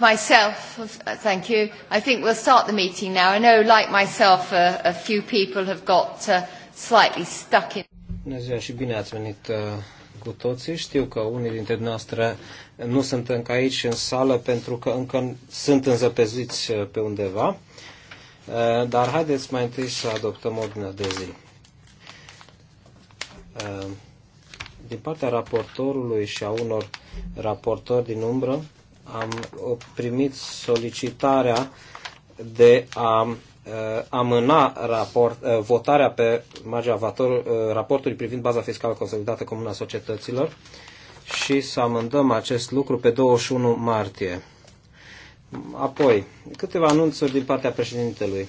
myself, thank you. I think we'll start the meeting now. I know, like myself, a, a few people have got uh, slightly stuck in. Bună ziua și bine ați venit uh, cu toții. Știu că unii dintre noastre nu sunt încă aici în sală pentru că încă sunt înzăpeziți uh, pe undeva. Uh, dar haideți mai întâi să adoptăm ordinea de zi. Uh, din partea raportorului și a unor raportori din umbră, am primit solicitarea de a uh, amâna raport, uh, votarea pe marginea uh, raportului privind baza fiscală consolidată comună a societăților și să amândăm acest lucru pe 21 martie. Apoi, câteva anunțuri din partea președintelui.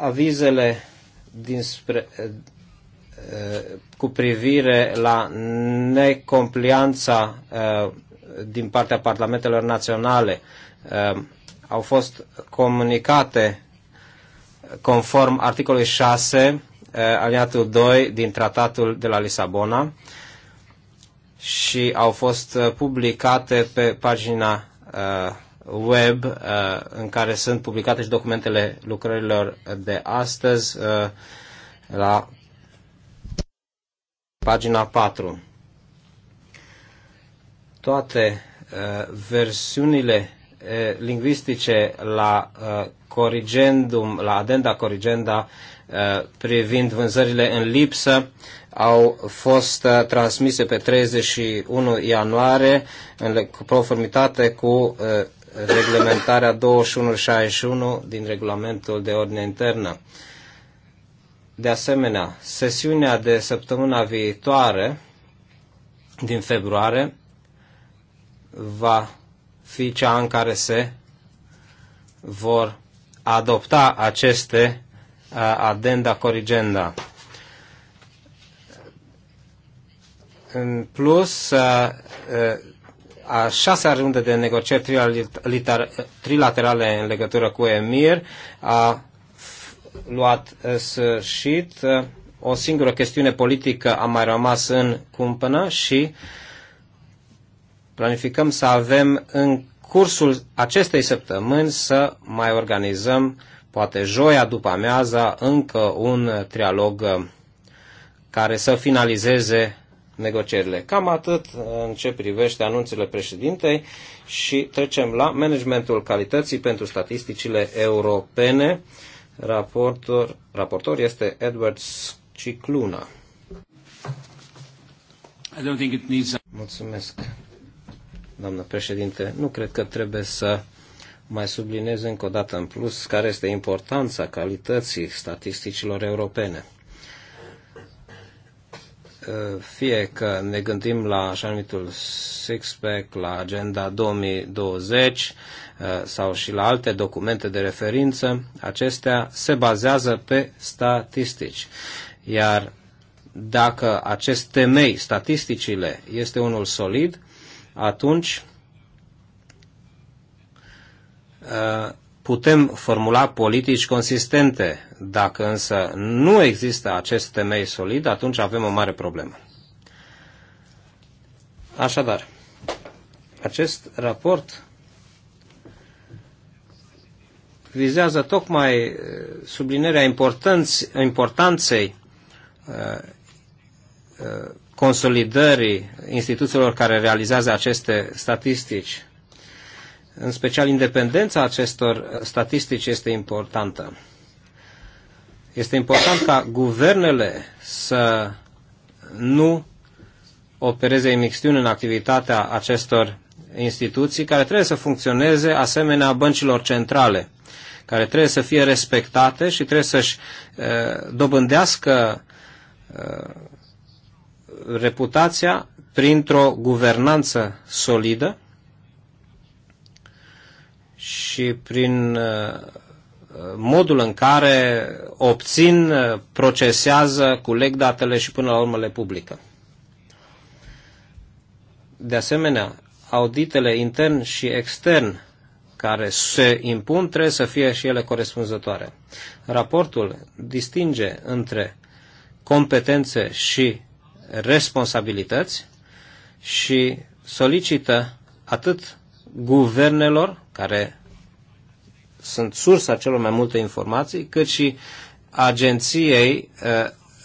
Avizele dinspre, Uh, cu privire la necomplianța uh, din partea parlamentelor naționale uh, au fost comunicate conform articolului 6, aliatul 2 din tratatul de la Lisabona și au fost publicate pe pagina web în care sunt publicate și documentele lucrărilor de astăzi la pagina 4. Toate uh, versiunile uh, lingvistice la uh, corrigendum, la adenda corrigenda uh, privind vânzările în lipsă au fost uh, transmise pe 31 ianuarie în conformitate cu uh, reglementarea 2161 din regulamentul de ordine internă. Uh, de asemenea, sesiunea de săptămâna viitoare din februarie va fi cea în care se vor adopta aceste adenda corigenda. În plus, a șasea rundă de negocieri trilaterale în legătură cu EMIR a luat uh, sfârșit. Uh, o singură chestiune politică a mai rămas în cumpănă și planificăm să avem în cursul acestei săptămâni să mai organizăm, poate joia după amiaza, încă un trialog uh, care să finalizeze negocierile. Cam atât în ce privește anunțurile președintei și trecem la managementul calității pentru statisticile europene. Raportor, raportor este Edward Cicluna. I don't think it needs... Mulțumesc, doamnă președinte. Nu cred că trebuie să mai subliniez încă o dată în plus care este importanța calității statisticilor europene. Fie că ne gândim la așa numitul six-pack, la agenda 2020, Uh, sau și la alte documente de referință, acestea se bazează pe statistici. Iar dacă acest temei, statisticile, este unul solid, atunci uh, putem formula politici consistente. Dacă însă nu există acest temei solid, atunci avem o mare problemă. Așadar, acest raport vizează tocmai eh, sublinierea importanței eh, eh, consolidării instituțiilor care realizează aceste statistici. În special, independența acestor statistici este importantă. Este important ca guvernele să nu opereze imixtiuni în activitatea acestor instituții care trebuie să funcționeze asemenea băncilor centrale care trebuie să fie respectate și trebuie să-și uh, dobândească uh, reputația printr-o guvernanță solidă și prin uh, modul în care obțin, procesează, culeg datele și până la urmă le publică. De asemenea, auditele intern și extern care se impun trebuie să fie și ele corespunzătoare. Raportul distinge între competențe și responsabilități și solicită atât guvernelor, care sunt sursa celor mai multe informații, cât și agenției uh,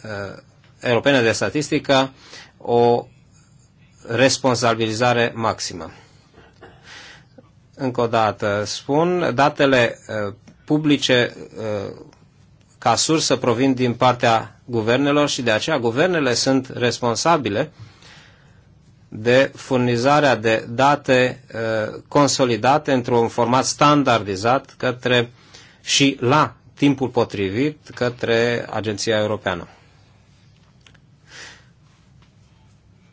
uh, europene de statistică o responsabilizare maximă. Încă o dată spun, datele uh, publice uh, ca sursă provin din partea guvernelor și de aceea guvernele sunt responsabile de furnizarea de date uh, consolidate într-un format standardizat către și la timpul potrivit către Agenția Europeană.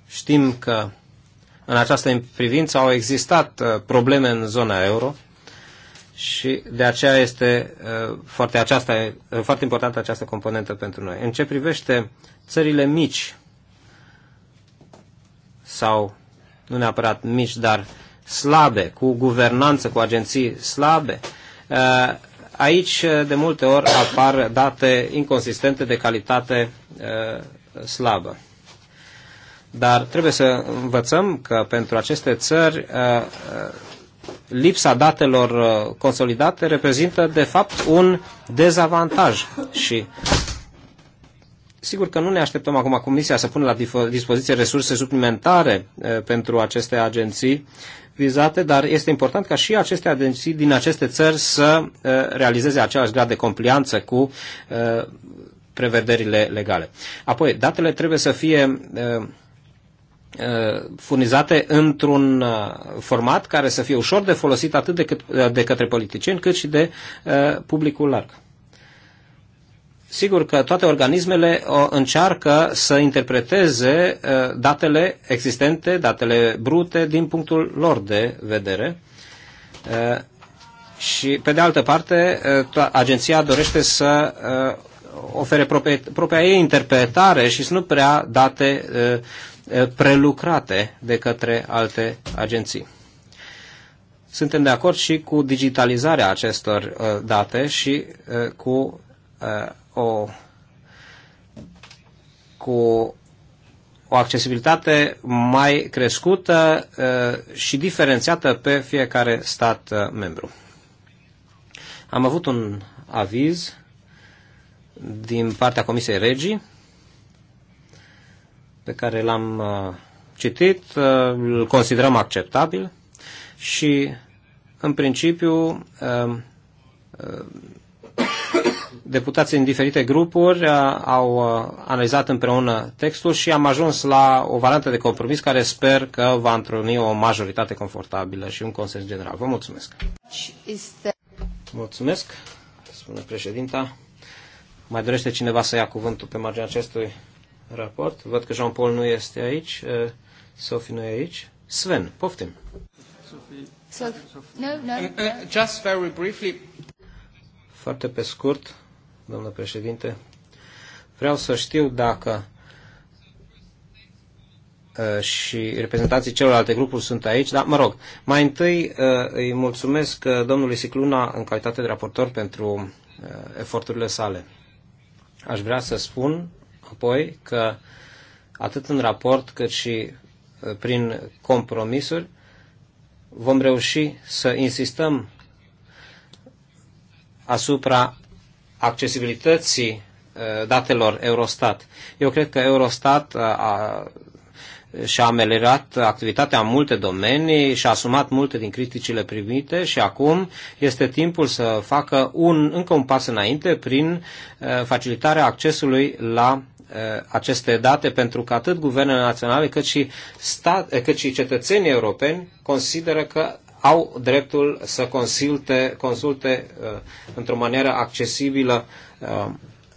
Știm că în această privință au existat uh, probleme în zona euro și de aceea este uh, foarte, aceasta, uh, foarte importantă această componentă pentru noi. În ce privește țările mici sau nu neapărat mici, dar slabe, cu guvernanță, cu agenții slabe, aici de multe ori apar date inconsistente de calitate slabă. Dar trebuie să învățăm că pentru aceste țări uh, uh, lipsa datelor uh, consolidate reprezintă de fapt un dezavantaj și Sigur că nu ne așteptăm acum Comisia să pună la dispoziție resurse suplimentare pentru aceste agenții vizate, dar este important ca și aceste agenții din aceste țări să realizeze același grad de complianță cu prevederile legale. Apoi, datele trebuie să fie Uh, furnizate într-un uh, format care să fie ușor de folosit atât de, cât, uh, de către politicieni cât și de publicul larg. Sigur că toate organismele o încearcă să interpreteze datele existente, datele brute, din punctul lor de vedere. Și, pe de altă parte, agenția dorește să ofere propria ei interpretare și să nu prea date prelucrate de către alte agenții. Suntem de acord și cu digitalizarea acestor date și cu o, cu o accesibilitate mai crescută și diferențiată pe fiecare stat membru. Am avut un aviz din partea Comisiei Regii pe care l-am uh, citit, uh, îl considerăm acceptabil și, în principiu, um, uh, deputații din diferite grupuri au analizat împreună textul și am ajuns la o variantă de compromis care sper că va întruni o majoritate confortabilă și un consens general. Vă mulțumesc! Mulțumesc, spune președinta. Mai dorește cineva să ia cuvântul pe marginea acestui raport. Văd că Jean-Paul nu este aici, uh, Sophie nu e aici. Sven, poftim. Uh, uh, just very briefly. Foarte pe scurt, domnule președinte, vreau să știu dacă și reprezentanții celorlalte grupuri sunt aici, dar mă rog, mai întâi îi mulțumesc domnului Sicluna în calitate de raportor pentru eforturile sale. Aș vrea să spun apoi că atât în raport cât și uh, prin compromisuri vom reuși să insistăm asupra accesibilității uh, datelor Eurostat. Eu cred că Eurostat uh, a, și-a ameliorat activitatea în multe domenii și-a asumat multe din criticile primite și acum este timpul să facă un, încă un pas înainte prin facilitarea accesului la Uh, aceste date pentru că atât guvernele naționale cât și, stat, eh, cât și cetățenii europeni consideră că au dreptul să consulte, consulte uh, într-o manieră accesibilă uh,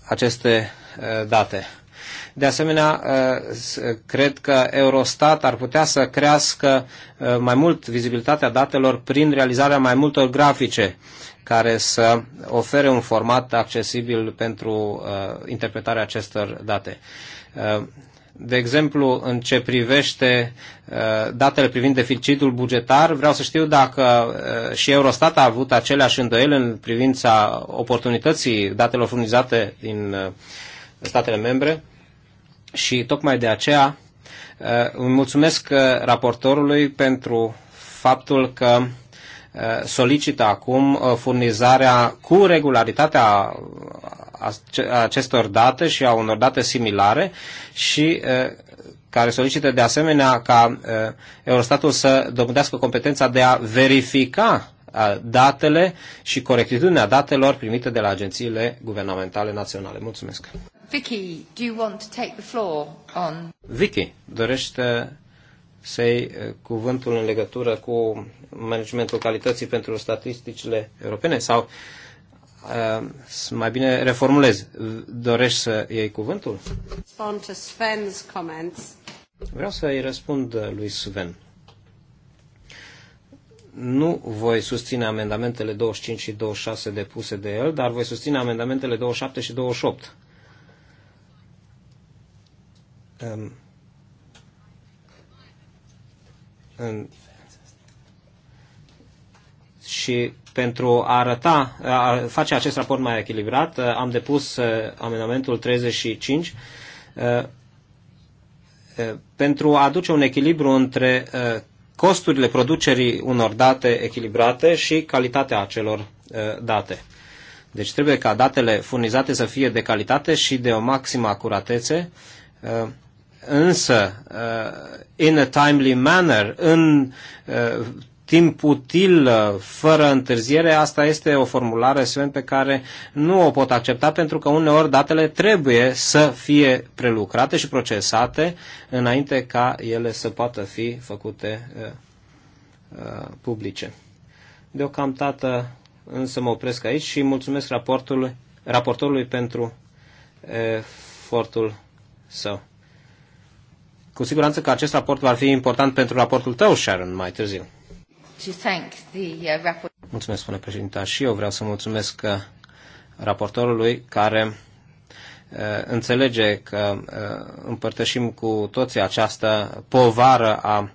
aceste date. De asemenea, cred că Eurostat ar putea să crească mai mult vizibilitatea datelor prin realizarea mai multor grafice care să ofere un format accesibil pentru uh, interpretarea acestor date. Uh, de exemplu, în ce privește uh, datele privind deficitul bugetar, vreau să știu dacă uh, și Eurostat a avut aceleași îndoieli în privința oportunității datelor furnizate din uh, statele membre și tocmai de aceea uh, îmi mulțumesc uh, raportorului pentru faptul că Eh, solicită acum eh, furnizarea cu regularitatea acestor date și a unor date similare și eh, care solicită de asemenea ca Eurostatul să dobândească competența de a verifica datele și corectitudinea datelor primite de la agențiile guvernamentale naționale. Mulțumesc. Vicky, do you want to take the floor on... Vicky, dorește să iei eh, cuvântul în legătură cu managementul calității pentru statisticile europene sau eh, mai bine reformulez. Dorești să iei cuvântul? Vreau să îi răspund lui Sven. Nu voi susține amendamentele 25 și 26 depuse de el, dar voi susține amendamentele 27 și 28. Um, în, și pentru a arăta, a face acest raport mai echilibrat, uh, am depus uh, amendamentul 35 uh, pentru a aduce un echilibru între costurile producerii unor date echilibrate și calitatea acelor date. Deci trebuie ca datele furnizate să fie de calitate și de o maximă acuratețe însă uh, in a timely manner, în uh, timp util, uh, fără întârziere, asta este o formulare SVN pe care nu o pot accepta pentru că uneori datele trebuie să fie prelucrate și procesate înainte ca ele să poată fi făcute uh, publice. Deocamdată însă mă opresc aici și mulțumesc raportului, raportorului pentru efortul său. Cu siguranță că acest raport va fi important pentru raportul tău, Sharon, mai târziu. Uh, mulțumesc, spune președinta. Și eu vreau să mulțumesc uh, raportorului care uh, înțelege că împărtășim cu toții această povară a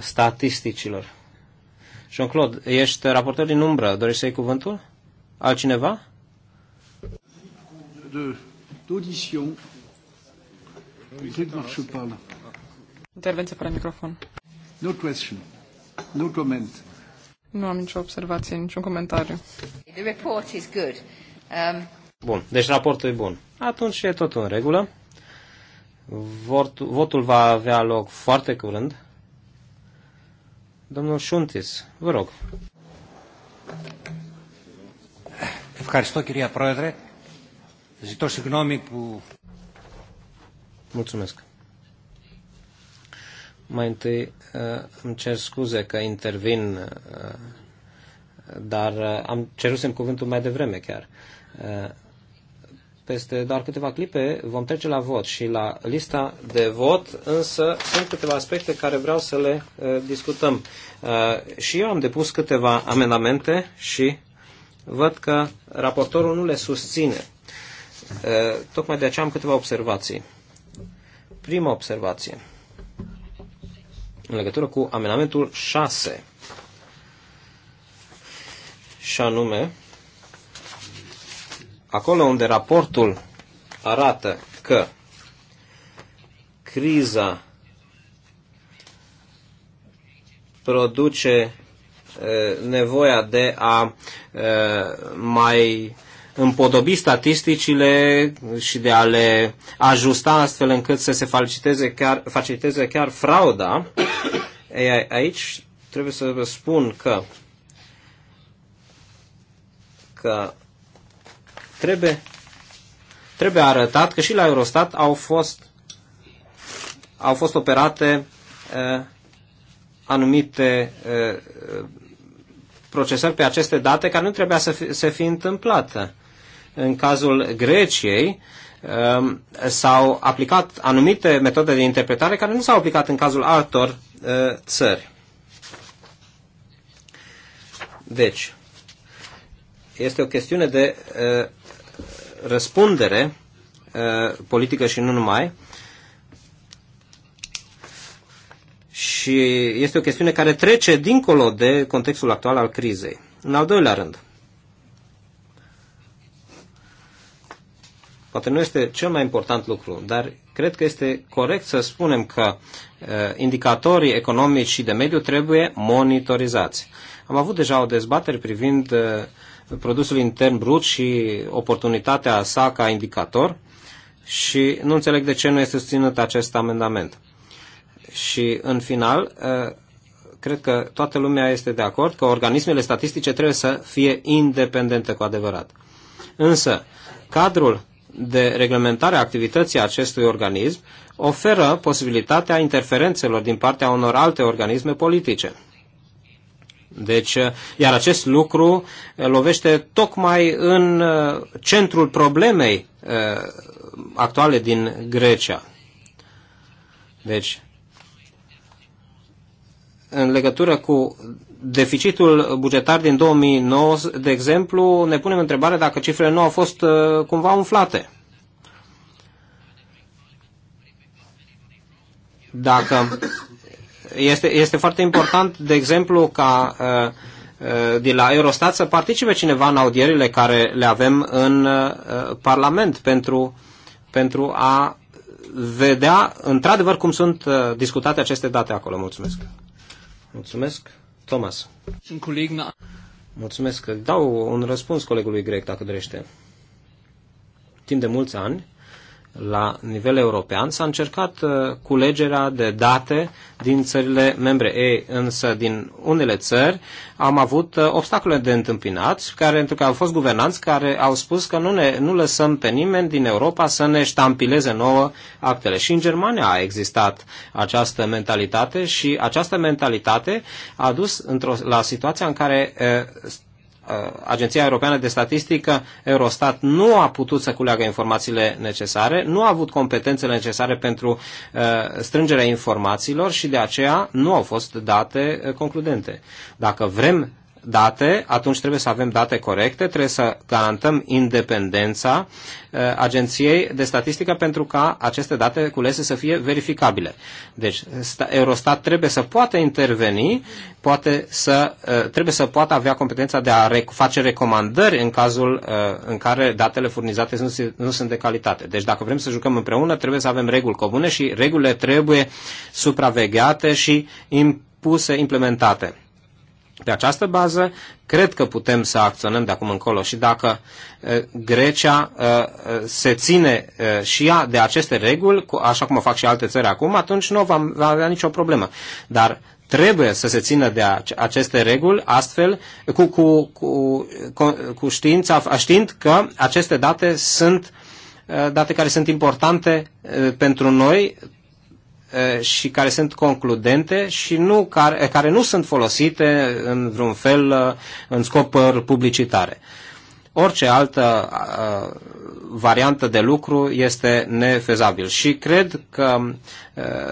statisticilor. Jean-Claude, ești raportor din umbră. Dorești să iei cuvântul? Altcineva? De, de audition Intervenție fără microfon. No question. No comment. Nu am nicio observație, niciun comentariu. The report is good. Um... Bun, deci raportul e bun. Atunci e tot în regulă. Votul, votul va avea loc foarte curând. Domnul Șuntis, vă rog. Ευχαριστώ κυρία Πρόεδρε. Ζητώ συγγνώμη που... Mulțumesc. Mai întâi uh, îmi cer scuze că intervin, uh, dar uh, am cerusem cuvântul mai devreme chiar. Peste doar câteva clipe vom trece la vot și la lista de vot, însă sunt câteva aspecte care vreau să le discutăm. Și eu am depus câteva amendamente și văd că raportorul nu le susține. Tocmai de aceea am câteva observații. Prima observație. În legătură cu amenamentul 6. Și anume, acolo unde raportul arată că criza produce eh, nevoia de a eh, mai împodobi statisticile și de a le ajusta astfel încât să se faciliteze chiar, faciliteze chiar frauda, Ei, aici trebuie să vă spun că, că trebuie, trebuie arătat că și la Eurostat au fost, au fost operate uh, anumite uh, procesări pe aceste date care nu trebuia să fi, să fi întâmplată în cazul Greciei, um, s-au aplicat anumite metode de interpretare care nu s-au aplicat în cazul altor uh, țări. Deci, este o chestiune de uh, răspundere uh, politică și nu numai. Și este o chestiune care trece dincolo de contextul actual al crizei. În al doilea rând, Poate nu este cel mai important lucru, dar cred că este corect să spunem că uh, indicatorii economici și de mediu trebuie monitorizați. Am avut deja o dezbatere privind uh, produsul intern brut și oportunitatea sa ca indicator și nu înțeleg de ce nu este susținut acest amendament. Și în final, uh, cred că toată lumea este de acord că organismele statistice trebuie să fie independente cu adevărat. Însă, cadrul de reglementare a activității acestui organism oferă posibilitatea interferențelor din partea unor alte organisme politice. Deci, iar acest lucru uh, lovește tocmai în uh, centrul problemei uh, actuale din Grecia. Deci, în legătură cu deficitul bugetar din 2009, de exemplu, ne punem întrebarea dacă cifrele nu au fost uh, cumva umflate. Dacă este, este foarte important, de exemplu, ca uh, uh, de la Eurostat să participe cineva în audierile care le avem în Parlament pentru, pentru a vedea într-adevăr cum sunt discutate aceste date acolo. Mulțumesc! Mulțumesc! Thomas. Mulțumesc. Dau un răspuns colegului grec, dacă dorește. Timp de mulți ani, la nivel european s-a încercat uh, culegerea de date din țările membre. Ei, însă din unele țări am avut uh, obstacole de întâmpinat, care, pentru că au fost guvernanți care au spus că nu, ne, nu lăsăm pe nimeni din Europa să ne ștampileze nouă actele. Și în Germania a existat această mentalitate și această mentalitate a dus într-o, la situația în care uh, Uh, Agenția Europeană de Statistică, Eurostat, nu a putut să culeagă informațiile necesare, nu a avut competențele necesare pentru uh, strângerea informațiilor și de aceea nu au fost date uh, concludente. Dacă vrem date, atunci trebuie să avem date corecte, trebuie să garantăm independența uh, Agenției de Statistică pentru ca aceste date culese să fie verificabile. Deci Eurostat trebuie să poată interveni, poate să, uh, trebuie să poată avea competența de a face recomandări în cazul uh, în care datele furnizate nu, sunt de calitate. Deci dacă vrem să jucăm împreună, trebuie să avem reguli comune și regulile trebuie supravegheate și impuse, implementate. Pe această bază, cred că putem să acționăm de acum încolo și dacă Grecia se ține și ea de aceste reguli, așa cum o fac și alte țări acum, atunci nu va avea nicio problemă. Dar trebuie să se țină de aceste reguli, astfel cu, cu, cu, cu știința, știind că aceste date sunt date care sunt importante pentru noi, și care sunt concludente și nu, care, care nu sunt folosite în vreun fel în scopuri publicitare. Orice altă variantă de lucru este nefezabil. Și cred că,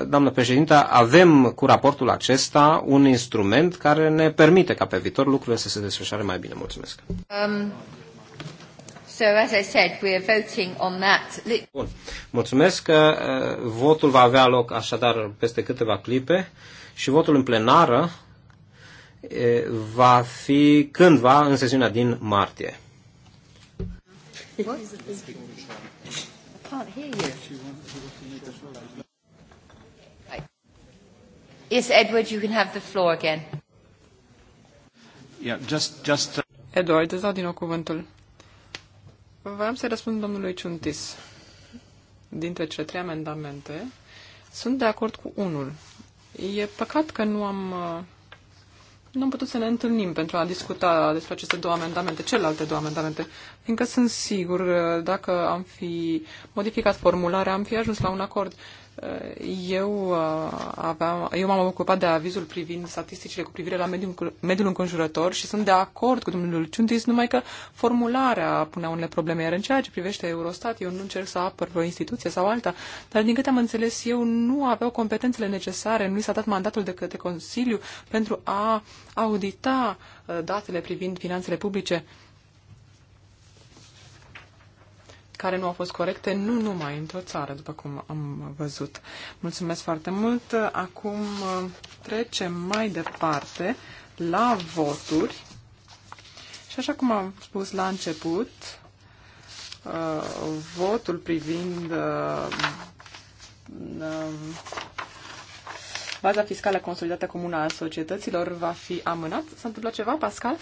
doamnă președintă, avem cu raportul acesta un instrument care ne permite ca pe viitor lucrurile să se desfășoare mai bine. Mulțumesc. Um. So, as I said, we are voting on that. Bun. Mulțumesc că uh, votul va avea loc așadar peste câteva clipe și votul în plenară uh, va fi cândva în sesiunea din martie. What? I can't hear you. Yes, Edward, you can have the floor again. Yeah, just, just... Uh, Edward, îți dau din nou cuvântul. Vreau să răspund domnului Ciuntis. Dintre cele trei amendamente, sunt de acord cu unul. E păcat că nu am uh, nu am putut să ne întâlnim pentru a discuta despre aceste două amendamente, celelalte două amendamente, fiindcă sunt sigur, uh, dacă am fi modificat formularea, am fi ajuns la un acord eu, uh, aveam, eu m-am ocupat de avizul privind statisticile cu privire la mediul, mediul înconjurător și sunt de acord cu domnul Ciuntis, numai că formularea punea unele probleme, iar în ceea ce privește Eurostat, eu nu încerc să apăr vreo instituție sau alta, dar din câte am înțeles eu, nu aveau competențele necesare, nu i s-a dat mandatul de către Consiliu pentru a audita uh, datele privind finanțele publice. Uh, care nu au fost corecte, nu numai într-o țară, după cum am văzut. Mulțumesc foarte mult. Acum uh, trecem mai departe la voturi. Și așa cum am spus la început, uh, votul privind uh, baza fiscală consolidată comună a societăților va fi amânat. S-a întâmplat ceva, Pascal?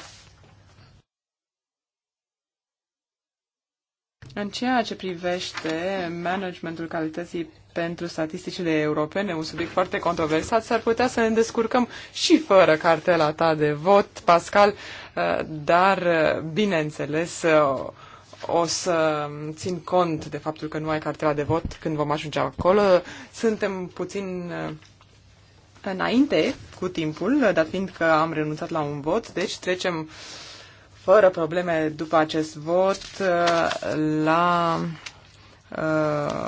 În ceea ce privește managementul calității pentru statisticile europene, un subiect foarte controversat, s-ar putea să ne descurcăm și fără cartela ta de vot, Pascal, uh, dar, uh, bineînțeles, uh, o să țin cont de faptul că nu ai cartela de vot când vom ajunge acolo. Suntem puțin înainte cu timpul, dar fiindcă am renunțat la un vot, deci trecem uh, fără probleme după acest vot uh, la uh,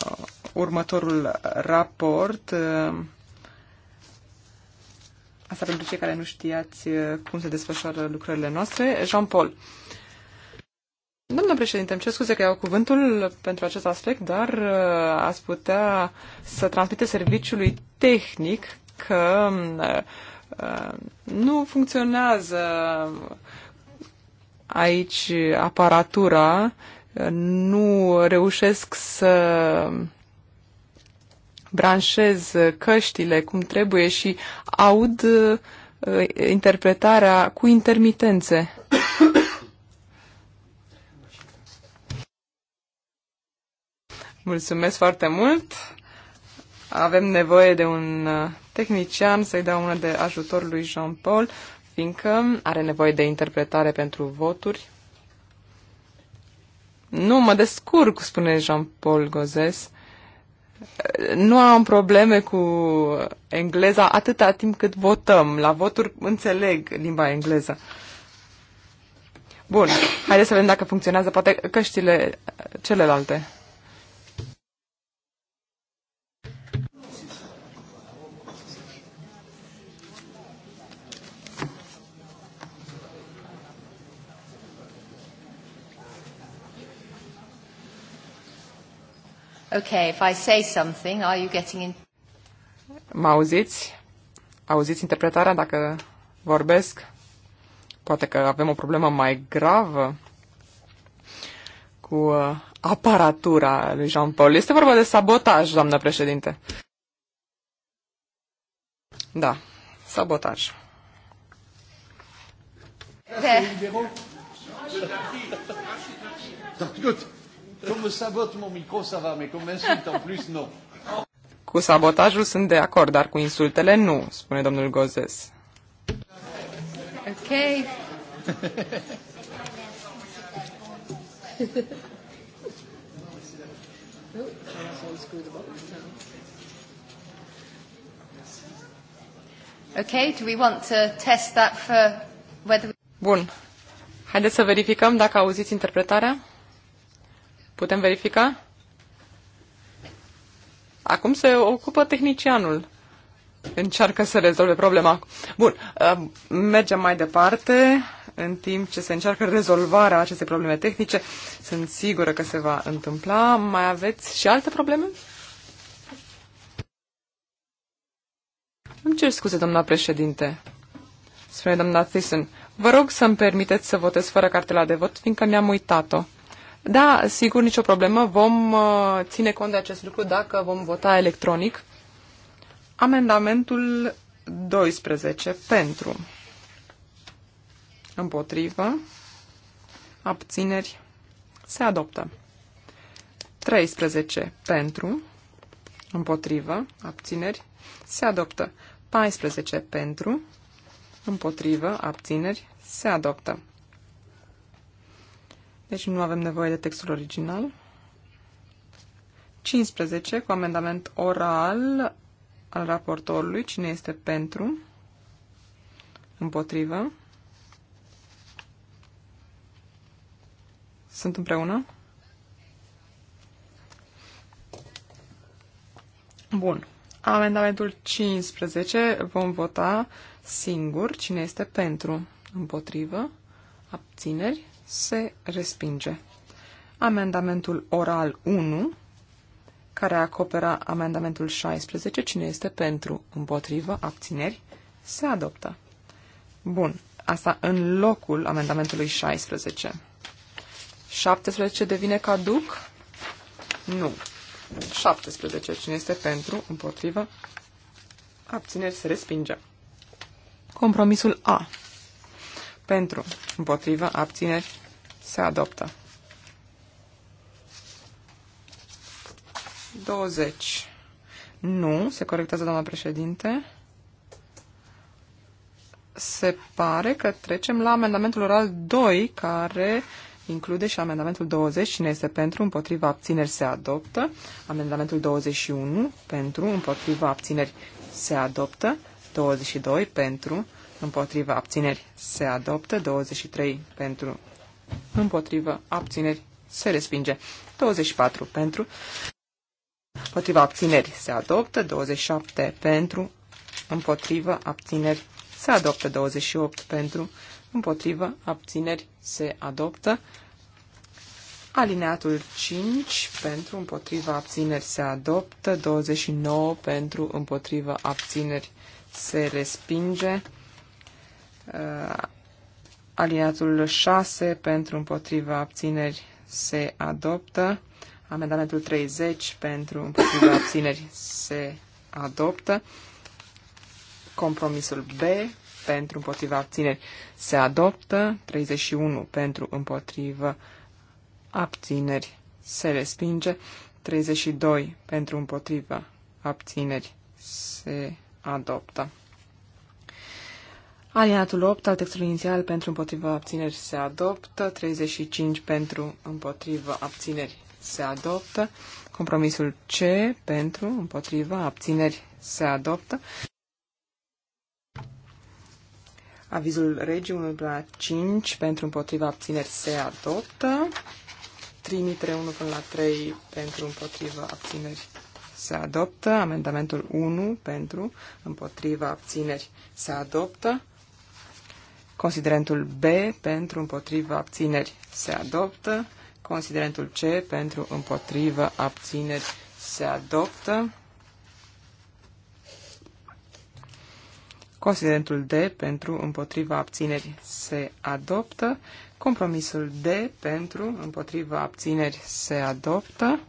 următorul raport. Uh, asta pentru cei care nu știați uh, cum se desfășoară lucrările noastre. Jean-Paul. Domnule președinte, îmi cer scuze că iau cuvântul pentru acest aspect, dar uh, ați putea să transmite serviciului tehnic că uh, uh nu funcționează uh, aici aparatura, nu reușesc să branșez căștile cum trebuie și aud uh, interpretarea cu intermitențe. Mulțumesc foarte mult! Avem nevoie de un uh, tehnician să-i dau una de ajutor lui Jean-Paul fiindcă are nevoie de interpretare pentru voturi. Nu, mă descurc, spune Jean-Paul Gozes. Nu am probleme cu engleza atâta timp cât votăm. La voturi înțeleg limba engleză. Bun, haideți să vedem dacă funcționează poate căștile celelalte. Okay, if I say something, are you getting in... Mă auziți? Auziți interpretarea dacă vorbesc? Poate că avem o problemă mai gravă cu aparatura lui Jean-Paul. Este vorba de sabotaj, doamnă președinte. Da, sabotaj. Da, gut. Cum me sabote mon va, mais cum plus, nu. Cu sabotajul sunt de acord, dar cu insultele nu, spune domnul Gozes. Ok. okay, do we want to test that for whether Bun. Haideți să verificăm dacă auziți interpretarea. Putem verifica? Acum se ocupă tehnicianul. Încearcă să rezolve problema. Bun, uh, mergem mai departe în timp ce se încearcă rezolvarea acestei probleme tehnice. Sunt sigură că se va întâmpla. Mai aveți și alte probleme? Îmi cer scuze, doamna președinte. Spune doamna Thyssen. Vă rog să-mi permiteți să votez fără cartela de vot, fiindcă mi-am uitat-o. Da, sigur, nicio problemă. Vom uh, ține cont de acest lucru dacă vom vota electronic. Amendamentul 12 pentru. Împotrivă. Abțineri. Se adoptă. 13 pentru. Împotrivă. Abțineri. Se adoptă. 14 pentru. Împotrivă. Abțineri. Se adoptă. Deci nu avem nevoie de textul original. 15 cu amendament oral al raportorului. Cine este pentru? Împotrivă? Sunt împreună? Bun. Amendamentul 15 vom vota singur. Cine este pentru? Împotrivă? Abțineri? se respinge. Amendamentul oral 1, care acopera amendamentul 16, cine este pentru, împotrivă, abțineri, se adoptă. Bun, asta în locul amendamentului 16. 17 devine caduc? Nu. 17. Cine este pentru, împotrivă, abțineri, se respinge. Compromisul A pentru, împotrivă, abțineri, se adoptă. 20. Nu, se corectează doamna președinte. Se pare că trecem la amendamentul oral 2, care include și amendamentul 20. Cine este pentru, împotriva abțineri, se adoptă. Amendamentul 21, pentru, împotriva abțineri, se adoptă. 22, pentru, împotriva abțineri, se adoptă. 23 pentru, împotriva abțineri, se respinge. 24 pentru, împotriva abțineri, se adoptă. 27 pentru, împotriva abțineri, se adoptă. 28 pentru, împotriva abțineri, se adoptă. Alineatul 5 pentru împotriva abțineri se adoptă, 29 pentru împotriva abțineri se respinge, Uh, Aliatul 6 pentru împotriva abțineri se adoptă. Amendamentul 30 pentru împotriva abțineri se adoptă. Compromisul B pentru împotriva abțineri se adoptă. 31 pentru împotriva abțineri se respinge. 32 pentru împotriva abțineri se adoptă. Aliatul 8 al textului inițial pentru împotriva abțineri se adoptă, 35 pentru împotriva abțineri se adoptă, compromisul C pentru împotriva abțineri se adoptă. Avizul regiu 1 la 5 pentru împotriva abțineri se adoptă. Trimitere 1 până la 3 pentru împotriva abțineri se adoptă. Amendamentul 1 pentru împotriva abțineri se adoptă. Considerentul B pentru împotriva abțineri se adoptă. Considerentul C pentru împotriva abțineri se adoptă. Considerentul D pentru împotriva abțineri se adoptă. Compromisul D pentru împotriva abțineri se adoptă.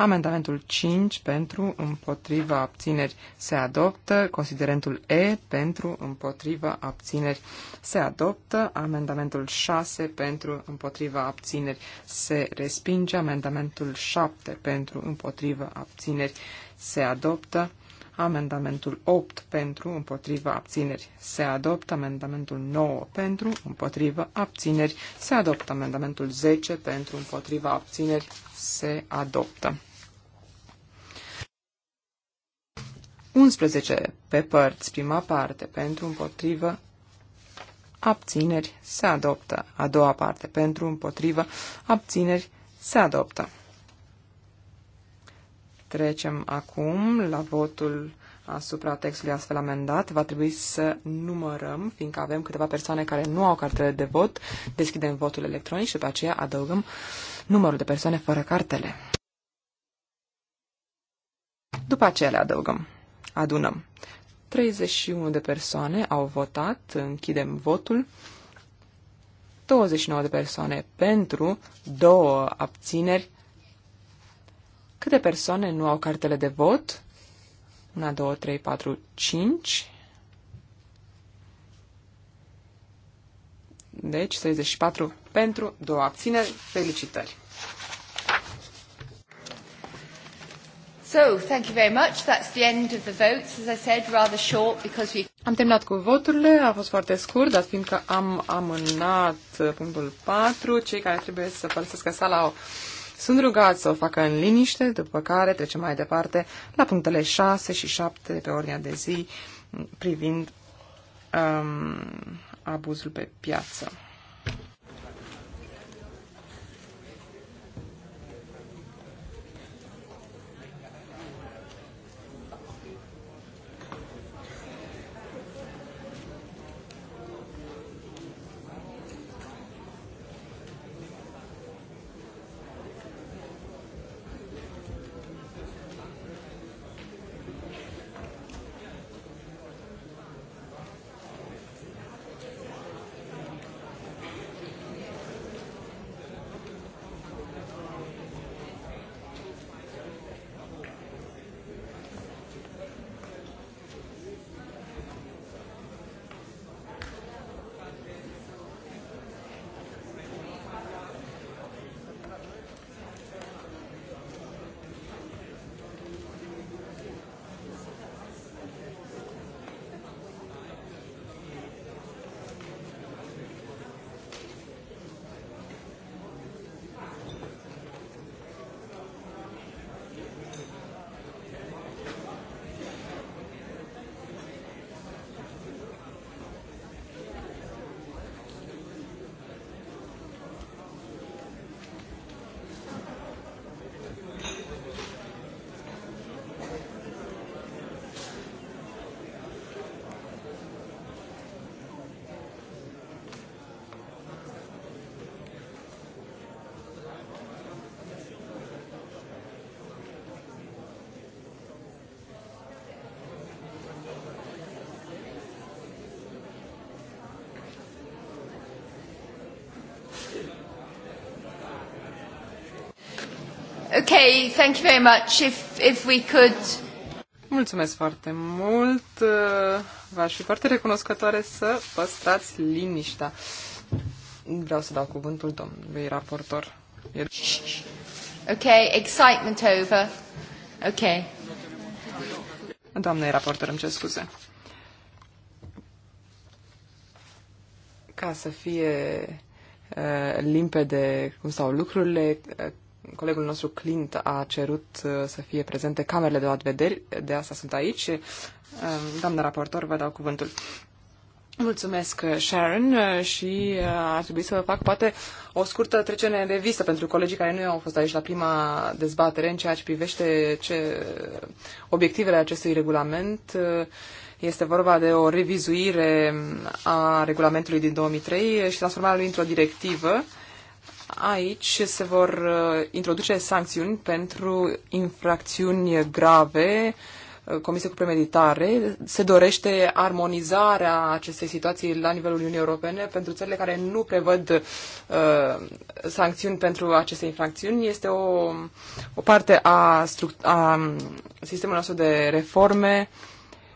Amendamentul 5 pentru împotriva abțineri se adoptă. Considerentul E pentru împotriva abțineri se adoptă. Amendamentul 6 pentru împotriva abțineri se respinge. Amendamentul 7 pentru împotriva abțineri se adoptă. Amendamentul 8 pentru, împotriva abțineri. Se adoptă amendamentul 9 pentru, împotriva abțineri. Se adoptă amendamentul 10 pentru, împotriva abțineri. Se adoptă. 11 pe părți, prima parte, pentru împotrivă, abțineri, se adoptă. A doua parte, pentru împotrivă, abțineri, se adoptă. Trecem acum la votul asupra textului astfel amendat. Va trebui să numărăm, fiindcă avem câteva persoane care nu au cartele de vot. Deschidem votul electronic și după aceea adăugăm numărul de persoane fără cartele. După aceea le adăugăm adunăm. 31 de persoane au votat, închidem votul. 29 de persoane pentru, două abțineri. Câte persoane nu au cartele de vot? 1, 2, 3, 4, 5. Deci 34 pentru, două abțineri. Felicitări! So, thank you very much. That's the end of the votes. As I said, rather short because we... Am terminat cu voturile, a fost foarte scurt, dar fiindcă am amânat punctul 4, cei care trebuie să părăsească sala sunt rugați să o facă în liniște, după care trecem mai departe la punctele 6 și 7 pe ordinea de zi privind um, abuzul pe piață. Okay, thank you very much. If, if we could... Mulțumesc foarte mult. V-aș fi foarte recunoscătoare să păstrați liniștea. Vreau să dau cuvântul domnului raportor. Okay, excitement over. Okay. Doamne raportor, îmi cer scuze. Ca să fie uh, limpede cum stau lucrurile, uh, colegul nostru Clint a cerut uh, să fie prezente camerele de luat vederi, de asta sunt aici. Uh, Doamna raportor, vă dau cuvântul. Mulțumesc, uh, Sharon, și ar trebui să fac poate o scurtă trecere de vistă pentru colegii care nu au fost aici la prima dezbatere în ceea ce privește ce obiectivele acestui regulament. Este vorba de o revizuire a regulamentului din 2003 și transformarea lui într-o directivă Aici se vor uh, introduce sancțiuni pentru infracțiuni grave uh, comise cu premeditare. Se dorește armonizarea acestei situații la nivelul Uniunii Europene pentru țările care nu prevăd uh, sancțiuni pentru aceste infracțiuni. Este o, o parte a, a um, sistemului nostru de reforme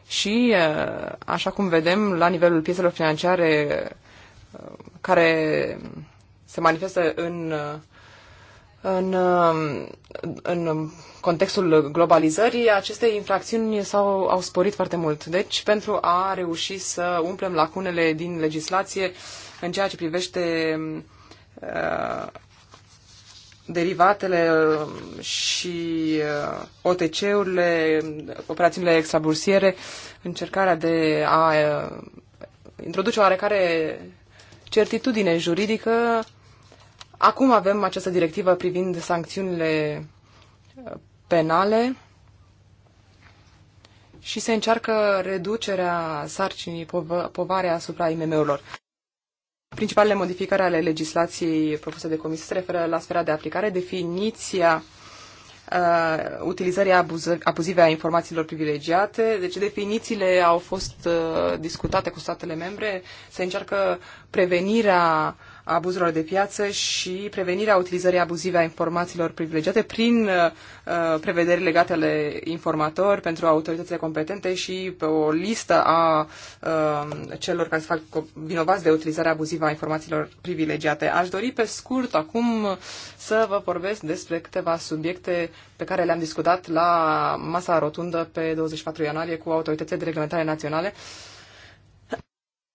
și, uh, așa cum vedem, la nivelul piețelor financiare uh, care se manifestă în, în, în contextul globalizării, aceste infracțiuni s-au au sporit foarte mult. Deci, pentru a reuși să umplem lacunele din legislație în ceea ce privește uh, derivatele um, și uh, OTC-urile, operațiunile extrabursiere, încercarea de a uh, introduce oarecare certitudine juridică Acum avem această directivă privind sancțiunile uh, penale și se încearcă reducerea sarcinii povare asupra IMM-urilor. Principalele modificări ale legislației propuse de comisie se referă la sfera de aplicare, definiția uh, utilizării abuză, abuzive a informațiilor privilegiate. Deci definițiile au fost uh, discutate cu statele membre. Se încearcă prevenirea uh, abuzurilor de piață și prevenirea utilizării abuzive a informațiilor privilegiate prin uh, uh prevederi legate ale informator pentru autoritățile competente și pe o listă a uh, celor care se fac vinovați de utilizarea abuzivă a informațiilor privilegiate. Aș dori pe scurt acum să vă vorbesc despre câteva subiecte pe care le-am discutat la masa rotundă pe 24 ianuarie cu autoritățile de reglementare naționale. Uh,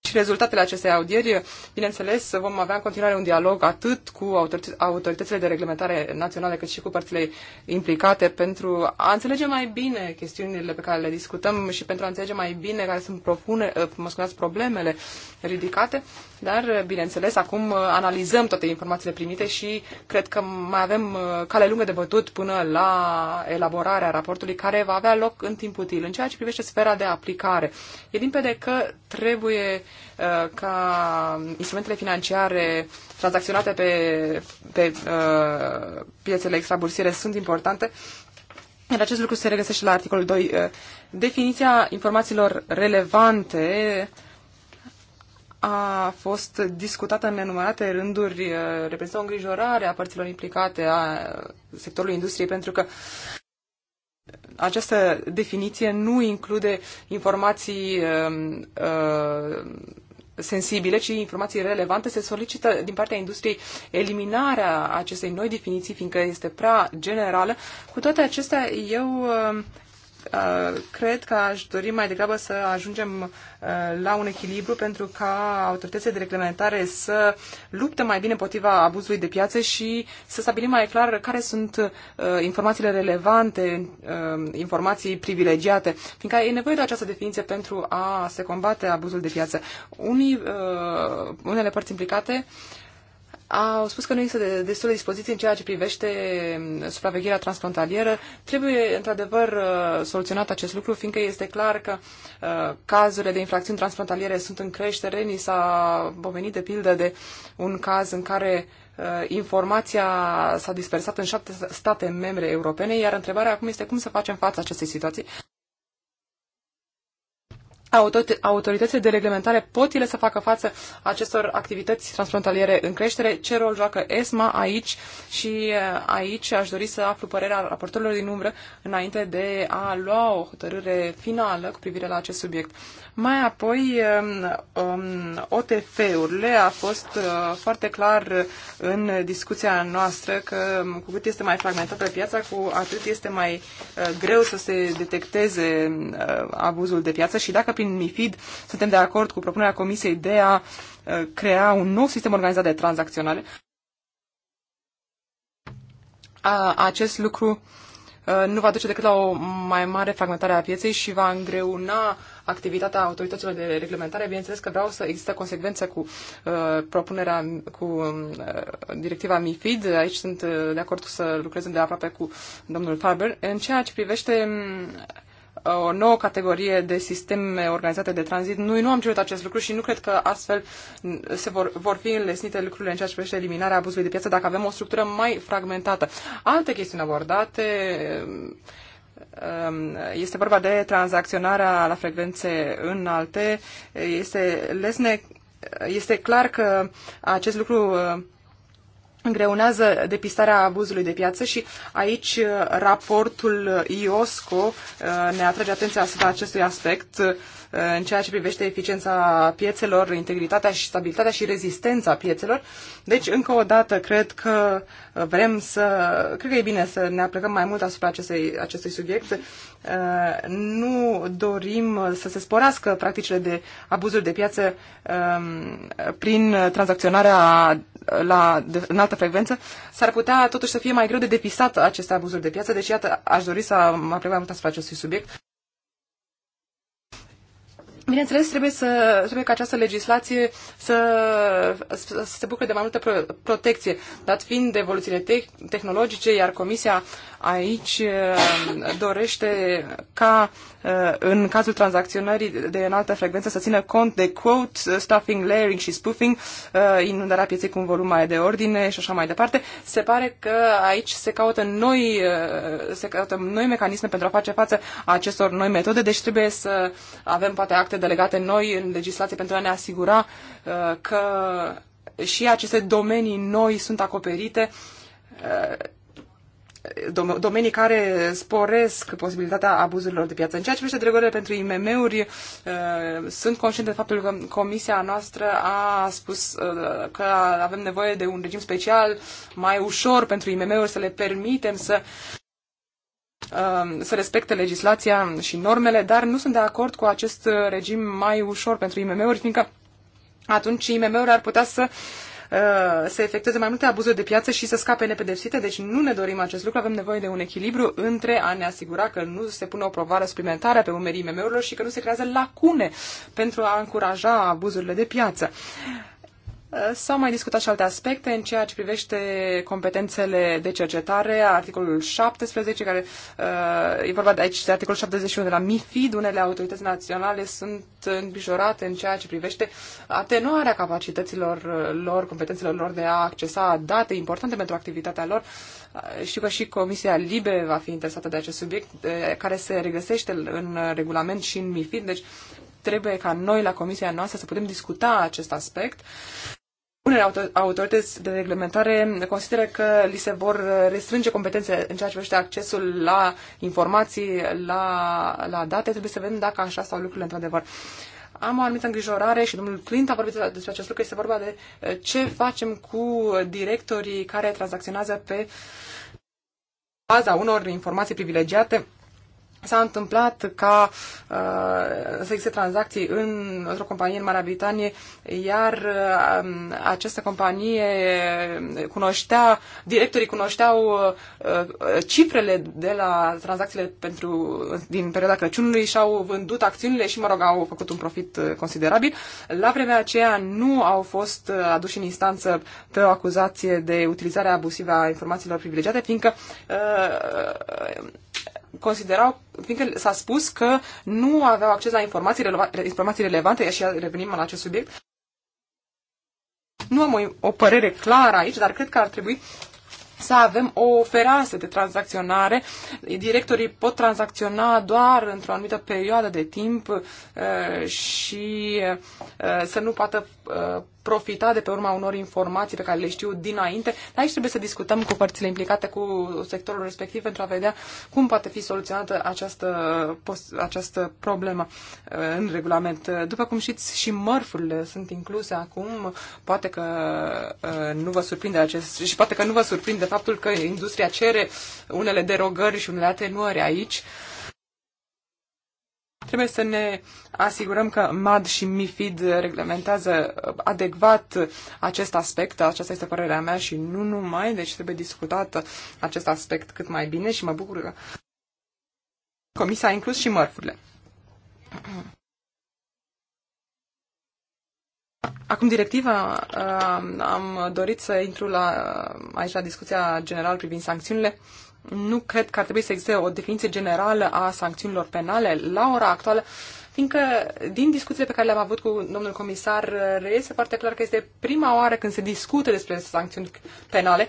și rezultatele acestei audieri, bineînțeles, vom avea în continuare un dialog atât cu autoritățile de reglementare naționale, cât și cu părțile implicate pentru a înțelege mai bine chestiunile pe care le discutăm și pentru a înțelege mai bine care sunt propune, mă scuzați, problemele ridicate dar, bineînțeles, acum uh, analizăm toate informațiile primite și cred că mai avem uh, cale lungă de bătut până la elaborarea raportului care va avea loc în timp util. În ceea ce privește sfera de aplicare, e limpede că trebuie uh, ca instrumentele financiare tranzacționate pe, pe uh, piețele extrabursiere sunt importante, iar acest lucru se regăsește la articolul 2. Definiția informațiilor relevante a fost discutată în nenumărate rânduri, uh, reprezintă o îngrijorare a părților implicate a sectorului industriei, pentru că această definiție nu include informații uh, uh, sensibile, ci informații relevante, se solicită din partea industriei eliminarea acestei noi definiții, fiindcă este prea generală. Cu toate acestea, eu um, Uh, cred că aș dori mai degrabă să ajungem uh, la un echilibru pentru ca autoritățile de reglementare să lupte mai bine împotriva abuzului de piață și să stabilim mai clar care sunt uh, informațiile relevante, informații privilegiate, fiindcă e nevoie de această definiție pentru a se combate abuzul de piață. Unii, unele părți implicate uh, au spus că nu există destule dispoziții în ceea ce privește mm, supravegherea transfrontalieră. Trebuie, într-adevăr, uh, soluționat acest lucru, fiindcă este clar că uh, cazurile de infracțiuni transfrontaliere sunt în creștere. Ni s-a pomenit, de pildă, de un caz în care uh, informația s-a dispersat în șapte state membre europene, iar întrebarea acum este cum să facem față acestei situații autoritățile de reglementare pot ele să facă față acestor activități transfrontaliere în creștere? Ce rol joacă ESMA aici? Și eh, aici aș dori să aflu părerea raportorilor din umbră înainte de a lua o hotărâre finală cu privire la acest subiect. Mai apoi, OTF-urile a fost eh, foarte clar în discuția noastră că cu cât este mai fragmentată piața, cu atât este mai eh, greu să se detecteze abuzul de piață și dacă prin prin MIFID, suntem de acord cu propunerea Comisiei de a uh, crea un nou sistem organizat de tranzacționare. Acest lucru uh, nu va duce decât la o mai mare fragmentare a pieței și va îngreuna activitatea autorităților de reglementare. Bineînțeles că vreau să există consecvență cu uh, propunerea, cu uh, directiva MIFID. Aici sunt uh, de acord să lucrez de aproape cu domnul Faber. În ceea ce privește um, o nouă categorie de sisteme organizate de tranzit. Noi nu am cerut acest lucru și nu cred că astfel se vor, vor fi înlesnite lucrurile în ceea ce privește eliminarea abuzului de piață dacă avem o structură mai fragmentată. Alte chestiuni abordate um, este vorba de tranzacționarea la frecvențe înalte. Este lesne este clar că acest lucru uh, îngreunează depistarea abuzului de piață și aici uh, raportul IOSCO uh, ne atrage atenția asupra acestui aspect uh, în ceea ce privește eficiența piețelor, integritatea și stabilitatea și rezistența piețelor. Deci, încă o dată, cred că vrem să, cred că e bine să ne aplicăm mai mult asupra acestei, acestui subiect. Nu dorim să se sporească practicile de abuzuri de piață um, prin tranzacționarea la în altă frecvență, s-ar putea totuși să fie mai greu de depisat aceste abuzuri de piață, deci iată, aș dori să mă aplic mai mult asupra acestui subiect. Bineînțeles, trebuie, să, trebuie ca această legislație să, să se bucure de mai multă protecție, dat fiind de evoluțiile te- tehnologice, iar Comisia aici uh, dorește ca uh, în cazul tranzacționării de înaltă frecvență să țină cont de quote, stuffing, layering și spoofing, uh, inundarea pieței cu un volum mai de ordine și așa mai departe. Se pare că aici se caută noi, se caută noi mecanisme pentru a face față acestor noi metode, deci trebuie să avem poate acte acte delegate noi în legislație pentru a ne asigura uh, că și aceste domenii noi sunt acoperite, uh, domenii care sporesc posibilitatea abuzurilor de piață. În ceea ce privește derogările pentru IMM-uri, uh, sunt conștient de faptul că comisia noastră a spus că avem nevoie de un regim special mai ușor pentru IMM-uri, să le permitem să Um, să respecte legislația și normele, dar nu sunt de acord cu acest uh, regim mai ușor pentru IMM-uri, fiindcă atunci IMM-uri ar putea să uh, se efecteze mai multe abuzuri de piață și să scape nepedepsite, deci nu ne dorim acest lucru, avem nevoie de un echilibru între a ne asigura că nu se pune o provară suplimentară pe umerii IMM-urilor și că nu se creează lacune pentru a încuraja abuzurile de piață. Uh, s-au mai discutat și alte aspecte în ceea ce privește competențele de cercetare, articolul 17, care uh, e vorba de aici de articolul 71 de la MIFID, unele autorități naționale sunt îngrijorate în ceea ce privește atenuarea capacităților uh, lor, competențelor lor de a accesa date importante pentru activitatea lor. Uh, știu că și Comisia Libe va fi interesată de acest subiect, care se regăsește în regulament și în MIFID, deci trebuie ca noi la comisia noastră să putem discuta acest aspect. Unele autorități de reglementare consideră că li se vor restrânge competențe în ceea ce privește accesul la informații, la, la date. Trebuie să vedem dacă așa stau lucrurile într-adevăr. Am o anumită îngrijorare și domnul Clint a vorbit despre acest lucru. Este vorba de uh, ce facem cu directorii care tranzacționează pe baza unor informații privilegiate s-a întâmplat ca uh, să existe tranzacții în, într-o companie în Marea Britanie, iar uh, această companie cunoștea, directorii cunoșteau uh, cifrele de la tranzacțiile pentru, din perioada Crăciunului și au vândut acțiunile și, mă rog, au făcut un profit uh, considerabil. La vremea aceea nu au fost uh, aduși în instanță pe o acuzație de utilizare abuzivă a informațiilor privilegiate, fiindcă uh, considerau, fiindcă s-a spus că nu aveau acces la informații, relevan- informații relevante, și revenim la acest subiect. Nu am o, o părere clară aici, dar cred că ar trebui să avem o fereastră de tranzacționare. Directorii pot tranzacționa doar într-o anumită perioadă de timp uh, și uh, să nu poată uh, profita de pe urma unor informații pe care le știu dinainte. Dar aici trebuie să discutăm cu părțile implicate, cu sectorul respectiv, pentru a vedea cum poate fi soluționată această, această problemă uh, în regulament. După cum știți, și mărfurile sunt incluse acum. Poate că uh, nu vă surprinde acest... și poate că nu vă surprinde faptul că industria cere unele derogări și unele atenuări aici. Trebuie să ne asigurăm că MAD și MIFID reglementează adecvat acest aspect. Aceasta este părerea mea și nu numai, deci trebuie discutat acest aspect cât mai bine și mă bucur că Comisia a inclus și mărfurile. Acum directiva, uh, am dorit să intru la, aici la discuția generală privind sancțiunile nu cred că ar trebui să existe o definiție generală a sancțiunilor penale la ora actuală, fiindcă din discuțiile pe care le-am avut cu domnul comisar reiese foarte clar că este prima oară când se discută despre sancțiuni penale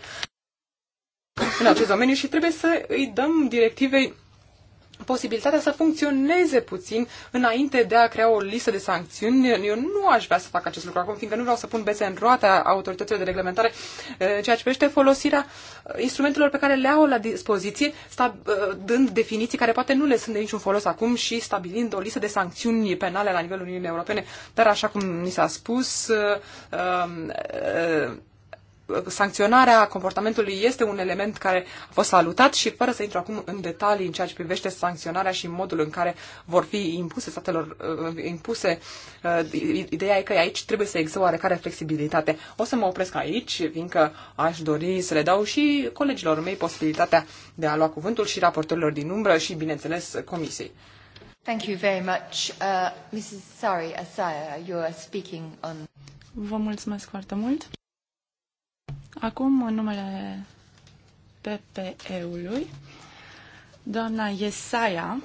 în acest domeniu și trebuie să îi dăm directivei posibilitatea să funcționeze puțin înainte de a crea o listă de sancțiuni. Eu nu aș vrea să fac acest lucru acum, fiindcă nu vreau să pun bețe în roata autorităților de reglementare eh, ceea ce privește folosirea eh, instrumentelor pe care le au la dispoziție, eh, dând definiții care poate nu le sunt de niciun folos acum și stabilind o listă de sancțiuni penale la nivelul Uniunii Europene. Dar, așa cum ni s-a spus, sancționarea comportamentului este un element care a fost salutat și fără să intru acum în detalii în ceea ce privește sancționarea și modul în care vor fi impuse statelor uh, impuse, uh, ideea e că aici trebuie să există oarecare flexibilitate. O să mă opresc aici, fiindcă aș dori să le dau și colegilor mei posibilitatea de a lua cuvântul și raportorilor din umbră și, bineînțeles, comisiei. Thank you very much. Uh, Mrs. Sari Asaya, you are speaking on... Vă mulțumesc foarte mult. Acum, în numele PPE-ului, doamna Iesaia,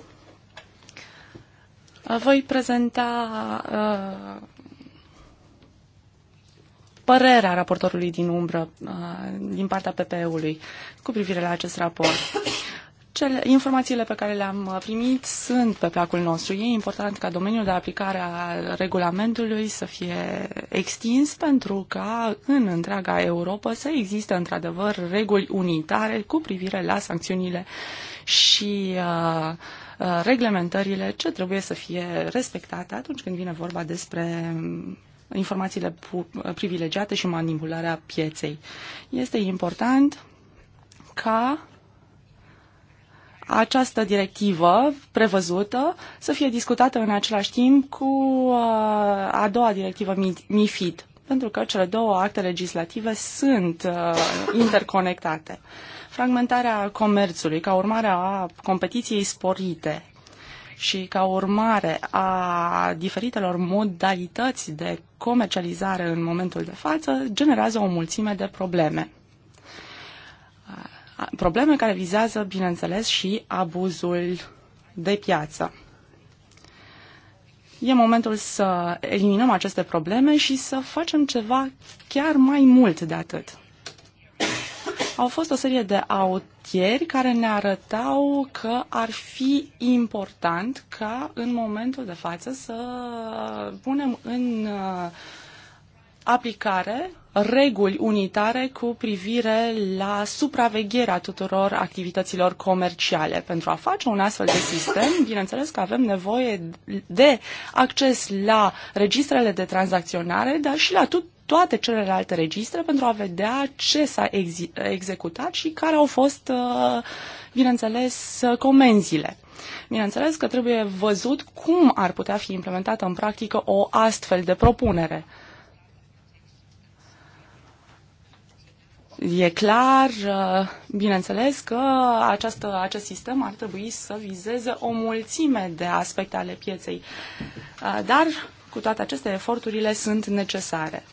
voi prezenta uh, părerea raportorului din umbră uh, din partea PPE-ului cu privire la acest raport. Cele, informațiile pe care le-am uh, primit sunt pe placul nostru. E important ca domeniul de aplicare a regulamentului să fie extins pentru ca în întreaga Europa să existe într-adevăr reguli unitare cu privire la sancțiunile și uh, uh, reglementările ce trebuie să fie respectate atunci când vine vorba despre mm, informațiile uh, privilegiate și manipularea pieței. Este important ca această directivă prevăzută să fie discutată în același timp cu uh, a doua directivă MIFID, pentru că cele două acte legislative sunt uh, interconectate. Fragmentarea comerțului ca urmare a competiției sporite și ca urmare a diferitelor modalități de comercializare în momentul de față generează o mulțime de probleme probleme care vizează, bineînțeles, și abuzul de piață. E momentul să eliminăm aceste probleme și să facem ceva chiar mai mult de atât. Au fost o serie de autieri care ne arătau că ar fi important ca în momentul de față să punem în uh, aplicare reguli unitare cu privire la supravegherea tuturor activităților comerciale. Pentru a face un astfel de sistem, bineînțeles că avem nevoie de acces la registrele de tranzacționare, dar și la tot toate celelalte registre pentru a vedea ce s-a executat și care au fost, uh, bineînțeles, comenzile. Bineînțeles că trebuie văzut cum ar putea fi implementată în practică o astfel de propunere. E clar, uh, bineînțeles că această, acest sistem ar trebui să vizeze o mulțime de aspecte ale pieței, uh, dar cu toate acestea eforturile sunt necesare.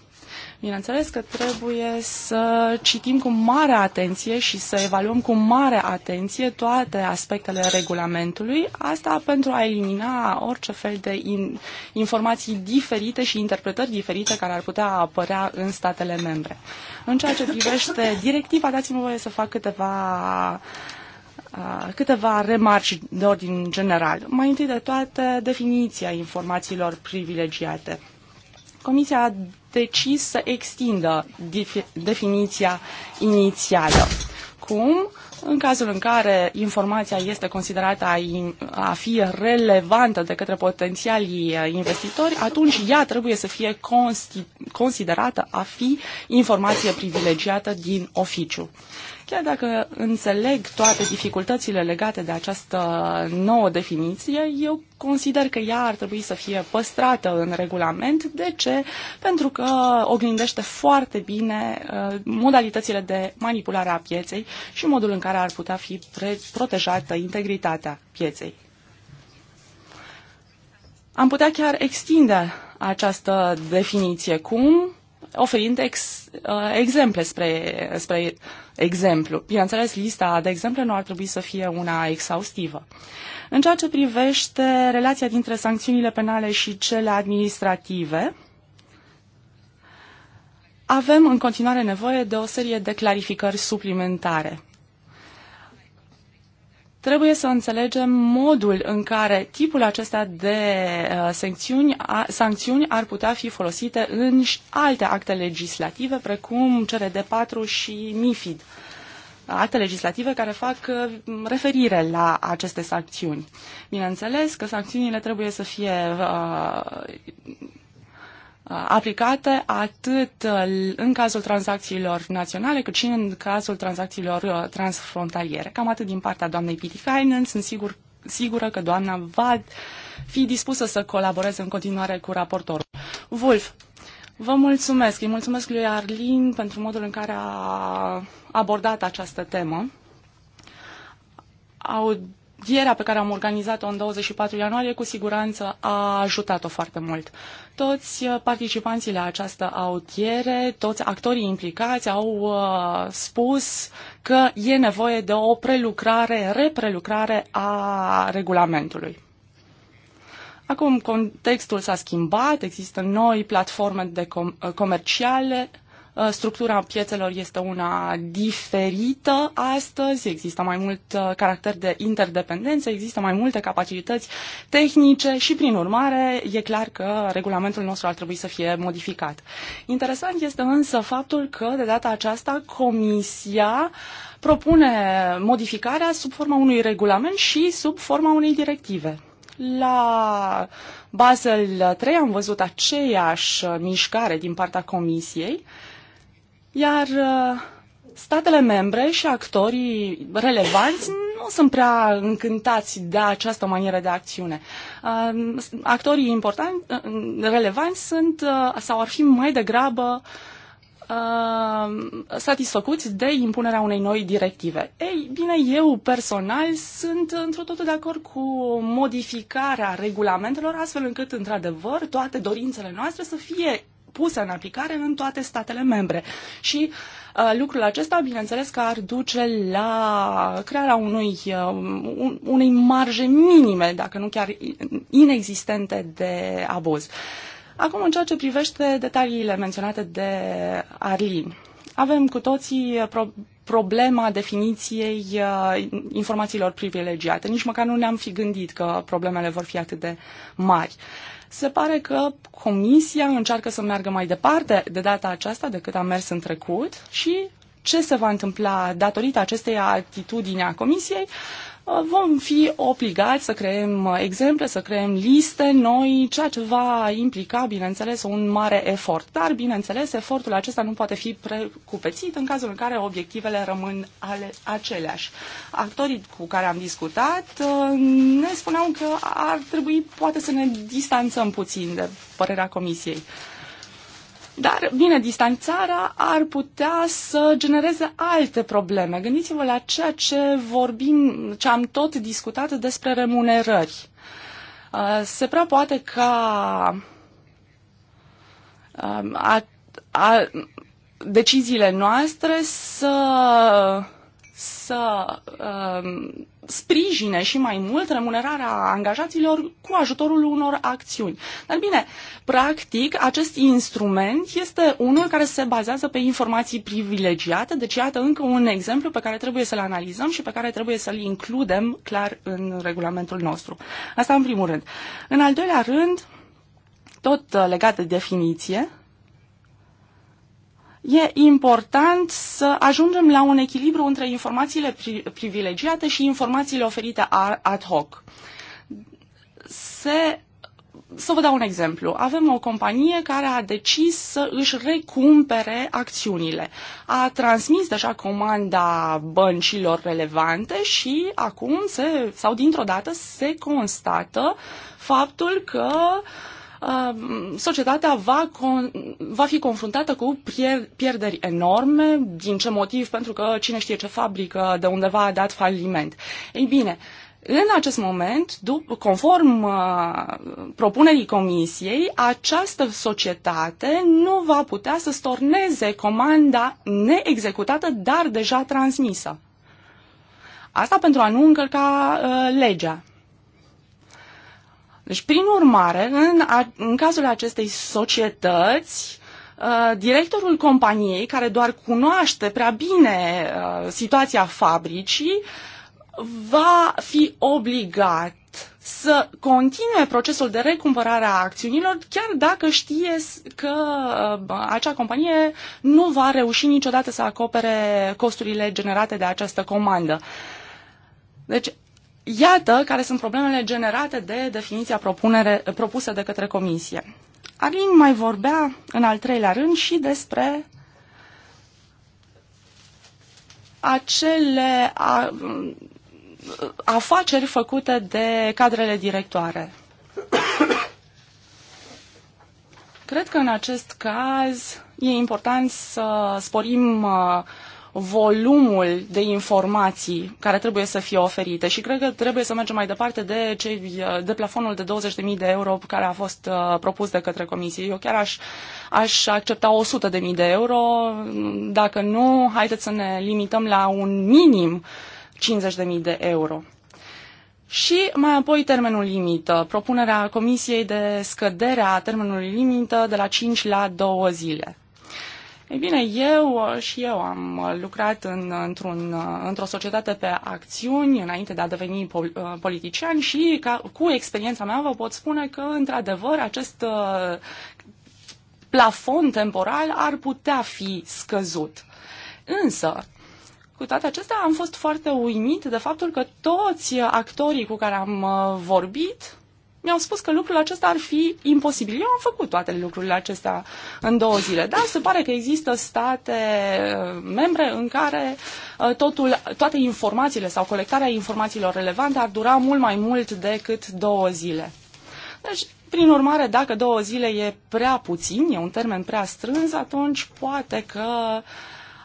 Bineînțeles că trebuie să citim cu mare atenție și să evaluăm cu mare atenție toate aspectele regulamentului, asta pentru a elimina orice fel de in- informații diferite și interpretări diferite care ar putea apărea în statele membre. În ceea ce privește directiva, dați-mi voie să fac câteva câteva remarci de ordin general. Mai întâi de toate, definiția informațiilor privilegiate. Comisia decis să extindă definiția inițială. Cum? În cazul în care informația este considerată a, fi relevantă de către potențialii uh, investitori, atunci ea trebuie să fie considerată a fi informație privilegiată din oficiu. Chiar dacă înțeleg toate dificultățile legate de această nouă definiție, eu consider că ea ar trebui să fie păstrată în regulament. De ce? Pentru că oglindește foarte bine uh, modalitățile de manipulare a pieței și modul în care ar putea fi protejată integritatea pieței. Am putea chiar extinde această definiție. Cum? oferind ex, uh, exemple spre, spre exemplu. Bineînțeles, lista de exemple nu ar trebui să fie una exhaustivă. În ceea ce privește relația dintre sancțiunile penale și cele administrative, avem în continuare nevoie de o serie de clarificări suplimentare. Trebuie să înțelegem modul în care tipul acesta de uh, sancțiuni, a, sancțiuni ar putea fi folosite în alte acte legislative, precum cele de 4 și MIFID, acte legislative care fac uh, referire la aceste sancțiuni. Bineînțeles că sancțiunile trebuie să fie uh, Uh, aplicate atât uh, în cazul tranzacțiilor naționale, cât și în cazul tranzacțiilor uh, transfrontaliere. Cam atât din partea doamnei Pitikainen. Sunt sigur, sigură că doamna va fi dispusă să colaboreze în continuare cu raportorul. Wolf, vă mulțumesc. Îi mulțumesc lui Arlin pentru modul în care a abordat această temă. Aud vierea pe care am organizat-o în 24 ianuarie cu siguranță a ajutat-o foarte mult. Toți uh, participanții la această audiere, toți actorii implicați au uh, spus că e nevoie de o prelucrare, reprelucrare a regulamentului. Acum contextul s-a schimbat, există noi platforme de com- uh, comerciale, Uh, structura piețelor este una diferită astăzi, există mai mult uh, caracter de interdependență, există mai multe capacități tehnice și, prin urmare, e clar că regulamentul nostru ar trebui să fie modificat. Interesant este însă faptul că, de data aceasta, Comisia propune modificarea sub forma unui regulament și sub forma unei directive. La Basel 3 am văzut aceeași mișcare din partea Comisiei, uh, iar uh, statele membre și actorii relevanți nu sunt prea încântați de această manieră de acțiune. Uh, actorii importanti, uh, relevanți sunt sau ar fi mai degrabă satisfăcuți de impunerea unei noi directive. Ei bine, eu personal sunt într-o totul de acord cu modificarea regulamentelor astfel încât, într-adevăr, toate dorințele noastre să fie pusă în aplicare în toate statele membre. Și uh, lucrul acesta, bineînțeles, că ar duce la crearea unui, uh, unei marje minime, dacă nu chiar inexistente, de abuz. Acum, în ceea ce privește detaliile menționate de Arlin, avem cu toții pro- problema definiției uh, informațiilor privilegiate. Nici măcar nu ne-am fi gândit că problemele vor fi atât de mari. Uh, se pare că Comisia încearcă să meargă mai departe de data aceasta decât a mers în trecut și ce se va întâmpla datorită acestei atitudini a Comisiei? vom fi obligați să creăm exemple, să creăm liste noi, ceea ce va implica, bineînțeles, un mare efort. Dar, bineînțeles, efortul acesta nu poate fi precupețit în cazul în care obiectivele rămân ale aceleași. Actorii cu care am discutat uh, ne spuneau că ar trebui poate să ne distanțăm puțin de părerea Comisiei. Dar, bine, distanțarea ar putea să genereze alte probleme. Gândiți-vă la ceea ce vorbim, ce am tot discutat despre remunerări. Uh, se prea poate ca um, a, a, deciziile noastre să, să um, sprijine și mai mult remunerarea angajaților cu ajutorul unor acțiuni. Dar bine, practic, acest instrument este unul care se bazează pe informații privilegiate, deci iată încă un exemplu pe care trebuie să-l analizăm și pe care trebuie să-l includem clar în regulamentul nostru. Asta în primul rând. În al doilea rând, tot legat de definiție, E important să ajungem la un echilibru între informațiile privilegiate și informațiile oferite ad hoc. Se să vă dau un exemplu. Avem o companie care a decis să își recumpere acțiunile. A transmis deja comanda băncilor relevante și acum se, sau dintr-o dată se constată faptul că uh, Um, societatea va, con- va fi confruntată cu pier- pierderi enorme. Din ce motiv? Pentru că cine știe ce fabrică de undeva a dat faliment. Ei bine, în acest moment, conform uh, propunerii comisiei, această societate nu va putea să storneze comanda neexecutată, dar deja transmisă. Asta pentru a nu încălca uh, legea. Deci, prin urmare, în, a, în cazul acestei societăți, uh, directorul companiei, care doar cunoaște prea bine uh, situația fabricii, va fi obligat să continue procesul de recumpărare a acțiunilor, chiar dacă știe că uh, acea companie nu va reuși niciodată să acopere costurile generate de această comandă. Deci, Iată care sunt problemele generate de definiția propunere, propusă de către Comisie. Alin mai vorbea în al treilea rând și despre acele afaceri făcute de cadrele directoare. Cred că în acest caz e important să sporim uh, volumul de informații care trebuie să fie oferite și cred că trebuie să mergem mai departe de, cei, de plafonul de 20.000 de euro care a fost uh, propus de către comisie. Eu chiar aș, aș accepta 100.000 de euro. Dacă nu, haideți să ne limităm la un minim 50.000 de euro. Și mai apoi termenul limită, propunerea Comisiei de scădere a termenului limită de la 5 la 2 zile. Ei bine, eu uh, și eu am uh, lucrat în, uh, într-un, într-o societate pe acțiuni înainte de a deveni pol, politician și ca, cu experiența mea vă pot spune că, într-adevăr, acest plafon temporal ar putea fi scăzut. Însă, cu toate acestea, am fost foarte uimit de faptul că toți actorii cu care am vorbit mi-au spus că lucrul acesta ar fi imposibil. Eu am făcut toate lucrurile acestea în două zile, dar se pare că există state uh, membre în care uh, totul, toate informațiile sau colectarea informațiilor relevante ar dura mult mai mult decât două zile. Deci, prin urmare, dacă două zile e prea puțin, e un termen prea strâns, atunci poate că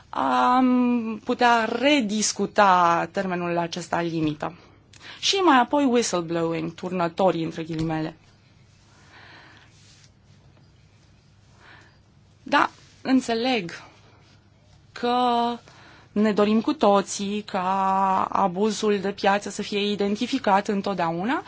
am putea rediscuta termenul acesta limită și mai apoi whistleblowing, turnătorii între ghilimele. Da, înțeleg că ne dorim cu toții ca abuzul de piață să fie identificat întotdeauna,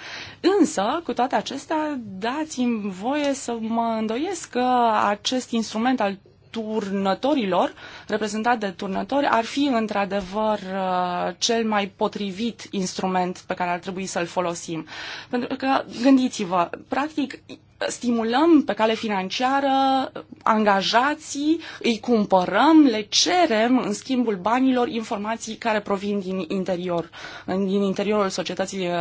însă, cu toate acestea, dați-mi voie să mă îndoiesc că acest instrument al turnătorilor, reprezentat de turnători, ar fi într-adevăr uh, cel mai potrivit instrument pe care ar trebui să-l folosim. Pentru că, gândiți-vă, practic stimulăm pe cale financiară angajații, îi cumpărăm, le cerem în schimbul banilor informații care provin din interior, din interiorul societății uh,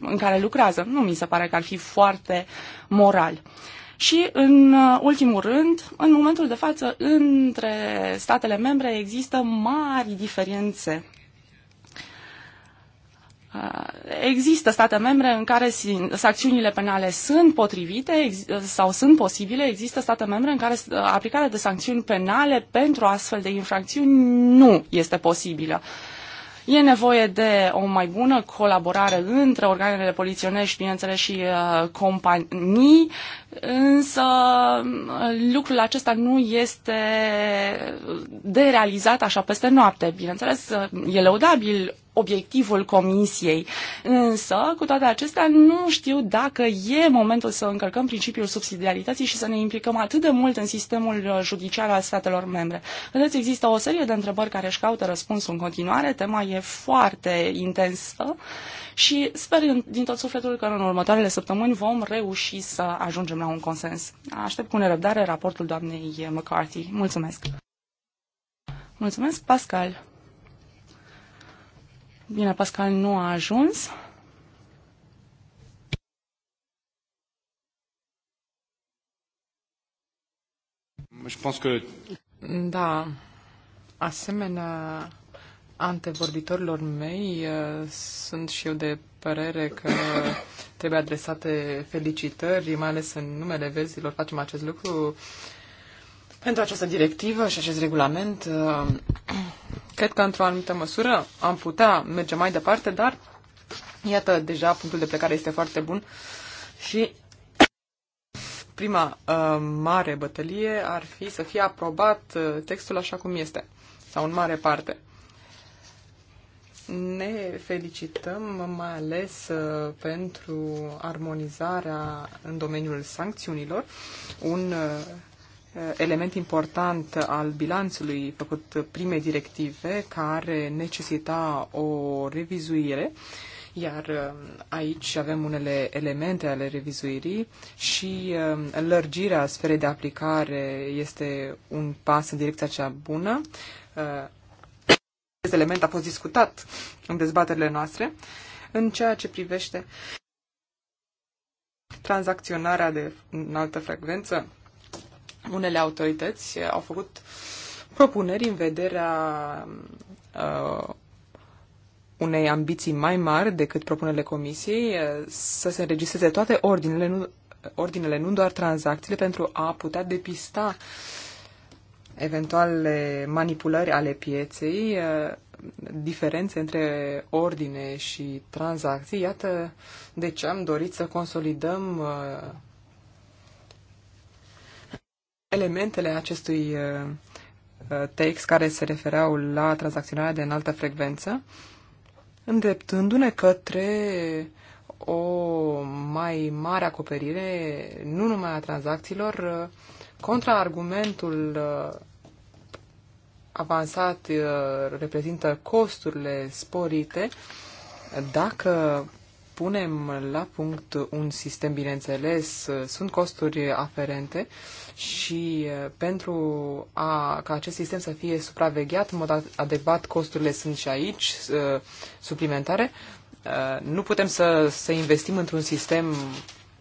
în care lucrează. Nu mi se pare că ar fi foarte moral. Uh, și, în uh, ultimul rând, în momentul de față, între statele membre există mari diferențe uh, Există state membre în care sancțiunile penale sunt potrivite uh, sau sunt posibile, există state membre în care aplicarea de sancțiuni penale pentru astfel de infracțiuni nu este posibilă. Uh, E nevoie de o mai bună colaborare între organele poliționești, bineînțeles, și uh, companii, însă uh, lucrul acesta nu este de realizat așa peste noapte. Bineînțeles, uh, e lăudabil obiectivul comisiei. Însă, cu toate acestea, nu știu dacă e momentul să încălcăm principiul subsidiarității și să ne implicăm atât de mult în sistemul judiciar al statelor membre. Vedeți, există o serie de întrebări care își caută răspunsul în continuare, tema e foarte intensă și sper din tot sufletul că în următoarele săptămâni vom reuși să ajungem la un consens. Aștept cu nerăbdare raportul doamnei McCarthy. Mulțumesc! Mulțumesc, Pascal! Bine, Pascal nu a ajuns. Da, asemenea antevorbitorilor mei eh, sunt și eu de părere că trebuie adresate felicitări, mai ales în numele vezilor facem acest lucru pentru această directivă și acest regulament. Uh, cred că într-o anumită măsură am putea merge mai departe, dar iată, deja punctul de plecare este foarte bun și prima uh, mare bătălie ar fi să fie aprobat uh, textul așa cum este, sau în mare parte. Ne felicităm mai ales pentru armonizarea în domeniul sancțiunilor, un element important al bilanțului făcut prime directive care necesita o revizuire iar um, aici avem unele elemente ale revizuirii și um, lărgirea sferei de aplicare este un pas în direcția cea bună. Uh, acest element a fost discutat în dezbaterile noastre în ceea ce privește tranzacționarea de înaltă frecvență. Unele autorități au făcut propuneri în vederea uh, unei ambiții mai mari decât propunerile comisiei, uh, să se înregistreze toate ordinele, nu, ordinele, nu doar tranzacțiile, pentru a putea depista eventuale manipulări ale pieței, uh, diferențe între ordine și tranzacții. Iată de ce am dorit să consolidăm uh, elementele acestui uh, uh, text care se refereau la tranzacționarea de înaltă frecvență, îndreptându-ne către o mai mare acoperire, nu numai a tranzacțiilor, uh, contra argumentul avansat reprezintă costurile sporite, dacă punem la punct un sistem, bineînțeles, sunt costuri aferente și eh, pentru a, ca acest sistem să fie supravegheat în mod adecvat, costurile sunt și aici eh, suplimentare. Eh, nu putem să, să investim într-un sistem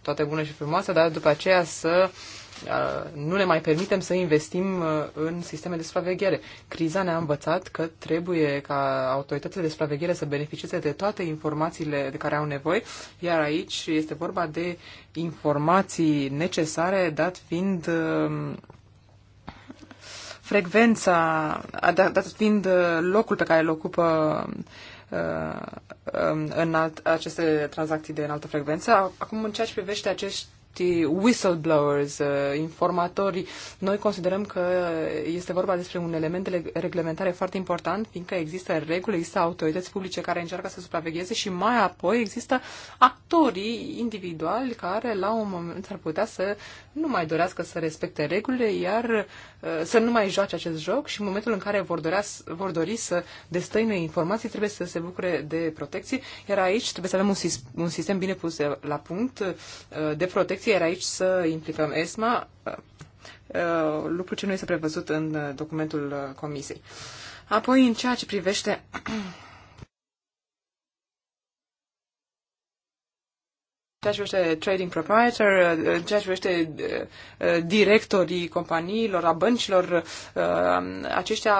toate bune și frumoase, dar după aceea să uh, Uh, nu ne mai permitem să investim uh, în sisteme de supraveghere. Criza ne-a învățat că trebuie ca autoritățile de supraveghere să beneficieze de toate informațiile de care au nevoie, iar aici este vorba de informații necesare, dat fiind um, frecvența, da, dat fiind uh, locul pe care îl ocupă um, în alt, aceste tranzacții de înaltă frecvență. Acum, în ceea ce privește acești acești whistleblowers, uh, informatori, noi considerăm că este vorba despre un element de reglementare foarte important, fiindcă există reguli, există autorități publice care încearcă să supravegheze și mai apoi există actorii individuali care la un moment ar putea să nu mai dorească să respecte regulile, iar uh, să nu mai joace acest joc și în momentul în care vor, dorea, vor dori să destăinuie informații, trebuie să se bucure de protecție, iar aici trebuie să avem un, un sistem bine pus uh, la punct de protecție direcție, iar aici să implicăm ESMA, uh, uh, lucru ce nu este prevăzut în uh, documentul comisiei. Apoi, în ceea ce privește ceea ce privește trading proprietor, în ceea ce privește directorii companiilor, a băncilor, aceștia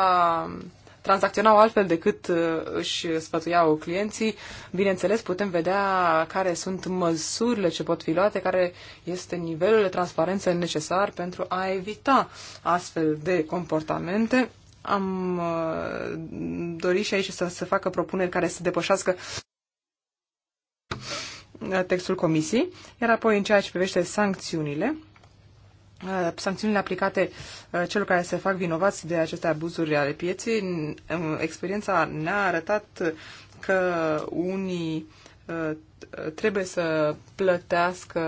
tranzacționau altfel decât uh, își sfătuiau clienții, bineînțeles putem vedea care sunt măsurile ce pot fi luate, care este nivelul de transparență necesar pentru a evita astfel de comportamente. Am uh, dorit și aici să se facă propuneri care să depășească textul comisiei, iar apoi în ceea ce privește sancțiunile, Uh, sancțiunile aplicate uh, celor care se fac vinovați de aceste abuzuri ale pieței, um, experiența ne-a arătat că unii uh, trebuie să plătească,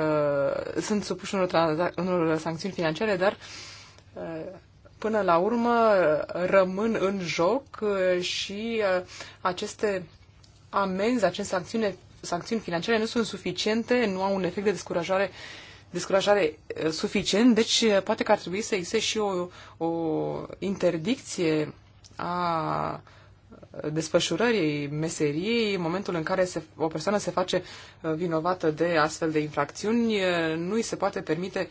sunt supuși unor, unor sancțiuni financiare, dar până la urmă rămân în joc și aceste amenzi, aceste sancțiuni, sancțiuni financiare nu sunt suficiente, nu au un efect de descurajare uh, descurajare uh, suficient, deci uh, poate că ar trebui să existe și o, o interdicție a uh, desfășurării meseriei, în momentul în care se, o persoană se face vinovată de astfel de infracțiuni, nu îi se poate permite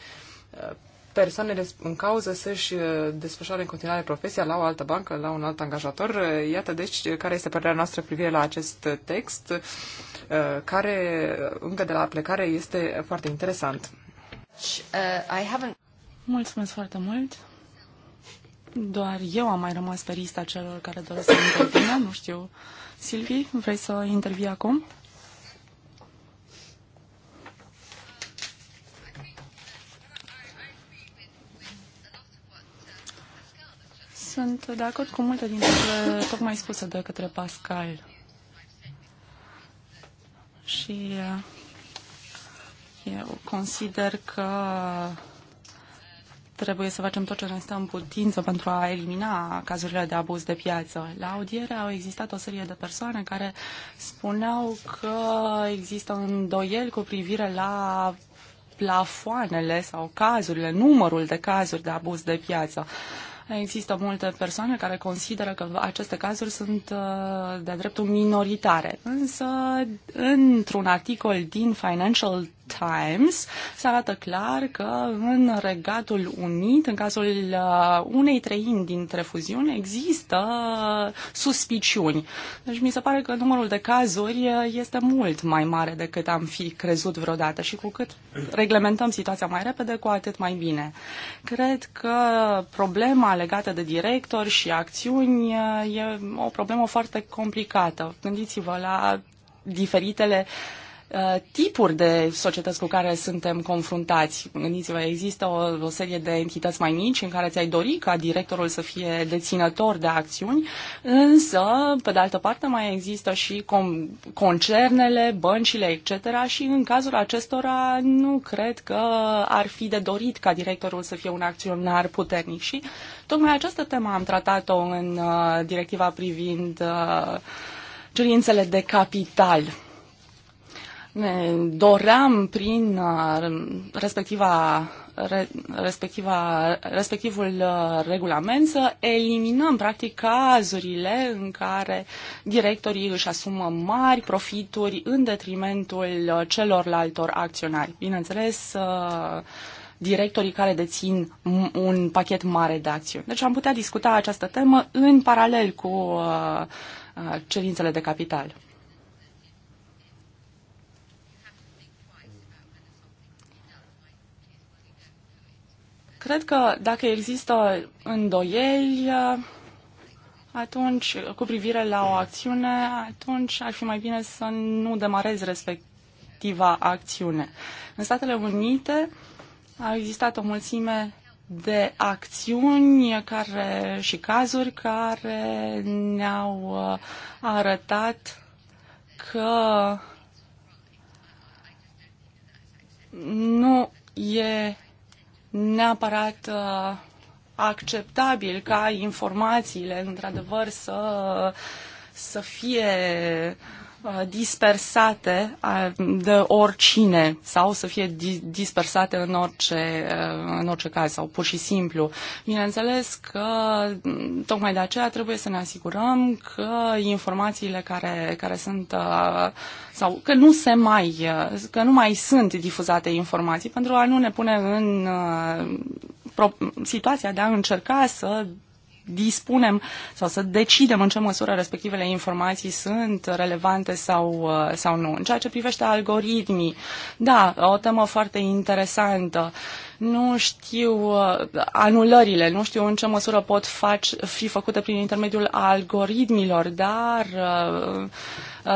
persoanele în cauză să-și desfășoare în continuare profesia la o altă bancă, la un alt angajator. Iată, deci, care este părerea noastră privire la acest text, care, încă de la plecare, este foarte interesant. Uh, Mulțumesc foarte mult. Doar eu am mai rămas pe lista celor care doresc să intervină. Nu știu. Silvi, vrei să intervii acum? Sunt de acord cu multe dintre cele tocmai spuse de către Pascal. Și uh, eu consider că trebuie să facem tot ce ne stă în putință pentru a elimina cazurile de abuz de piață. La audiere au existat o serie de persoane care spuneau că există îndoieli cu privire la plafoanele sau cazurile, numărul de cazuri de abuz de piață. Există multe persoane care consideră că aceste cazuri sunt uh, de dreptul minoritare. Însă, într-un articol din Financial Times se arată clar că în Regatul Unit, în cazul uh, unei treimi dintre fuziuni, există suspiciuni. Deci mi se pare că numărul de cazuri uh, este mult mai mare decât am fi crezut vreodată și cu cât reglementăm situația mai repede, cu atât mai bine. Cred că problema legată de directori și acțiuni uh, e o problemă foarte complicată. Gândiți-vă la diferitele uh, Uh, tipuri de societăți cu care suntem confruntați. Gândiți-vă, există o, o serie de entități mai mici în care ți-ai dori ca directorul să fie deținător de acțiuni, însă, pe de altă parte, mai există și com- concernele, băncile, etc. și în cazul acestora nu cred că ar fi de dorit ca directorul să fie un acționar puternic și tocmai această temă am tratat-o în uh, directiva privind uh, cerințele de capital. Ne doream prin uh, respectiva, respectiva, respectivul uh, regulament să eliminăm practic cazurile în care directorii își asumă mari profituri în detrimentul uh, celorlaltor acționari. Bineînțeles, directorii care dețin un pachet mare de acțiuni. Deci am putea discuta această temă în paralel cu cerințele de capital. Cred că dacă există îndoieli uh, atunci, cu privire la o acțiune, atunci ar fi mai bine să nu demarezi respectiva acțiune. În Statele Unite a existat o mulțime de acțiuni care, și cazuri care ne-au uh, arătat că nu e neapărat uh, acceptabil ca informațiile, într-adevăr, să, să fie uh, Uh, dispersate uh, de oricine sau să fie dispersate în orice, uh, în orice caz sau pur și simplu. Bineînțeles că mm, tocmai de aceea trebuie să ne asigurăm că informațiile care, care sunt sau că nu se mai, că nu mai sunt difuzate informații pentru a nu ne pune în situația de a încerca să dispunem sau să decidem în ce măsură respectivele informații sunt relevante sau, uh, sau nu. În ceea ce privește algoritmii, da, o temă foarte interesantă. Nu știu uh, anulările, nu știu în ce măsură pot faci, fi făcute prin intermediul algoritmilor, dar uh,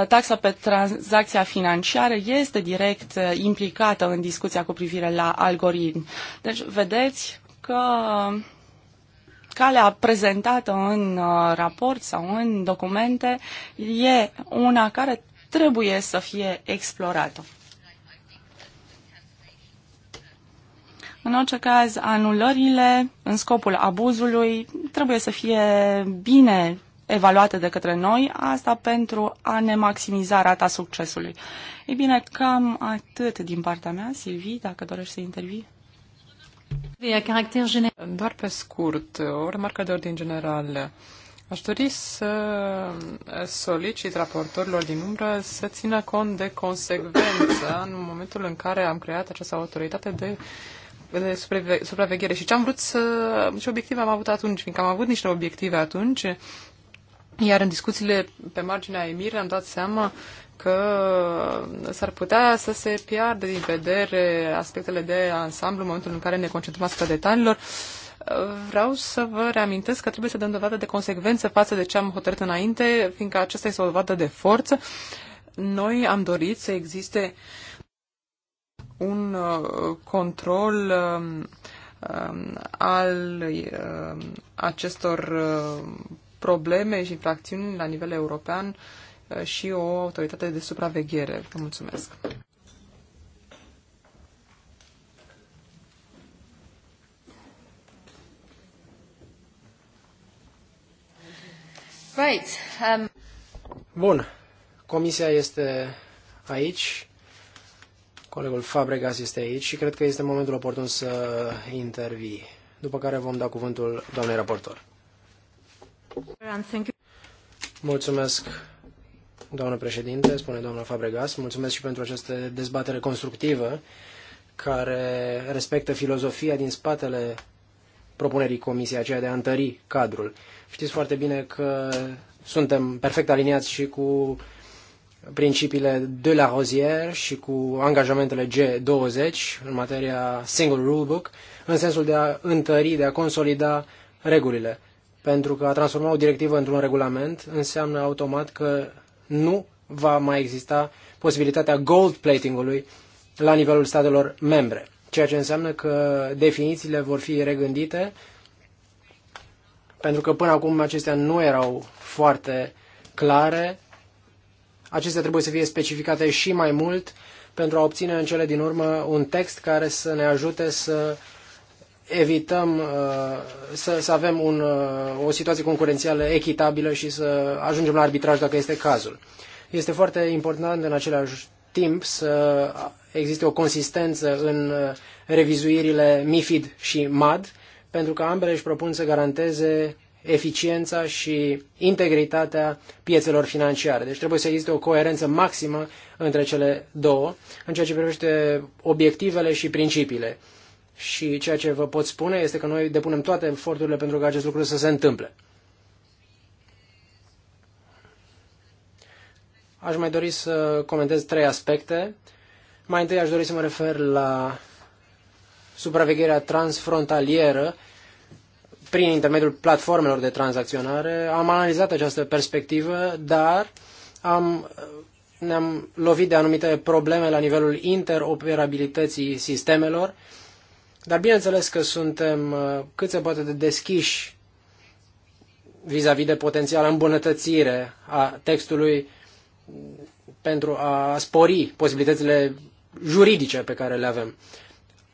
taxa pe tranzacția financiară este direct implicată în discuția cu privire la algoritmi. Deci, vedeți că Calea prezentată în uh, raport sau în documente e una care trebuie să fie explorată. În orice caz, anulările în scopul abuzului trebuie să fie bine evaluate de către noi, asta pentru a ne maximiza rata succesului. Ei bine, cam atât din partea mea. Silvi, dacă dorești să intervii. Doar pe scurt, o remarcă de ordin general. Aș dori să solicit raportorilor din umbră să țină cont de consecvență în momentul în care am creat această autoritate de, de supraveghe supraveghere și ce am vrut să, ce obiective am avut atunci, fiindcă am avut niște obiective atunci, iar în discuțiile pe marginea EMIR am dat seama că s-ar putea să se piardă din vedere aspectele de ansamblu în momentul în care ne concentrăm asupra detaliilor. Vreau să vă reamintesc că trebuie să dăm dovadă de consecvență față de ce am hotărât înainte, fiindcă aceasta este o dovadă de forță. Noi am dorit să existe un uh, control um, um, al uh, acestor uh, probleme și infracțiuni la nivel european uh, Uh, și o autoritate de supraveghere. Vă mulțumesc! Um, Bun. Comisia este aici. Colegul Fabregas este aici și cred că este momentul oportun să intervii. După care vom da cuvântul doamnei raportor. Mulțumesc doamnă președinte, spune doamna Fabregas. Mulțumesc și pentru această dezbatere constructivă care respectă filozofia din spatele propunerii comisiei aceea de a întări cadrul. Știți foarte bine că suntem perfect aliniați și cu principiile de la Rosière și cu angajamentele G20 în materia Single Rulebook, în sensul de a întări, de a consolida regulile. Pentru că a transforma o directivă într-un regulament înseamnă automat că nu va mai exista posibilitatea gold plating-ului la nivelul statelor membre, ceea ce înseamnă că definițiile vor fi regândite, pentru că până acum acestea nu erau foarte clare. Acestea trebuie să fie specificate și mai mult pentru a obține în cele din urmă un text care să ne ajute să evităm uh, să, să avem un, uh, o situație concurențială echitabilă și să ajungem la arbitraj dacă este cazul. Este foarte important în același timp să existe o consistență în uh, revizuirile MIFID și MAD, pentru că ambele își propun să garanteze eficiența și integritatea piețelor financiare. Deci trebuie să existe o coerență maximă între cele două în ceea ce privește obiectivele și principiile. Și ceea ce vă pot spune este că noi depunem toate eforturile pentru ca acest lucru să se întâmple. Aș mai dori să comentez trei aspecte. Mai întâi aș dori să mă refer la supravegherea transfrontalieră prin intermediul platformelor de tranzacționare. Am analizat această perspectivă, dar am, ne-am lovit de anumite probleme la nivelul interoperabilității sistemelor dar bineînțeles că suntem uh, cât se poate de deschiși vis-a-vis -vis de potențiala îmbunătățire a textului pentru a spori posibilitățile juridice pe care le avem.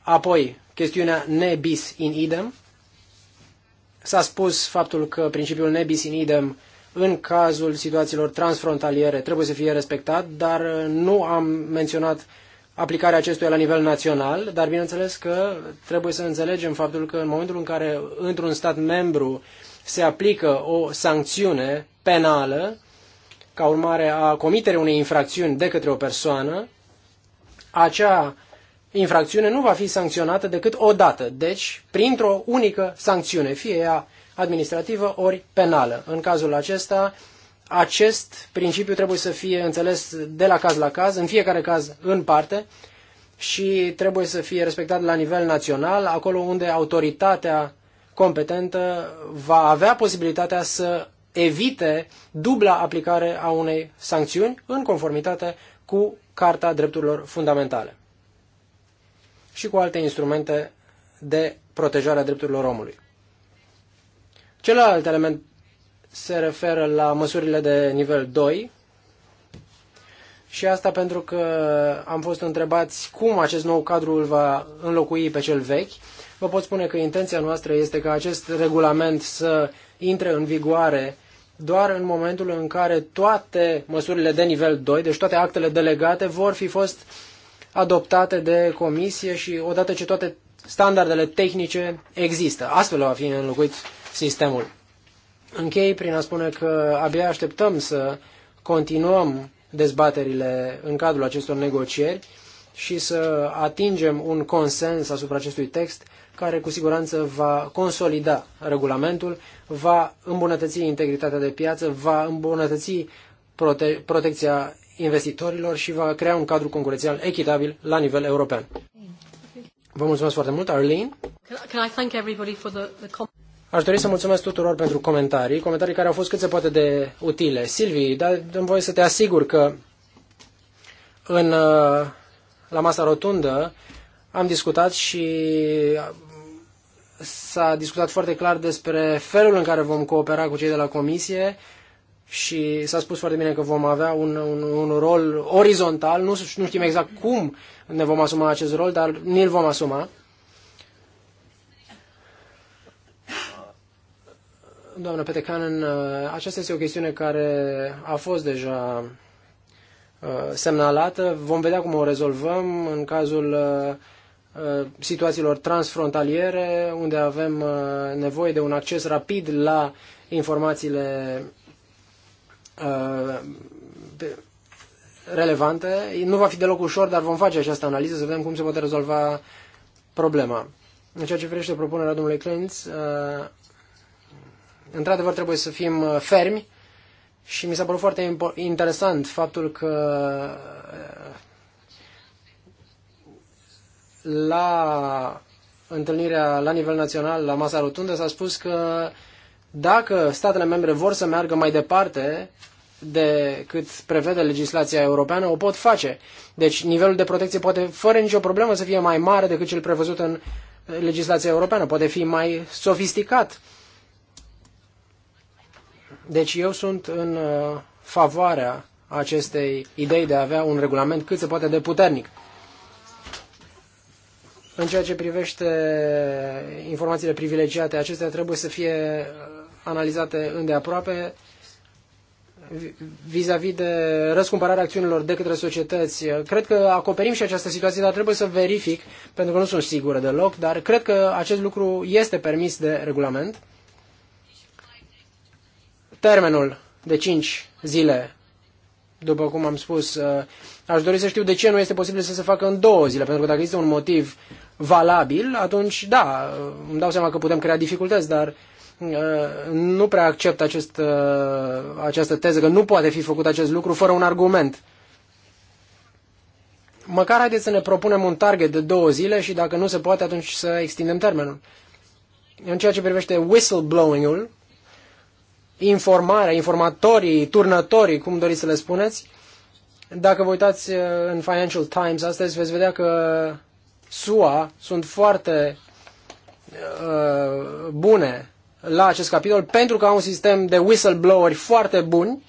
Apoi, chestiunea nebis in idem. S-a spus faptul că principiul nebis in idem în cazul situațiilor transfrontaliere trebuie să fie respectat, dar uh, nu am menționat aplicarea acestuia la nivel național, dar bineînțeles că trebuie să înțelegem faptul că în momentul în care într-un stat membru se aplică o sancțiune penală ca urmare a comiterei unei infracțiuni de către o persoană, acea infracțiune nu va fi sancționată decât o dată, deci printr-o unică sancțiune, fie ea administrativă ori penală. În cazul acesta, acest principiu trebuie să fie înțeles de la caz la caz, în fiecare caz în parte și trebuie să fie respectat la nivel național, acolo unde autoritatea competentă va avea posibilitatea să evite dubla aplicare a unei sancțiuni în conformitate cu Carta Drepturilor Fundamentale și cu alte instrumente de protejare a drepturilor omului. Celălalt element se referă la măsurile de nivel 2 și asta pentru că am fost întrebați cum acest nou cadru îl va înlocui pe cel vechi. Vă pot spune că intenția noastră este ca acest regulament să intre în vigoare doar în momentul în care toate măsurile de nivel 2, deci toate actele delegate, vor fi fost adoptate de comisie și odată ce toate standardele tehnice există. Astfel va fi înlocuit sistemul. Închei prin a spune că abia așteptăm să continuăm dezbaterile în cadrul acestor negocieri și să atingem un consens asupra acestui text care cu siguranță va consolida regulamentul, va îmbunătăți integritatea de piață, va îmbunătăți prote- protecția investitorilor și va crea un cadru concurențial echitabil la nivel european. Vă mulțumesc foarte mult, Arlene. Aș dori să mulțumesc tuturor pentru comentarii, comentarii care au fost cât se poate de utile. Silvii, dar îmi voie să te asigur că în, uh, la masa rotundă am discutat și s-a discutat foarte clar despre felul în care vom coopera cu cei de la comisie și s-a spus foarte bine că vom avea un, un, un rol orizontal, nu, nu știm exact cum ne vom asuma acest rol, dar ni-l vom asuma. doamnă Petecanen, uh, aceasta este o chestiune care a fost deja uh, semnalată. Vom vedea cum o rezolvăm în cazul uh, situațiilor transfrontaliere, unde avem nevoie de un acces rapid la informațiile relevante. Nu va fi deloc ușor, dar vom face această analiză să vedem cum se poate rezolva problema. În ceea ce privește propunerea domnului Clintz, Într-adevăr, trebuie să fim uh, fermi și mi s-a părut foarte interesant faptul că uh, la întâlnirea la nivel național, la masa rotundă, s-a spus că dacă statele membre vor să meargă mai departe decât prevede legislația europeană, o pot face. Deci nivelul de protecție poate, fără nicio problemă, să fie mai mare decât cel prevăzut în legislația europeană, poate fi mai sofisticat deci eu sunt în uh, favoarea acestei idei de a avea un regulament cât se poate de puternic. În ceea ce privește informațiile privilegiate, acestea trebuie să fie uh, analizate îndeaproape vis-a-vis -vis de răscumpărarea acțiunilor de către societăți. Cred că acoperim și această situație, dar trebuie să verific, pentru că nu sunt sigură deloc, dar cred că acest lucru este permis de regulament termenul de 5 zile, după cum am spus, uh, aș dori să știu de ce nu este posibil să se facă în două zile, pentru că dacă există un motiv valabil, atunci da, uh, îmi dau seama că putem crea dificultăți, dar uh, nu prea accept acest, această teză că nu poate fi făcut acest lucru fără un argument. Măcar haideți să ne propunem un target de două zile și dacă nu se poate, atunci să extindem termenul. În ceea ce privește whistleblowing-ul, informarea, informatorii, turnătorii, cum doriți să le spuneți. Dacă vă uitați uh, în Financial Times astăzi, veți vedea că SUA sunt foarte uh, bune la acest capitol pentru că au un sistem de whistlebloweri foarte buni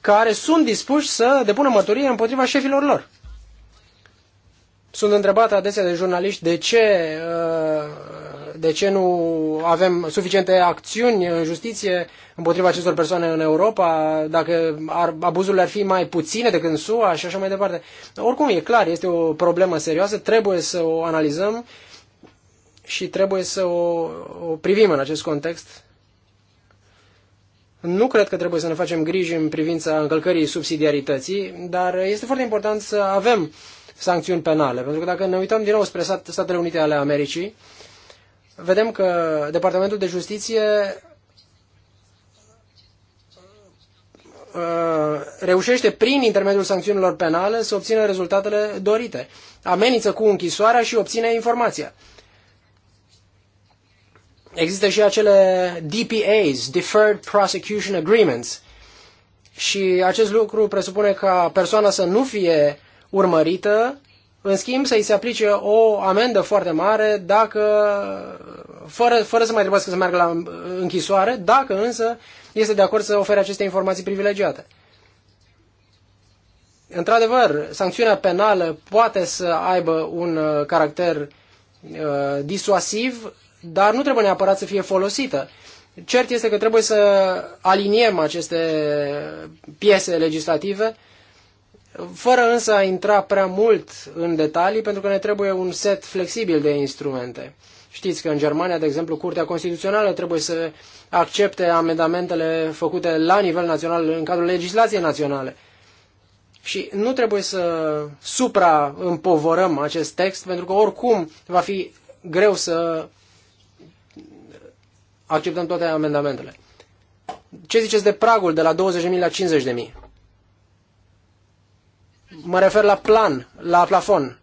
care sunt dispuși să depună mărturie împotriva șefilor lor. Sunt întrebat adesea de jurnaliști de ce uh, de ce nu avem suficiente acțiuni în justiție împotriva acestor persoane în Europa, dacă ar, abuzurile ar fi mai puține decât în SUA și așa mai departe? Oricum, e clar, este o problemă serioasă, trebuie să o analizăm și trebuie să o, o privim în acest context. Nu cred că trebuie să ne facem griji în privința încălcării subsidiarității, dar este foarte important să avem sancțiuni penale, pentru că dacă ne uităm din nou spre Statele Unite ale Americii, vedem că Departamentul de Justiție uh, reușește prin intermediul sancțiunilor penale să obțină rezultatele dorite. Amenință cu închisoarea și obține informația. Există și acele DPAs, Deferred Prosecution Agreements, și acest lucru presupune ca persoana să nu fie urmărită în schimb să-i se aplice o amendă foarte mare dacă, fără, fără să mai trebuiască să meargă la închisoare, dacă însă este de acord să ofere aceste informații privilegiate. Într-adevăr, sancțiunea penală poate să aibă un uh, caracter uh, disuasiv, dar nu trebuie neapărat să fie folosită. Cert este că trebuie să aliniem aceste piese legislative uh, fără însă a intra prea mult în detalii, pentru că ne trebuie un set flexibil de instrumente. Știți că în Germania, de exemplu, Curtea Constituțională trebuie să accepte amendamentele făcute la nivel național, în cadrul legislației naționale. Și nu trebuie să supra-împovorăm acest text, pentru că oricum va fi greu să acceptăm toate amendamentele. Ce ziceți de pragul de la 20.000 la 50.000? Mă refer la plan, la plafon,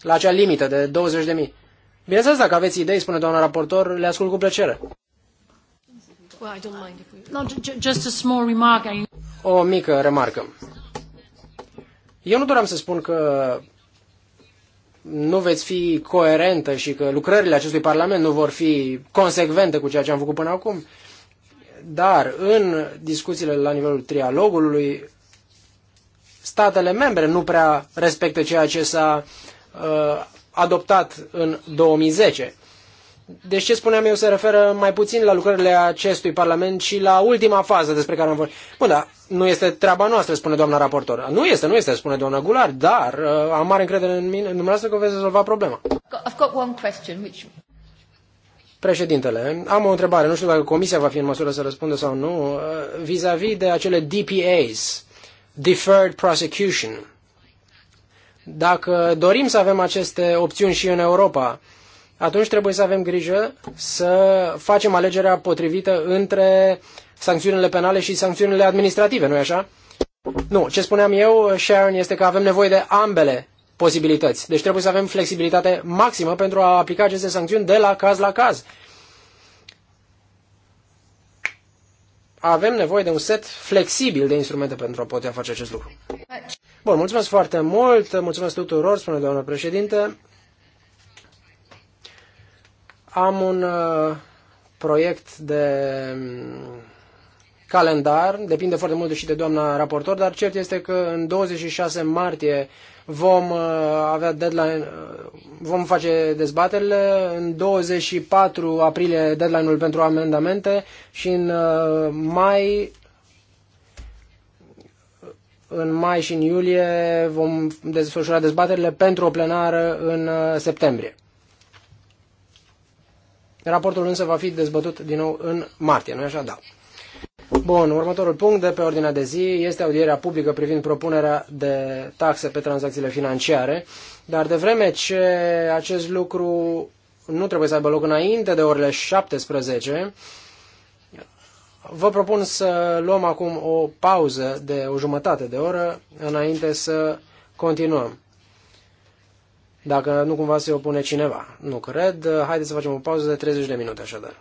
la acea limită de 20.000. Bineînțeles, dacă aveți idei, spune doamna raportor, le ascult cu plăcere. O mică remarcă. Eu nu doream să spun că nu veți fi coerentă și că lucrările acestui Parlament nu vor fi consecvente cu ceea ce am făcut până acum, dar în discuțiile la nivelul trialogului statele membre nu prea respectă ceea ce s-a uh, adoptat în 2010. Deci ce spuneam eu se referă mai puțin la lucrările acestui Parlament și la ultima fază despre care am vorbit. Bun, dar nu este treaba noastră, spune doamna raportor. Nu este, nu este, spune doamna Gular, dar uh, am mare încredere în mine, în dumneavoastră că veți rezolva problema. I've got one question, which... Președintele, am o întrebare, nu știu dacă Comisia va fi în măsură să răspundă sau nu, uh, vis-a-vis -vis de acele DPAs, deferred prosecution. Dacă dorim să avem aceste opțiuni și în Europa, atunci trebuie să avem grijă să facem alegerea potrivită între sancțiunile penale și sancțiunile administrative, nu-i așa? Nu, ce spuneam eu, Sharon, este că avem nevoie de ambele posibilități. Deci trebuie să avem flexibilitate maximă pentru a aplica aceste sancțiuni de la caz la caz. avem nevoie de un set flexibil de instrumente pentru a putea face acest lucru. Bun, mulțumesc foarte mult, mulțumesc tuturor, spune doamna președinte. Am un uh, proiect de calendar, depinde foarte mult și de doamna raportor, dar cert este că în 26 martie vom uh, avea deadline, uh, vom face dezbaterile, în 24 aprilie deadline-ul pentru amendamente și în uh, mai în mai și în iulie vom desfășura dezbaterile pentru o plenară în septembrie. Raportul însă va fi dezbătut din nou în martie, nu-i așa? Da. Bun, următorul punct de pe ordinea de zi este audierea publică privind propunerea de taxe pe tranzacțiile financiare, dar de vreme ce acest lucru nu trebuie să aibă loc înainte de orele 17, vă propun să luăm acum o pauză de o jumătate de oră înainte să continuăm. Dacă nu cumva se opune cineva. Nu cred. Haideți să facem o pauză de 30 de minute așadar.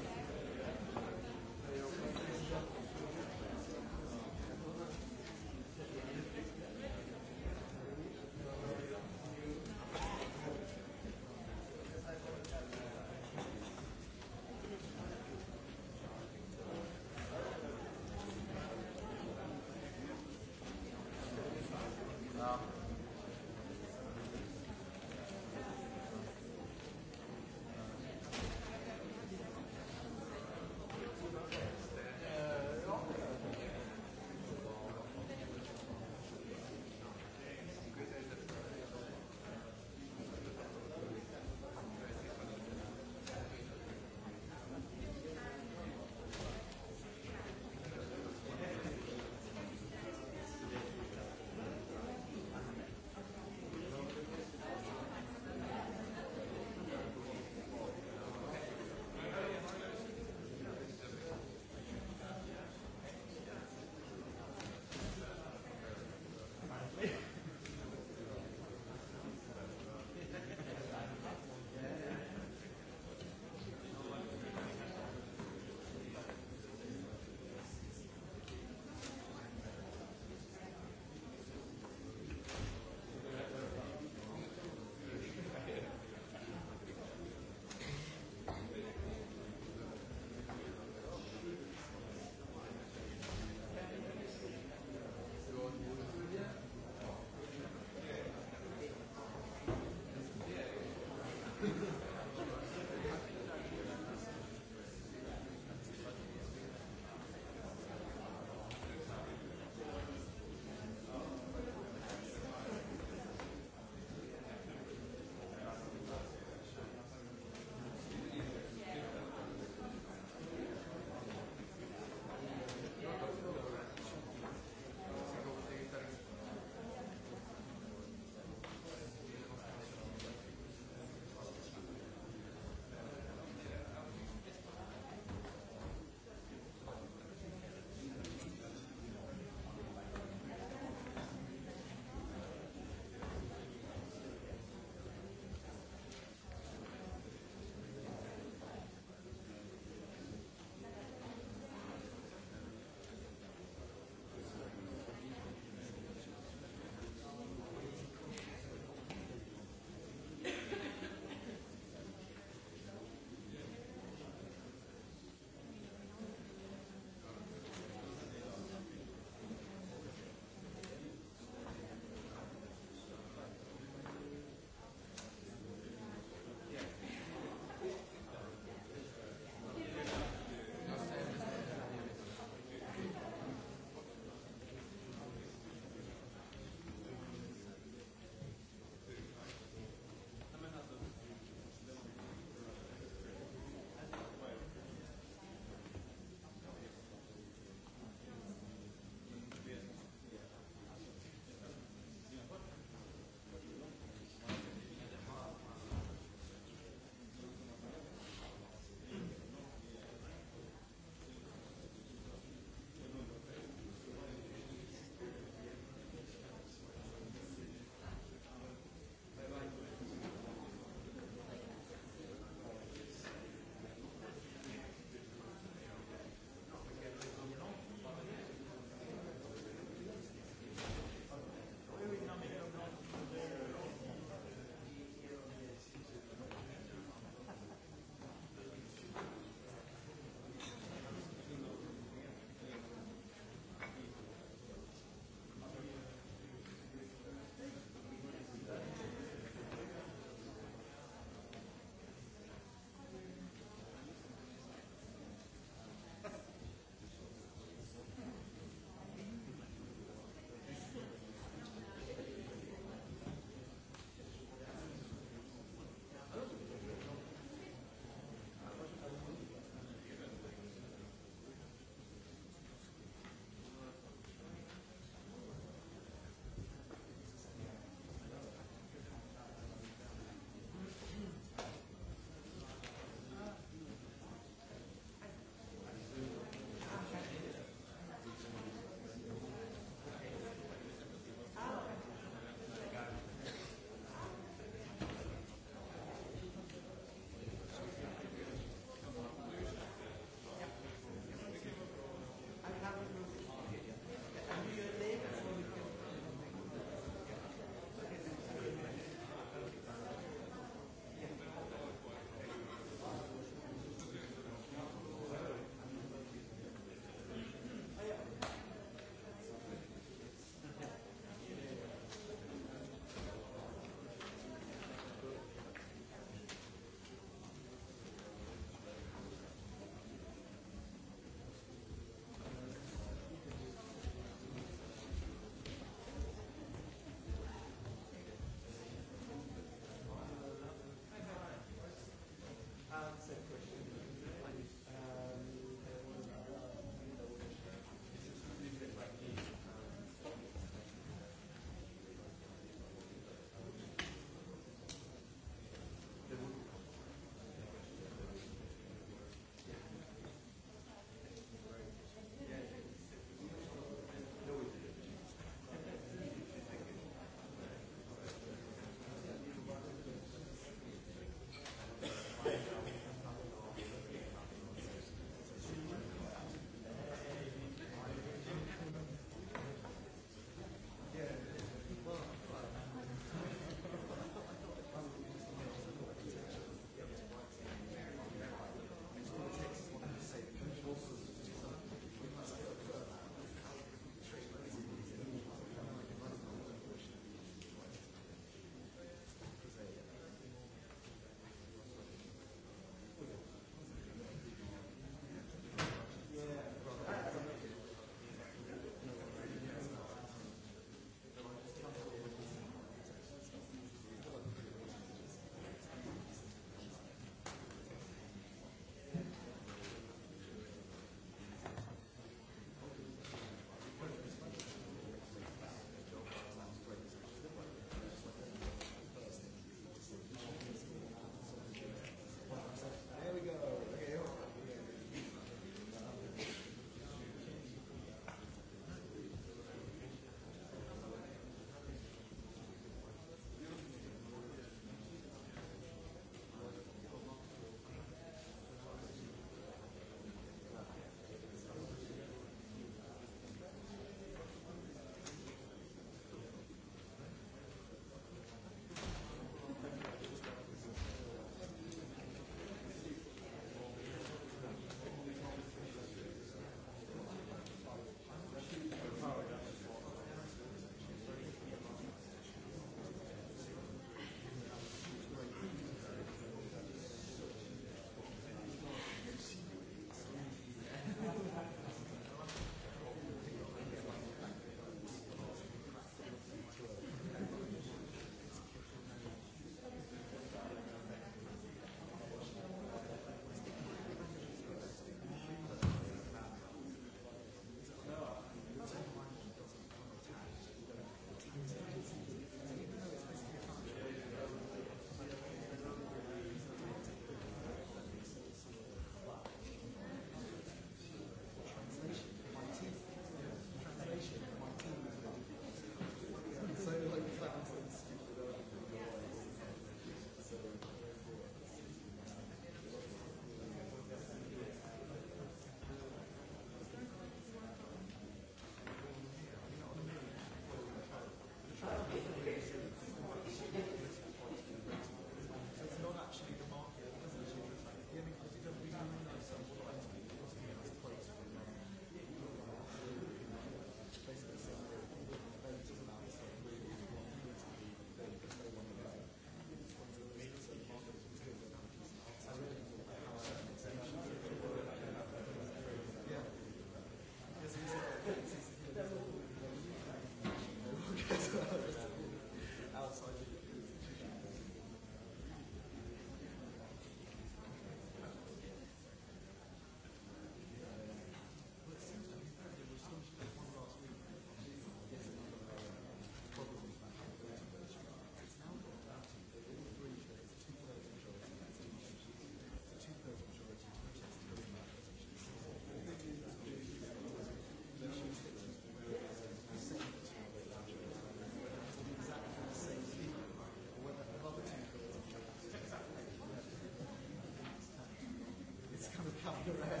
Abdurrahman.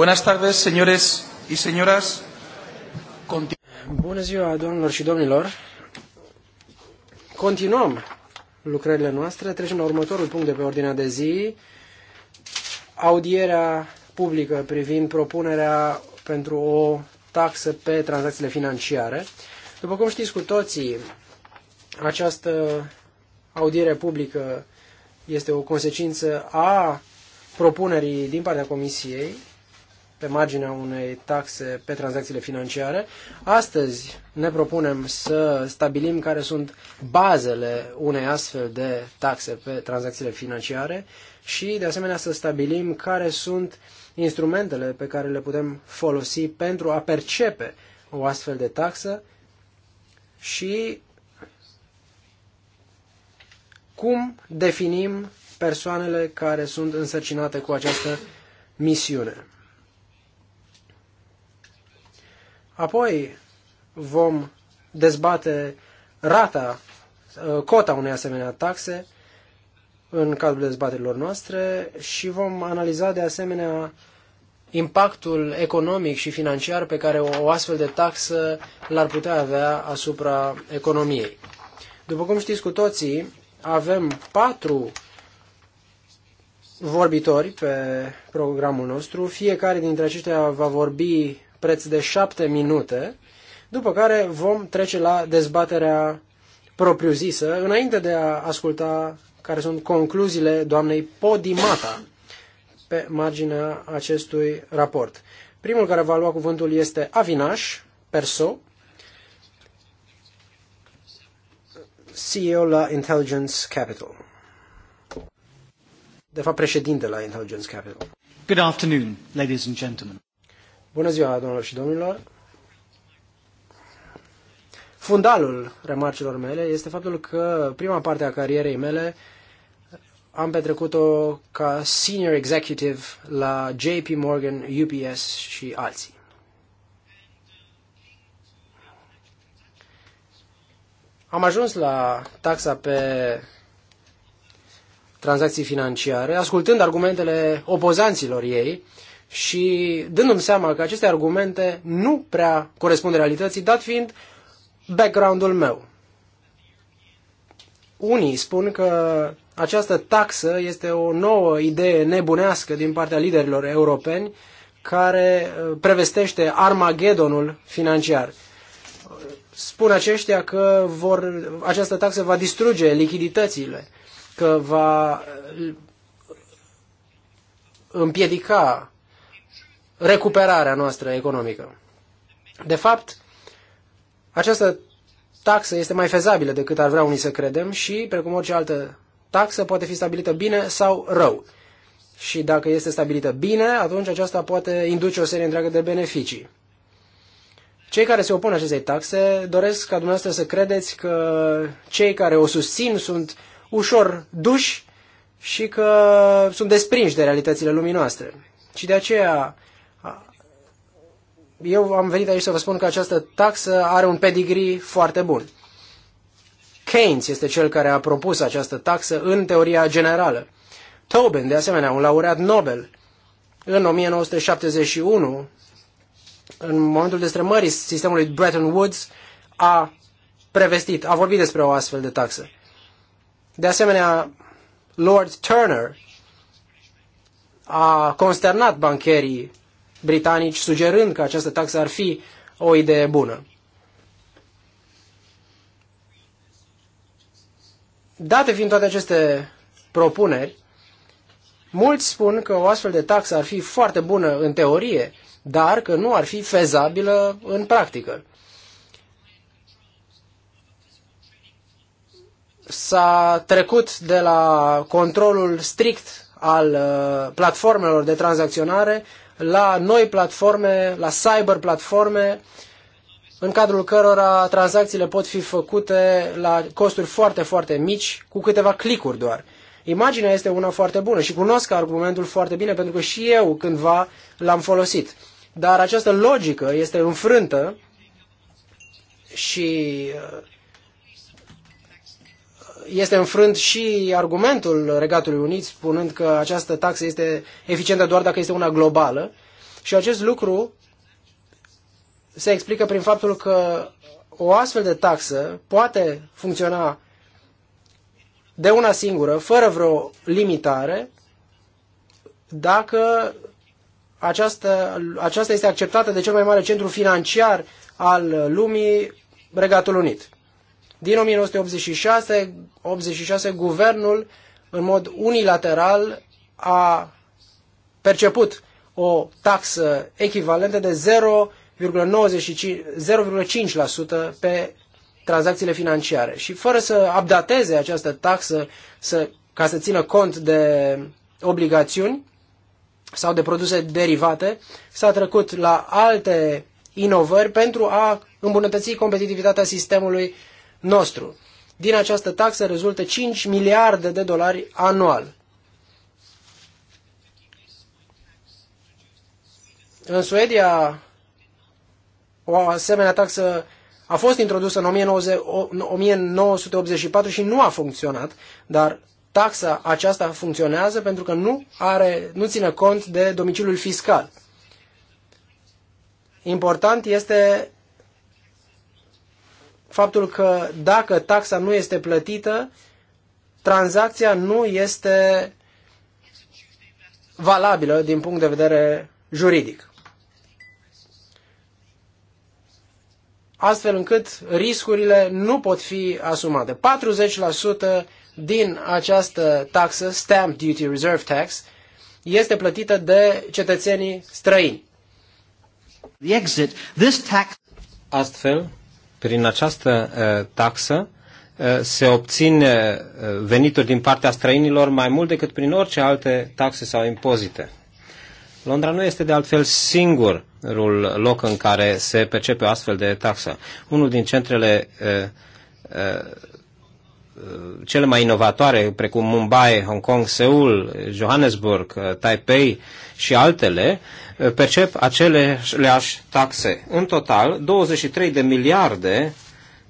Buenas tardes, señores y señoras. Bună ziua, domnilor și domnilor. Continuăm lucrările noastre. Trecem la următorul punct de pe ordinea de zi. Audierea publică privind propunerea pentru o taxă pe tranzacțiile financiare. După cum știți cu toții, această audiere publică este o consecință a propunerii din partea Comisiei pe marginea unei taxe pe tranzacțiile financiare. Astăzi ne propunem să stabilim care sunt bazele unei astfel de taxe pe tranzacțiile financiare și, de asemenea, să stabilim care sunt instrumentele pe care le putem folosi pentru a percepe o astfel de taxă și cum definim persoanele care sunt însărcinate cu această misiune. Apoi vom dezbate rata, uh, cota unei asemenea taxe în cadrul dezbaterilor noastre și vom analiza de asemenea impactul economic și financiar pe care o astfel de taxă l-ar putea avea asupra economiei. După cum știți cu toții, avem patru vorbitori pe programul nostru. Fiecare dintre aceștia va vorbi preț de șapte minute, după care vom trece la dezbaterea propriu-zisă, înainte de a asculta care sunt concluziile doamnei Podimata pe marginea acestui raport. Primul care va lua cuvântul este Avinaș Perso, CEO la Intelligence Capital. De fapt, președinte la Intelligence Capital. Good afternoon, ladies and gentlemen. Bună ziua, domnilor și domnilor! Fundalul remarcilor mele este faptul că prima parte a carierei mele am petrecut-o ca senior executive la JP Morgan, UPS și alții. Am ajuns la taxa pe tranzacții financiare, ascultând argumentele opozanților ei, și dându-mi seama că aceste argumente nu prea corespund realității, dat fiind background-ul meu. Unii spun că această taxă este o nouă idee nebunească din partea liderilor europeni care uh, prevestește Armagedonul financiar. Spun aceștia că vor, această taxă va distruge lichiditățile, că va uh, împiedica recuperarea noastră economică. De fapt, această taxă este mai fezabilă decât ar vrea unii să credem și, precum orice altă taxă, poate fi stabilită bine sau rău. Și dacă este stabilită bine, atunci aceasta poate induce o serie întreagă de beneficii. Cei care se opun acestei taxe doresc ca dumneavoastră să credeți că cei care o susțin sunt ușor duși și că sunt desprinși de realitățile lumii noastre. Și de aceea eu am venit aici să vă spun că această taxă are un pedigree foarte bun. Keynes este cel care a propus această taxă în teoria generală. Tobin, de asemenea, un laureat Nobel, în 1971, în momentul destrămării sistemului Bretton Woods, a prevestit, a vorbit despre o astfel de taxă. De asemenea, Lord Turner a consternat bancherii britanici sugerând că această taxă ar fi o idee bună. Date fiind toate aceste propuneri, mulți spun că o astfel de taxă ar fi foarte bună în teorie, dar că nu ar fi fezabilă în practică. S-a trecut de la controlul strict al uh, platformelor de tranzacționare la noi platforme, la cyber platforme, în cadrul cărora tranzacțiile pot fi făcute la costuri foarte, foarte mici, cu câteva clicuri doar. Imaginea este una foarte bună și cunosc argumentul foarte bine pentru că și eu cândva l-am folosit. Dar această logică este înfrântă și este înfrânt și argumentul Regatului Unit, spunând că această taxă este eficientă doar dacă este una globală. Și acest lucru se explică prin faptul că o astfel de taxă poate funcționa de una singură, fără vreo limitare, dacă aceasta, aceasta este acceptată de cel mai mare centru financiar al lumii, Regatul Unit. Din 1986, 86, guvernul, în mod unilateral, a perceput o taxă echivalentă de 0,5% pe tranzacțiile financiare. Și fără să updateze această taxă să, ca să țină cont de obligațiuni sau de produse derivate, s-a trecut la alte inovări pentru a îmbunătăți competitivitatea sistemului nostru. Din această taxă rezultă 5 miliarde de dolari anual. În Suedia, o asemenea taxă a fost introdusă în 1984 și nu a funcționat, dar taxa aceasta funcționează pentru că nu, are, nu ține cont de domiciliul fiscal. Important este faptul că dacă taxa nu este plătită, tranzacția nu este valabilă din punct de vedere juridic. Astfel încât riscurile nu pot fi asumate. 40% din această taxă, Stamp Duty Reserve Tax, este plătită de cetățenii străini. The exit, this tax... Astfel, prin această taxă se obțin venituri din partea străinilor mai mult decât prin orice alte taxe sau impozite. Londra nu este de altfel singurul loc în care se percepe o astfel de taxă. Unul din centrele Uh, cele mai inovatoare, precum Mumbai, Hong Kong, Seul, Johannesburg, uh, Taipei și altele, uh, percep aceleași taxe. În total, 23 de miliarde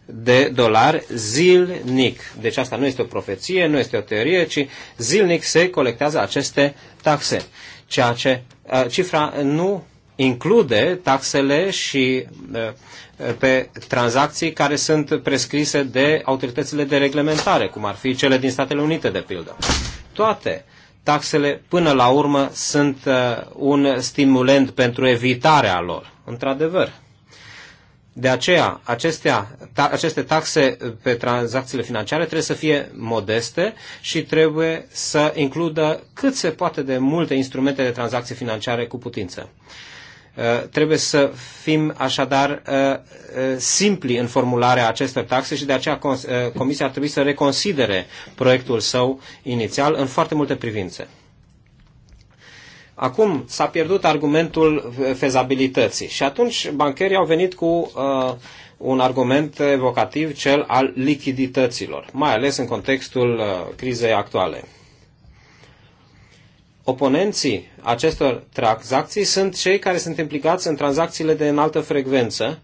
de dolari zilnic. Deci asta nu este o profeție, nu este o teorie, ci zilnic se colectează aceste taxe. Ceea ce cifra nu include taxele și pe tranzacții care sunt prescrise de autoritățile de reglementare, cum ar fi cele din Statele Unite, de pildă. Toate taxele, până la urmă, sunt uh, un stimulent pentru evitarea lor, într-adevăr. De aceea, acestea, ta, aceste taxe pe tranzacțiile financiare trebuie să fie modeste și trebuie să includă cât se poate de multe instrumente de tranzacții financiare cu putință. Uh, trebuie să fim așadar uh, uh, simpli în formularea acestor taxe și de aceea Comisia ar trebui să reconsidere proiectul său inițial în foarte multe privințe. Acum s-a pierdut argumentul fezabilității și atunci bancherii au venit cu uh, un argument evocativ, cel al lichidităților, mai ales în contextul uh, crizei actuale. Oponenții acestor tranzacții sunt cei care sunt implicați în tranzacțiile de înaltă frecvență,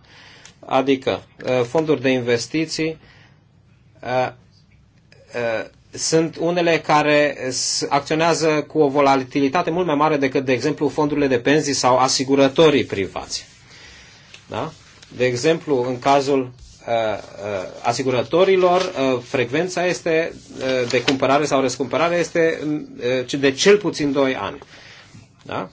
adică uh, fonduri de investiții uh, uh, sunt unele care acționează cu o volatilitate mult mai mare decât, de exemplu, fondurile de pensii sau asigurătorii privați. Da? De exemplu, în cazul Uh, uh, asigurătorilor, uh, frecvența este de cumpărare sau răscumpărare este de cel puțin 2 ani. Da?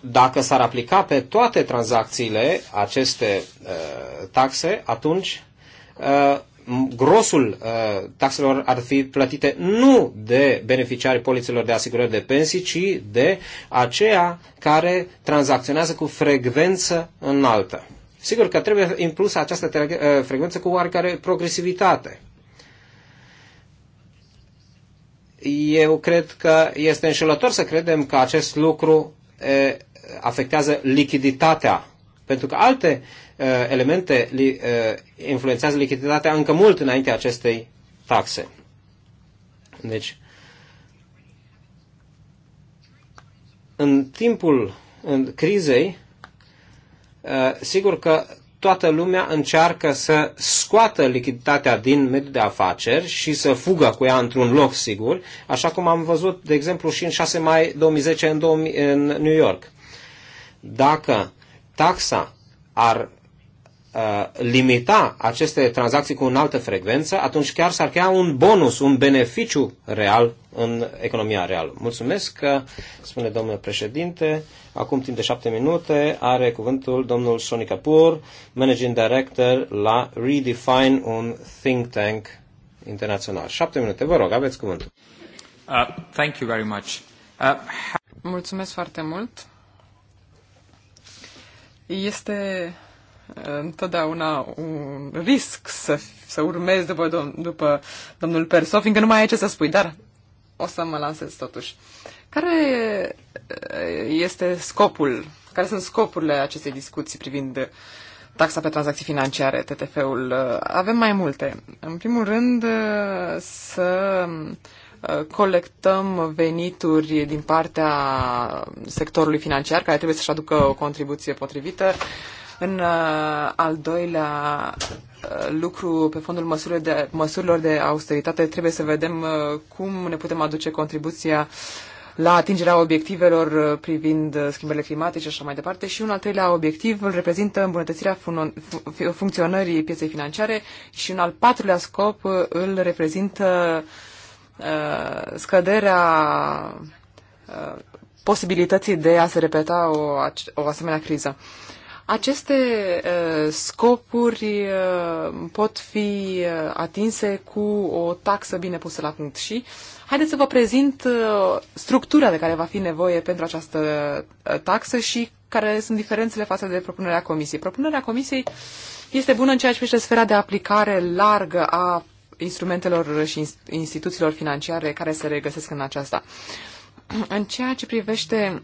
Dacă s-ar aplica pe toate tranzacțiile aceste taxe, atunci grosul uh, taxelor ar fi plătite nu de beneficiarii polițelor de asigurări de pensii, ci de aceia care tranzacționează cu frecvență înaltă. Sigur că trebuie impusă această eh, frecvență cu oarecare progresivitate. Eu cred că este înșelător să credem că acest lucru eh, afectează lichiditatea, pentru că alte eh, elemente influențează lichiditatea încă mult înainte acestei taxe. Deci, în timpul în crizei, Eh, sigur că toată lumea încearcă să scoată lichiditatea din mediul de afaceri și să fugă cu ea într-un loc sigur, așa cum am văzut, de exemplu, și în 6 mai 2010 în, 2000, în New York. Dacă taxa ar Uh, limita aceste tranzacții cu o altă frecvență, atunci chiar s-ar crea un bonus, un beneficiu real în economia reală. Mulțumesc, spune domnul președinte. Acum timp de șapte minute are cuvântul domnul Sonic Kapoor, managing director la Redefine, un think tank internațional. Șapte minute, vă rog, aveți cuvântul. Uh, thank you very much. Uh, Mulțumesc foarte mult. Este întotdeauna un risc să, să urmezi după, dom- după domnul Perso, fiindcă nu mai ai ce să spui, dar o să mă lansez totuși. Care uh, este scopul, care sunt scopurile acestei discuții privind taxa pe tranzacții financiare, TTF-ul? Uh, avem mai multe. În primul rând, uh, să colectăm venituri din partea sectorului financiar, care trebuie să-și aducă o contribuție potrivită. Uh, în uh, al doilea uh, lucru pe fondul măsurilor de, măsurilor de austeritate trebuie să vedem uh, cum ne putem aduce contribuția la atingerea obiectivelor privind schimbările climatice și așa mai departe. Și un al treilea obiectiv îl reprezintă îmbunătățirea fun- funcționării pieței financiare și un al patrulea scop îl reprezintă uh, scăderea uh, posibilității de a se repeta o, o asemenea criză. Uh, aceste scopuri pot fi atinse cu o taxă bine pusă la punct și haideți să vă prezint structura de care va fi nevoie pentru această taxă și care sunt diferențele față de propunerea comisiei. Propunerea comisiei este bună în ceea ce privește sfera de aplicare largă a instrumentelor și instituțiilor financiare care se regăsesc în aceasta. În ceea ce privește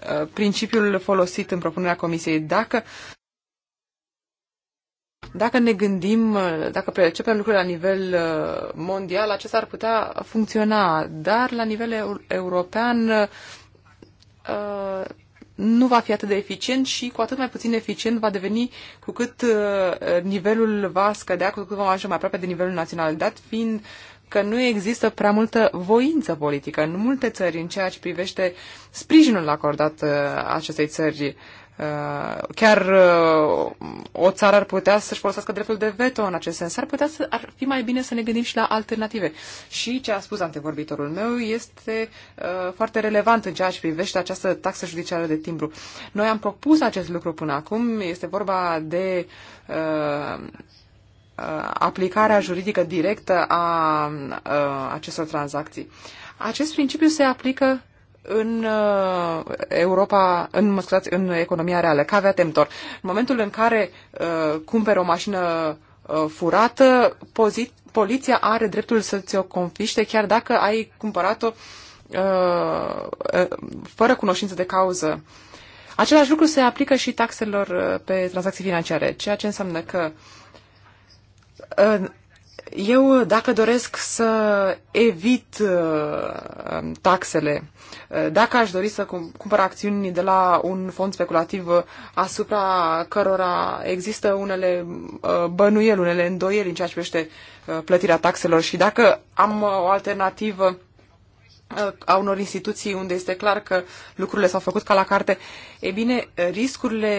Uh, principiul folosit în propunerea Comisiei. Dacă, dacă ne gândim, uh, dacă percepem lucrurile la nivel uh, mondial, acesta ar putea funcționa, dar la nivel european nu va fi atât de eficient și cu atât mai puțin eficient va deveni cu cât nivelul va scădea, cu cât vom ajunge mai aproape de nivelul național. Dat fiind uh, că nu există prea multă voință politică în multe țări în ceea ce privește sprijinul acordat uh, acestei țări. Uh, chiar uh, o țară ar putea să-și folosească dreptul de veto în acest sens. Ar putea să ar fi mai bine să ne gândim și la alternative. Și ce a spus antevorbitorul meu este foarte relevant în ceea ce privește această taxă judiciară de timbru. Noi am propus acest lucru până acum. Este vorba de Uh, aplicarea juridică directă a uh, acestor tranzacții. Acest principiu se aplică în uh, Europa, în, mă scuzați, în economia reală, ca avea temtor. În momentul în care cumperi o mașină furată, pozit, poliția are dreptul să ți-o confiște chiar dacă ai cumpărat-o uh, fără cunoștință de cauză. Același lucru se aplică și taxelor pe tranzacții financiare, ceea ce înseamnă că uh, eu, dacă doresc să evit uh, taxele, uh, dacă aș dori să cumpăr acțiuni de la un fond speculativ uh, asupra cărora există unele bănuieli, unele îndoieli în ceea ce privește plătirea taxelor și dacă am o alternativă a unor instituții unde este clar că lucrurile s-au făcut ca la carte, e bine, riscurile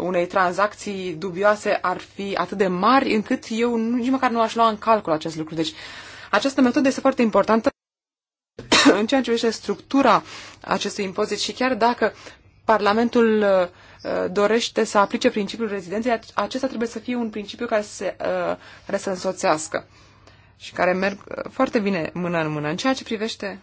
unei tranzacții dubioase ar fi atât de mari încât eu nici măcar nu aș lua în calcul acest lucru. Deci această metodă este foarte importantă în ceea ce privește structura acestui impozit și chiar dacă Parlamentul uh, dorește să aplice principiul rezidenței, acesta trebuie să fie un principiu care, se, uh, care să însoțească și care merg uh, foarte bine mână în mână. În ceea ce privește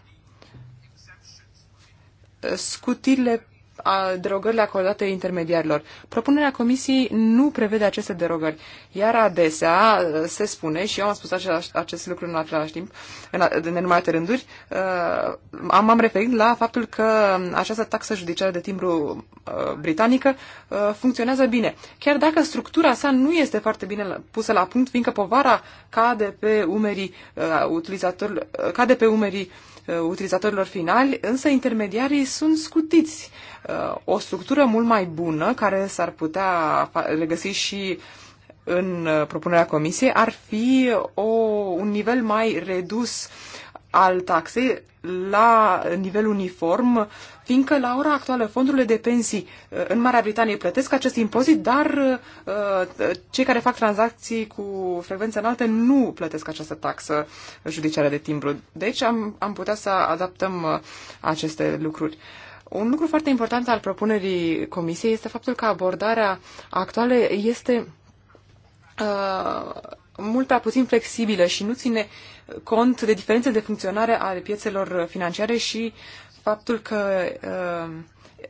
scutirile a derogările acordate intermediarilor. Propunerea comisiei nu prevede aceste derogări, iar adesea uh, se spune, și eu am spus același, acest lucru în același timp, în, în nenumărate rânduri, uh, am, am referit la faptul că um, această taxă judiciară de timbru uh, britanică uh, funcționează bine. Chiar dacă structura sa nu este foarte bine pusă la punct, fiindcă povara cade pe umerii uh, utilizatorilor, uh, cade pe umerii uh, utilizatorilor finali, însă intermediarii sunt scutiți uh, Uh, o structură mult mai bună, care s-ar putea regăsi și în uh, propunerea comisiei, ar fi o, un nivel mai redus al taxei la nivel uniform, fiindcă la ora actuală fondurile de pensii uh, în Marea Britanie plătesc acest impozit, dar cei care fac tranzacții cu frecvență înaltă nu plătesc această taxă judiciară de timbru. Deci am, am putea să adaptăm aceste lucruri. Un lucru foarte important al propunerii comisiei este faptul că abordarea actuală este uh, mult prea puțin flexibilă și nu ține cont de diferențe de funcționare ale piețelor financiare și faptul că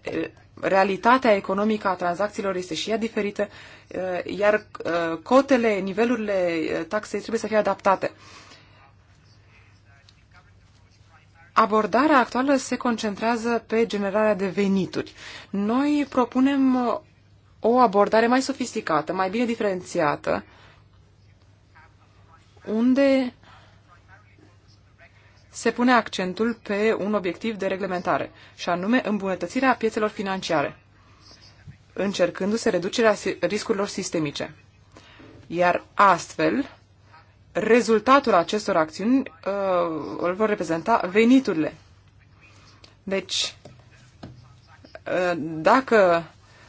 uh, realitatea economică a tranzacțiilor este și ea diferită, uh, iar uh, cotele, nivelurile uh, taxei trebuie să fie adaptate. Abordarea actuală se concentrează pe generarea de venituri. Noi propunem o abordare mai sofisticată, mai bine diferențiată, unde se pune accentul pe un obiectiv de reglementare, și anume îmbunătățirea piețelor financiare, încercându-se reducerea riscurilor sistemice. Iar astfel, rezultatul acestor acțiuni uh, îl vor reprezenta veniturile. Deci, uh, dacă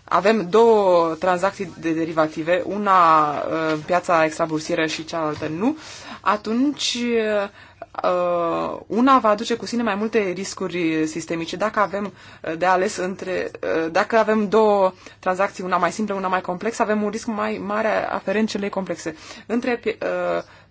avem două tranzacții de derivative, una uh, în piața extrabursieră și cealaltă nu, atunci uh, una va aduce cu sine mai multe riscuri sistemice. Dacă avem de ales între, dacă avem două tranzacții, una mai simplă, una mai complexă, avem un risc mai mare aferent celei complexe. Între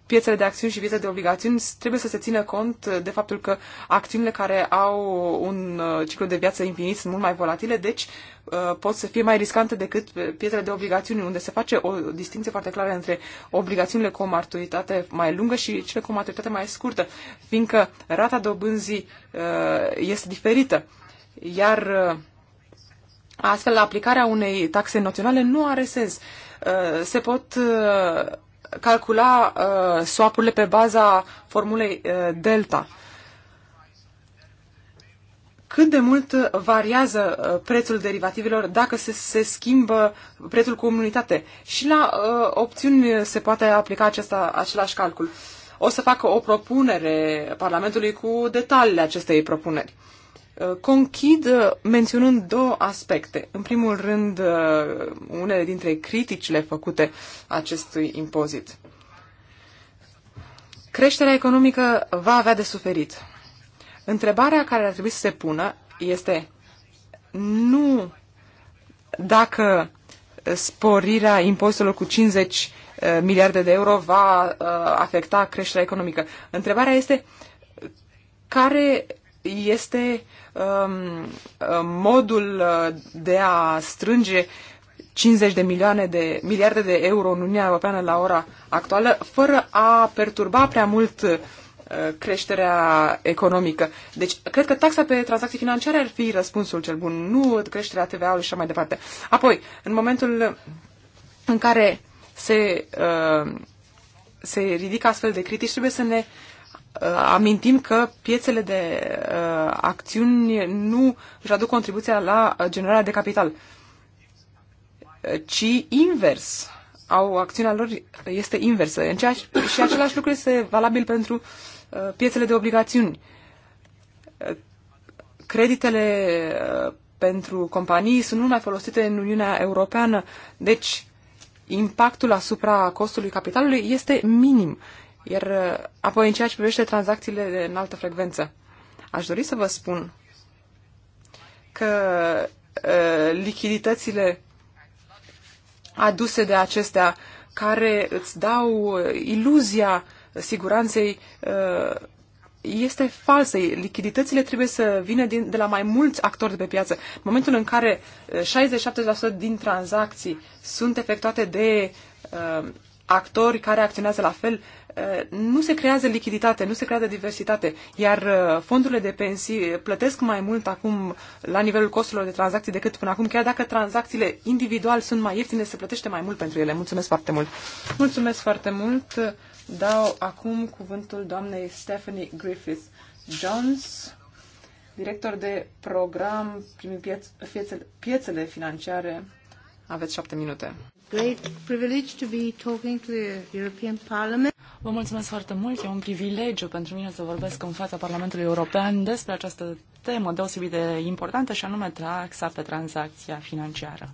piețele de acțiuni și piețele de obligațiuni, trebuie să se țină cont de faptul că acțiunile care au un uh, ciclu de viață infinit sunt mult mai volatile, deci uh, pot să fie mai riscante decât uh, piețele de obligațiuni, unde se face o distinție foarte clară între obligațiunile cu o maturitate mai lungă și cele cu o maturitate mai scurtă, fiindcă rata dobânzii este diferită. Iar astfel, aplicarea unei taxe naționale nu are sens. Se pot calcula uh, swapurile pe baza formulei uh, delta. Cât de mult variază uh, prețul derivativelor dacă se, se schimbă prețul cu unitate? Și la uh, opțiuni se poate aplica acesta, același calcul. O să fac o propunere Parlamentului cu detaliile acestei propuneri. Uh, Uh, conchid uh, menționând două aspecte. În primul rând, uh, unele dintre criticile făcute acestui impozit. Creșterea economică va avea de suferit. Întrebarea care ar trebui să se pună este nu dacă sporirea impozitelor cu 50 miliarde de euro va afecta creșterea economică. Întrebarea este care este um, uh, modul uh, de a strânge 50 de milioane de miliarde de euro în Uniunea Europeană la ora actuală, fără a perturba prea mult uh, creșterea economică. Deci, cred că taxa pe tranzacții financiare ar fi răspunsul cel bun, nu creșterea TVA-ului și așa mai departe. Apoi, în momentul în care se, uh, se ridică astfel de critici, trebuie să ne Uh, amintim că piețele de uh, acțiuni nu își aduc contribuția la uh, generarea de capital, ci invers. Au acțiunea lor este inversă. În ceea, și același lucru este valabil pentru piețele de obligațiuni. Creditele pentru companii sunt mult mai folosite în Uniunea Europeană, deci impactul asupra costului capitalului este minim iar uh, apoi, în ceea ce privește tranzacțiile în altă frecvență, aș dori să vă spun că uh, lichiditățile aduse de acestea care îți dau uh, iluzia siguranței uh, este falsă. Lichiditățile trebuie să vină din, de la mai mulți actori de pe piață. În momentul în care 60-70% uh, din tranzacții sunt efectuate de uh, actori care acționează la fel, Uh, nu se creează lichiditate, nu se creează diversitate, iar uh, fondurile de pensii plătesc mai mult acum la nivelul costurilor de tranzacții decât până acum, chiar dacă tranzacțiile individual sunt mai ieftine, se plătește mai mult pentru ele. Mulțumesc foarte mult! Mulțumesc foarte mult! Dau acum cuvântul doamnei Stephanie Griffith Jones, director de program privind piețele, piețele financiare. Aveți șapte minute. Great privilege to be talking to the European Parliament. Vă mulțumesc foarte mult. E un privilegiu pentru mine să vorbesc în fața Parlamentului European despre această temă deosebit de importantă și anume taxa pe tranzacția financiară.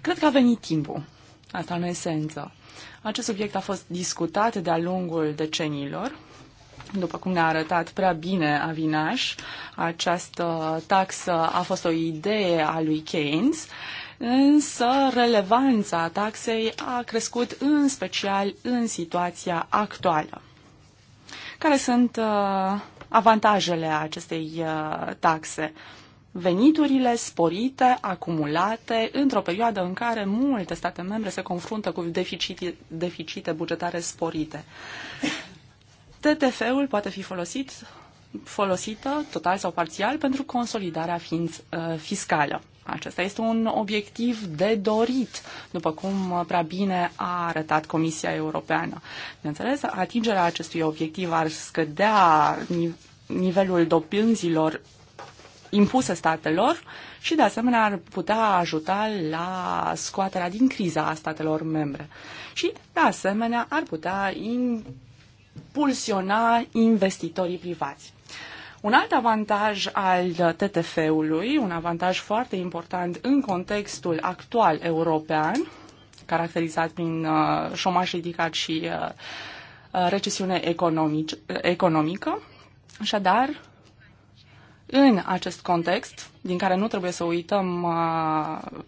Cred că a venit timpul. Asta în esență. Acest subiect a fost discutat de-a lungul deceniilor. După cum ne-a arătat prea bine Avinaș, această taxă a fost o idee a lui Keynes însă relevanța taxei a crescut în special în situația actuală. Care sunt uh, avantajele acestei uh, taxe? veniturile sporite, acumulate, într-o perioadă în care multe state membre se confruntă cu deficite, deficite bugetare sporite. TTF-ul poate fi folosit, folosită total sau parțial pentru consolidarea ființ, uh, fiscală. Acesta este un obiectiv de dorit, după cum prea bine a arătat Comisia Europeană. Bineînțeles, atingerea acestui obiectiv ar scădea nivelul dobânzilor impuse statelor și, de asemenea, ar putea ajuta la scoaterea din criza a statelor membre. Și, de asemenea, ar putea impulsiona investitorii privați. Un alt avantaj al TTF-ului, un avantaj foarte important în contextul actual european, caracterizat prin uh, șomaj ridicat și uh, uh recesiune economic, uh, economică. Așadar, în acest context, din care nu trebuie să uităm uh,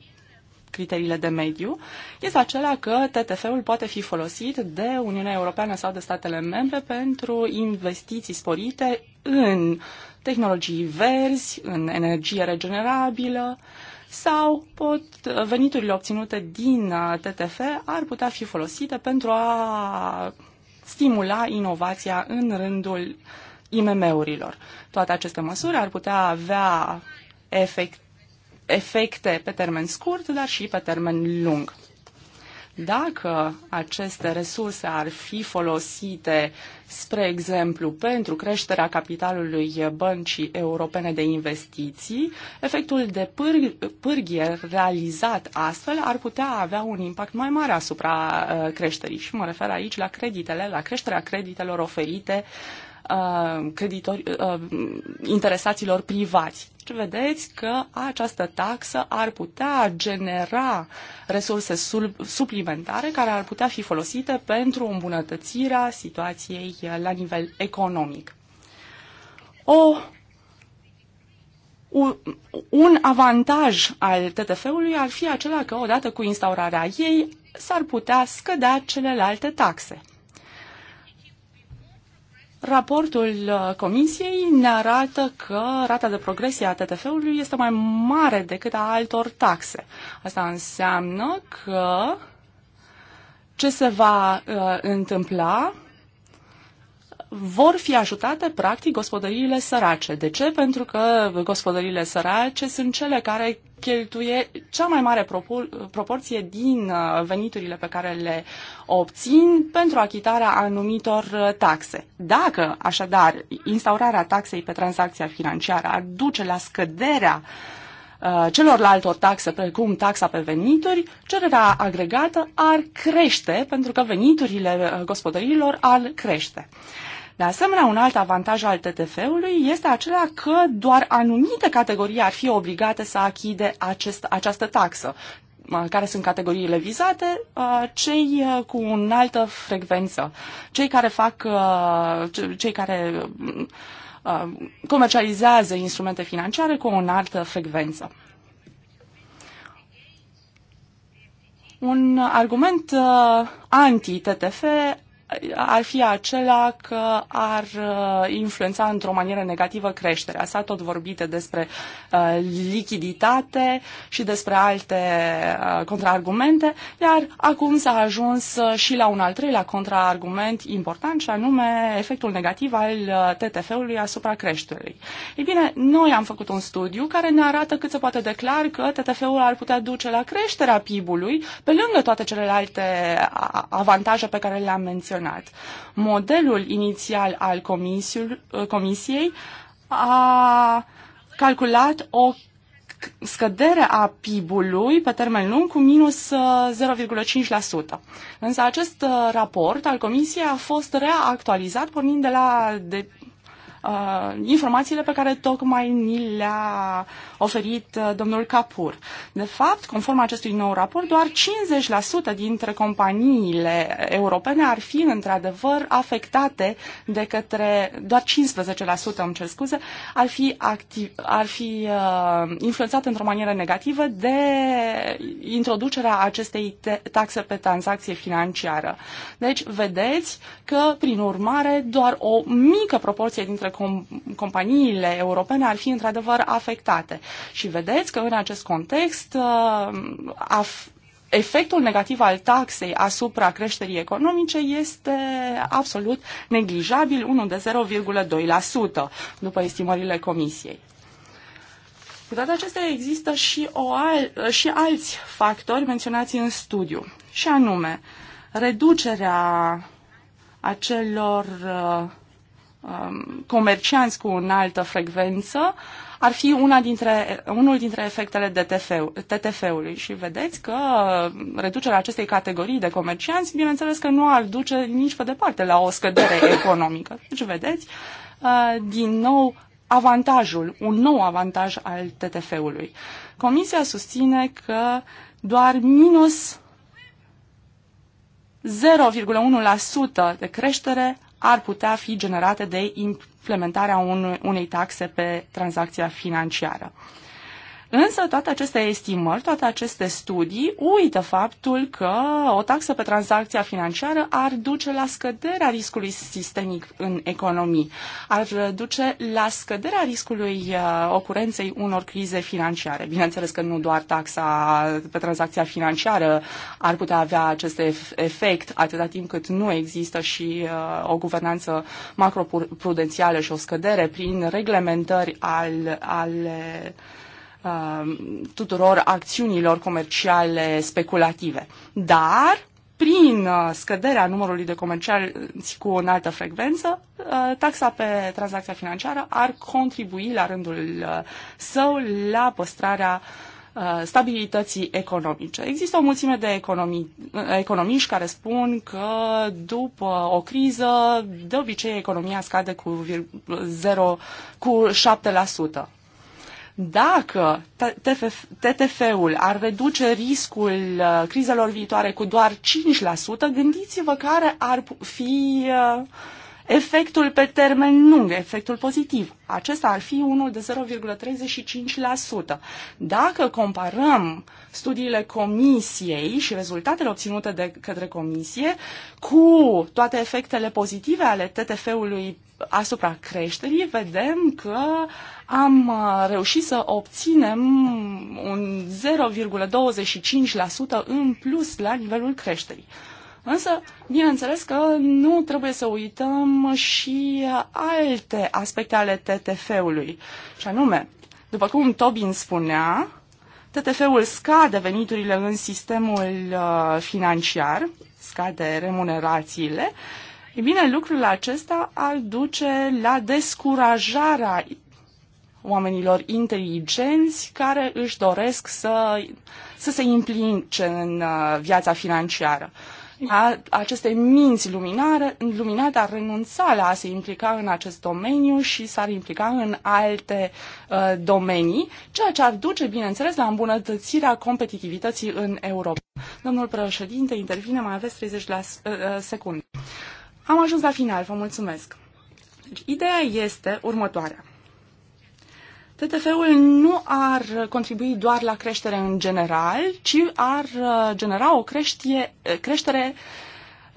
criteriile de mediu, este acela că TTF-ul poate fi folosit de Uniunea Europeană sau de statele membre pentru investiții sporite în tehnologii verzi, în energie regenerabilă sau pot, veniturile obținute din uh, TTF ar putea fi folosite pentru a stimula inovația în rândul IMM-urilor. Toate aceste măsuri ar putea avea efect, efecte pe termen scurt, dar și pe termen lung. Dacă aceste resurse ar fi folosite, spre exemplu, pentru creșterea capitalului Băncii Europene de Investiții, efectul de pâr- pârghie realizat astfel ar putea avea un impact mai mare asupra uh, creșterii. Și mă refer aici la creditele, la creșterea creditelor oferite uh, Uh, creditori, uh, interesaților privați. Vedeți că această taxă ar putea genera resurse suplimentare care ar putea fi folosite pentru îmbunătățirea situației la nivel economic. O un avantaj al TTF-ului ar fi acela că odată cu instaurarea ei s-ar putea scădea celelalte taxe. Raportul uh, Comisiei ne arată că rata de progresie a TTF-ului este mai mare decât a altor taxe. Asta înseamnă că ce se va uh, întâmpla vor fi ajutate, practic, gospodăriile sărace. De ce? Pentru că gospodăriile sărace sunt cele care cheltuie cea mai mare proporție din uh, veniturile pe care le obțin pentru achitarea anumitor uh, taxe. Dacă, așadar, instaurarea taxei pe tranzacția financiară ar duce la scăderea uh, celorlalte taxe, precum taxa pe venituri, cererea agregată ar crește, pentru că veniturile gospodăriilor ar crește. De asemenea, un alt avantaj al TTF-ului este acela că doar anumite categorii ar fi obligate să achide acest, această taxă uh, care sunt categoriile vizate, uh, cei uh, cu o înaltă frecvență, cei care fac, cei care comercializează instrumente financiare cu o înaltă frecvență. Un argument anti-TTF ar fi acela că ar uh, influența într-o manieră negativă creșterea. S-a tot vorbit despre uh, lichiditate și despre alte uh, contraargumente, iar acum s-a ajuns și la un al treilea contraargument important și anume efectul negativ al TTF-ului asupra creșterii. Ei bine, noi am făcut un studiu care ne arată cât se poate declar că TTF-ul ar putea duce la creșterea PIB-ului pe lângă toate celelalte avantaje pe care le-am menționat menționat. Modelul inițial al uh, Comisiei a calculat o scădere a PIB-ului pe termen lung cu minus 0,5%. Uh, Însă acest uh, raport al Comisiei a fost reactualizat pornind de la de uh, informațiile pe care tocmai ni le-a oferit uh, domnul Capur. De fapt, conform acestui nou raport, doar 50% dintre companiile europene ar fi într-adevăr afectate de către, doar 15% îmi cer scuze, ar fi, activ, ar fi uh, influențate într-o manieră negativă de introducerea acestei taxe pe tranzacție financiară. Deci, vedeți că, prin urmare, doar o mică proporție dintre com- companiile europene ar fi într-adevăr afectate. Și vedeți că în acest context uh, af- efectul negativ al taxei asupra creșterii economice este absolut neglijabil, unul de 0,2% după estimările comisiei. Cu toate acestea există și, o al- și alți factori menționați în studiu, și anume reducerea acelor uh, Um, comercianți cu înaltă frecvență ar fi una dintre, unul dintre efectele TTF-ului și vedeți că reducerea acestei categorii de comercianți, bineînțeles că nu ar duce nici pe departe la o scădere economică. Deci vedeți, uh, din nou, avantajul, un nou avantaj al TTF-ului. Comisia susține că doar minus 0,1% de creștere ar putea fi generate de implementarea unei taxe pe tranzacția financiară. Însă toate aceste estimări, toate aceste studii uită faptul că o taxă pe tranzacția financiară ar duce la scăderea riscului sistemic în economii, ar duce la scăderea riscului uh, ocurenței unor crize financiare. Bineînțeles că nu doar taxa pe tranzacția financiară ar putea avea acest efect atâta timp cât nu există și uh, o guvernanță macroprudențială și o scădere prin reglementări al, ale Um, tuturor acțiunilor comerciale speculative. Dar, prin uh, scăderea numărului de comerciali cu o înaltă frecvență, uh, taxa pe tranzacția financiară ar contribui la rândul uh, său la păstrarea stabilității economice. Există o mulțime de economii, economiști care spun că după o criză, de obicei, economia scade cu, 0, cu dacă TTF-ul ar reduce riscul uh, crizelor viitoare cu doar 5%, gândiți-vă care ar fi uh, Efectul pe termen lung, efectul pozitiv, acesta ar fi unul de 0,35%. Dacă comparăm studiile comisiei și rezultatele obținute de către comisie cu toate efectele pozitive ale TTF-ului asupra creșterii, vedem că am uh, reușit să obținem un 0,25% în plus la nivelul creșterii. Însă, bineînțeles că nu trebuie să uităm și alte aspecte ale TTF-ului. Și anume, după cum Tobin spunea, TTF-ul scade veniturile în sistemul uh, financiar, scade remunerațiile. E bine, lucrul acesta ar duce la descurajarea oamenilor inteligenți care își doresc să, să se implice în uh, viața financiară a acestei minți luminare, luminate ar renunța la a se implica în acest domeniu și s-ar implica în alte uh, domenii, ceea ce ar duce, bineînțeles, la îmbunătățirea competitivității în Europa. Domnul președinte, intervine, mai aveți 30 la, uh, uh, secunde. Am ajuns la final, vă mulțumesc. Deci, ideea este următoarea. TTF-ul nu ar contribui doar la creștere în general, ci ar uh, genera o creștie, uh, creștere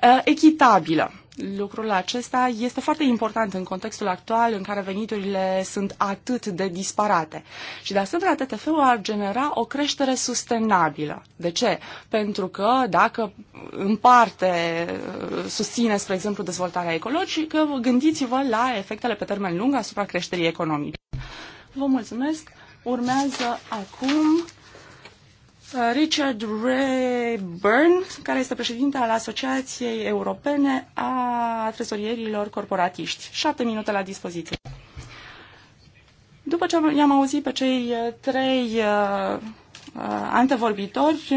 uh, echitabilă. Lucrul acesta este foarte important în contextul actual în care veniturile sunt atât de disparate. Și de asemenea, TTF-ul ar genera o creștere sustenabilă. De ce? Pentru că dacă în parte susține, spre exemplu, dezvoltarea ecologică, gândiți-vă la efectele pe termen lung asupra creșterii economice. Vă mulțumesc. Urmează acum uh, Richard Rayburn, care este președinte al Asociației Europene a Tresorierilor Corporatiști. Șapte minute la dispoziție. După ce i-am auzit pe cei uh, trei uh, Uh, antevorbitori,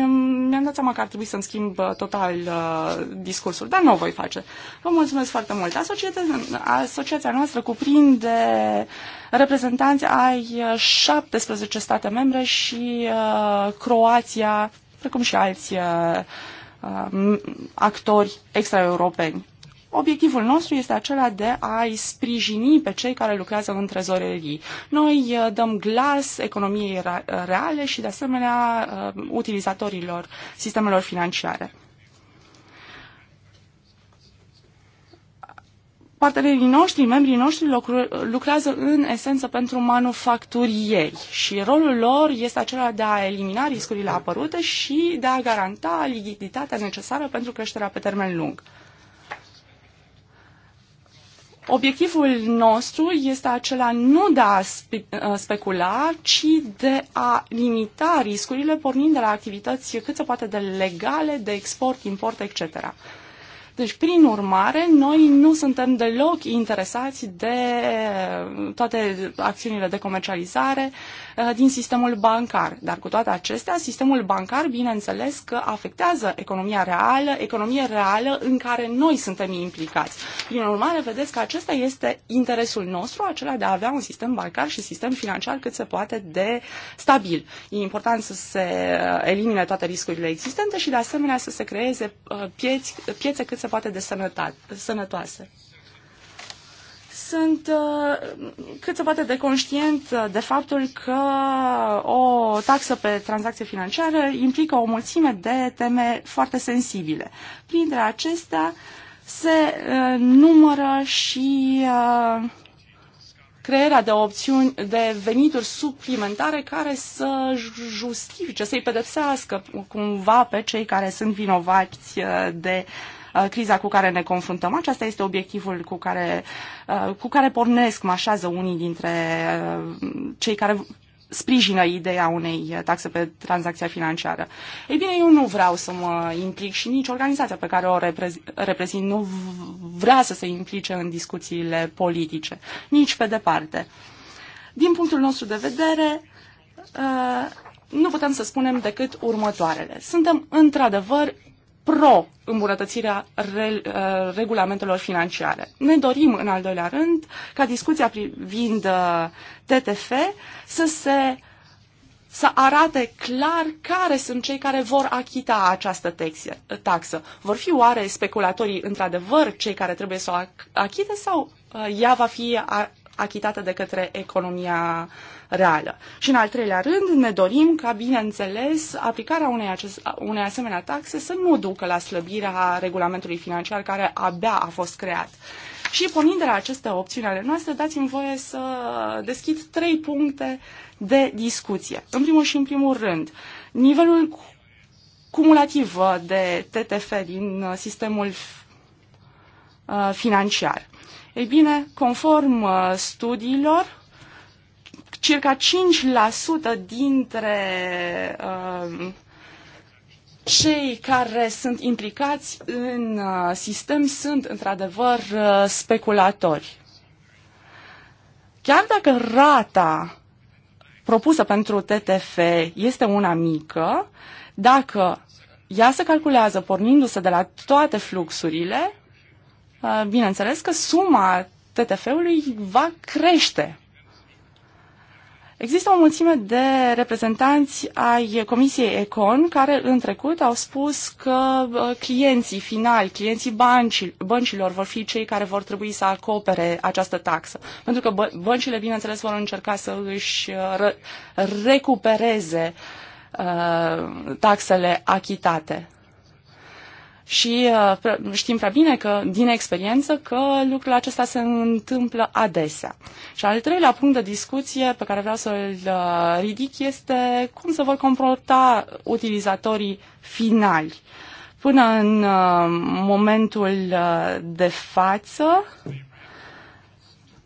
mi-am dat seama că ar trebui să-mi schimb uh, total uh, discursul, dar nu o voi face. Vă mulțumesc foarte mult. Asociația noastră cuprinde reprezentanți ai 17 uh, state membre și uh, Croația, precum și alți uh, actori extraeuropeni. Obiectivul nostru este acela de a-i sprijini pe cei care lucrează în trezorerii. Noi uh, dăm glas economiei uh, reale și, de asemenea, uh, utilizatorilor sistemelor financiare. partenerii noștri, membrii noștri lucrează în esență pentru manufacturieri și rolul lor este acela de a elimina riscurile apărute și de a garanta lichiditatea necesară pentru creșterea pe termen lung. Obiectivul nostru este acela nu de a uh, specula, ci de a limita riscurile pornind de la activități cât se poate de legale, de export, import, etc. Deci, prin urmare, noi nu suntem deloc interesați de toate acțiunile de comercializare, Uh, din sistemul bancar. Dar cu toate acestea, sistemul bancar, bineînțeles, că afectează economia reală, economie reală în care noi suntem implicați. Prin urmare, vedeți că acesta este interesul nostru, acela de a avea un sistem bancar și sistem financiar cât se poate de stabil. E important să se uh, elimine toate riscurile existente și, de asemenea, să se creeze uh, pieți, piețe cât se poate de sănătate, sănătoase sunt uh, cât se poate de conștient de faptul că o taxă pe tranzacție financiară implică o mulțime de teme foarte sensibile. Printre acestea se uh, numără și uh, crearea de opțiuni de venituri suplimentare care să justifice, să-i pedepsească cumva pe cei care sunt vinovați de uh, Uh, criza cu care ne confruntăm. Aceasta este obiectivul cu care, uh, cu care pornesc, așează unii dintre uh, cei care sprijină ideea unei taxe pe tranzacția financiară. Ei bine, eu nu vreau să mă implic și nici organizația pe care o reprezint nu vrea să se implice în discuțiile politice, nici pe departe. Din punctul nostru de vedere, nu putem să spunem decât următoarele. Suntem într-adevăr pro îmbunătățirea re, uh, regulamentelor financiare. Ne dorim, în al doilea rând, ca discuția privind uh, TTF să se să arate clar care sunt cei care vor achita această texie, taxă. Vor fi oare speculatorii într-adevăr cei care trebuie să o achite sau uh, ea va fi achitată de către economia reală. Și în al treilea rând, ne dorim ca, bineînțeles, aplicarea unei, acest, unei asemenea taxe să nu ducă la slăbirea regulamentului financiar care abia a fost creat. Și pornind de la aceste opțiuni ale noastre, dați-mi voie să deschid trei puncte de discuție. În primul și în primul rând, nivelul cumulativ de TTF din sistemul uh, financiar. Ei bine, conform uh, studiilor, circa 5% dintre um, cei care sunt implicați în uh, sistem sunt într-adevăr uh, speculatori. Chiar dacă rata propusă pentru TTF este una mică, dacă ea se calculează pornindu-se de la toate fluxurile, uh, bineînțeles că suma TTF-ului va crește Există o mulțime de reprezentanți ai Comisiei Econ care în trecut au spus că uh, clienții finali, clienții băncilor vor fi cei care vor trebui să acopere această taxă. Pentru că băncile, bineînțeles, vor încerca să își uh, recupereze uh, taxele achitate. Și uh, știm prea bine că, din experiență că lucrul acesta se întâmplă adesea. Și al treilea punct de discuție pe care vreau să-l uh, ridic este cum se vor comporta utilizatorii finali. Până în uh, momentul de față,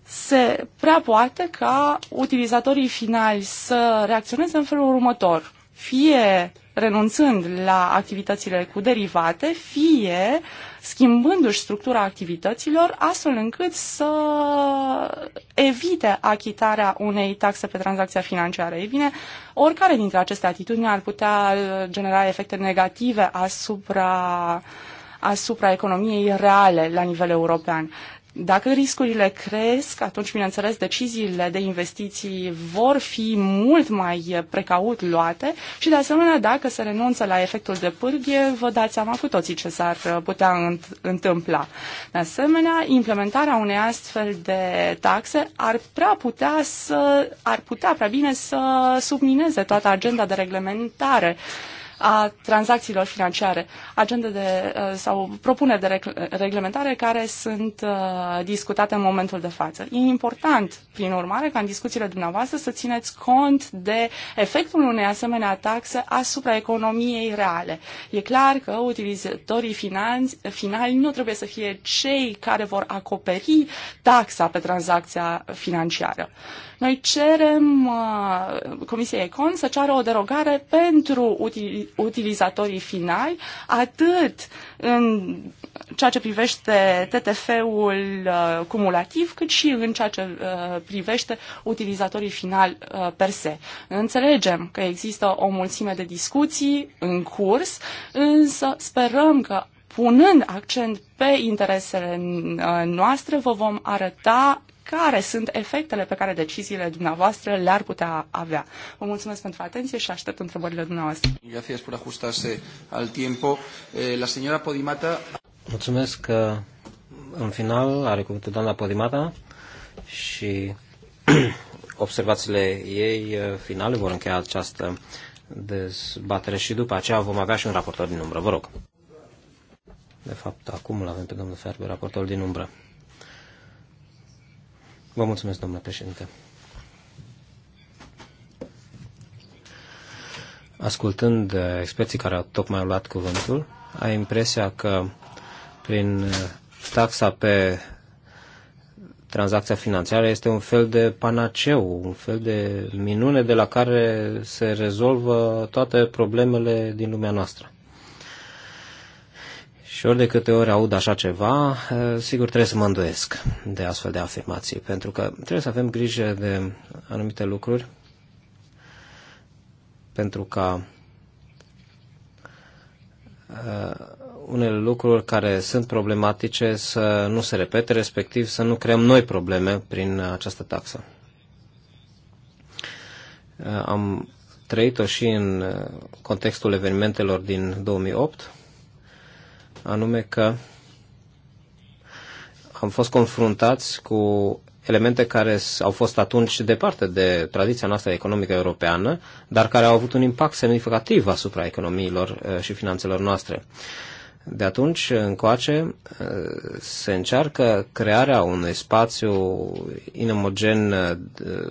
se prea poate ca utilizatorii finali să reacționeze în felul următor. Fie renunțând la activitățile cu derivate, fie schimbându-și structura activităților astfel încât să evite achitarea unei taxe pe tranzacția financiară. Ei bine, oricare dintre aceste atitudini ar putea genera efecte negative asupra asupra economiei reale la nivel european. Dacă riscurile cresc, atunci, bineînțeles, deciziile de investiții vor fi mult mai precaut luate și, de asemenea, dacă se renunță la efectul de pârghie, vă dați seama cu toții ce s-ar putea întâmpla. De asemenea, implementarea unei astfel de taxe ar prea putea să, ar putea prea bine să submineze toată agenda de reglementare uh, a tranzacțiilor financiare, agende de, uh, sau propuneri de reglementare care sunt uh, discutate în momentul de față. E important, prin urmare, ca în discuțiile dumneavoastră să țineți cont de efectul unei asemenea taxe asupra economiei reale. E clar că utilizatorii finanți, finali nu trebuie să fie cei care vor acoperi taxa pe tranzacția financiară. Noi cerem uh, Comisiei Econ să ceară o derogare pentru utilizatorii finali, atât în ceea ce privește TTF-ul uh, cumulativ, cât și în ceea ce uh, privește utilizatorii finali per se. Înțelegem că există o mulțime de discuții în curs, însă sperăm că punând accent pe interesele noastre, vă vom arăta care sunt efectele pe care deciziile dumneavoastră le-ar putea avea. Vă mulțumesc pentru atenție și aștept întrebările dumneavoastră. Gracias por ajustarse al tiempo. Eh, la señora Podimata... Mulțumesc că în final are cuvântul doamna Podimata și observațiile ei eh, finale vor încheia această dezbatere și după aceea vom avea și un raportor din umbră. Vă rog. De fapt, acum îl avem pe domnul Ferber, raportorul din umbră. Vă mulțumesc, domnule președinte. Ascultând uh, experții care au tocmai luat cuvântul, ai impresia că prin uh, taxa pe tranzacția financiară este un fel de panaceu, un fel de minune de la care se rezolvă toate problemele din lumea noastră ori de câte ori aud așa ceva, eh, sigur trebuie să mă îndoiesc de astfel de afirmații, pentru că trebuie să avem grijă de anumite lucruri, pentru ca eh, unele lucruri care sunt problematice să nu se repete, respectiv să nu creăm noi probleme prin această taxă. Eh, am trăit-o și în contextul evenimentelor din 2008, anume că am fost confruntați cu elemente care au fost atunci departe de tradiția noastră economică europeană, dar care au avut un impact semnificativ asupra economiilor și finanțelor noastre. De atunci încoace se încearcă crearea unui spațiu inomogen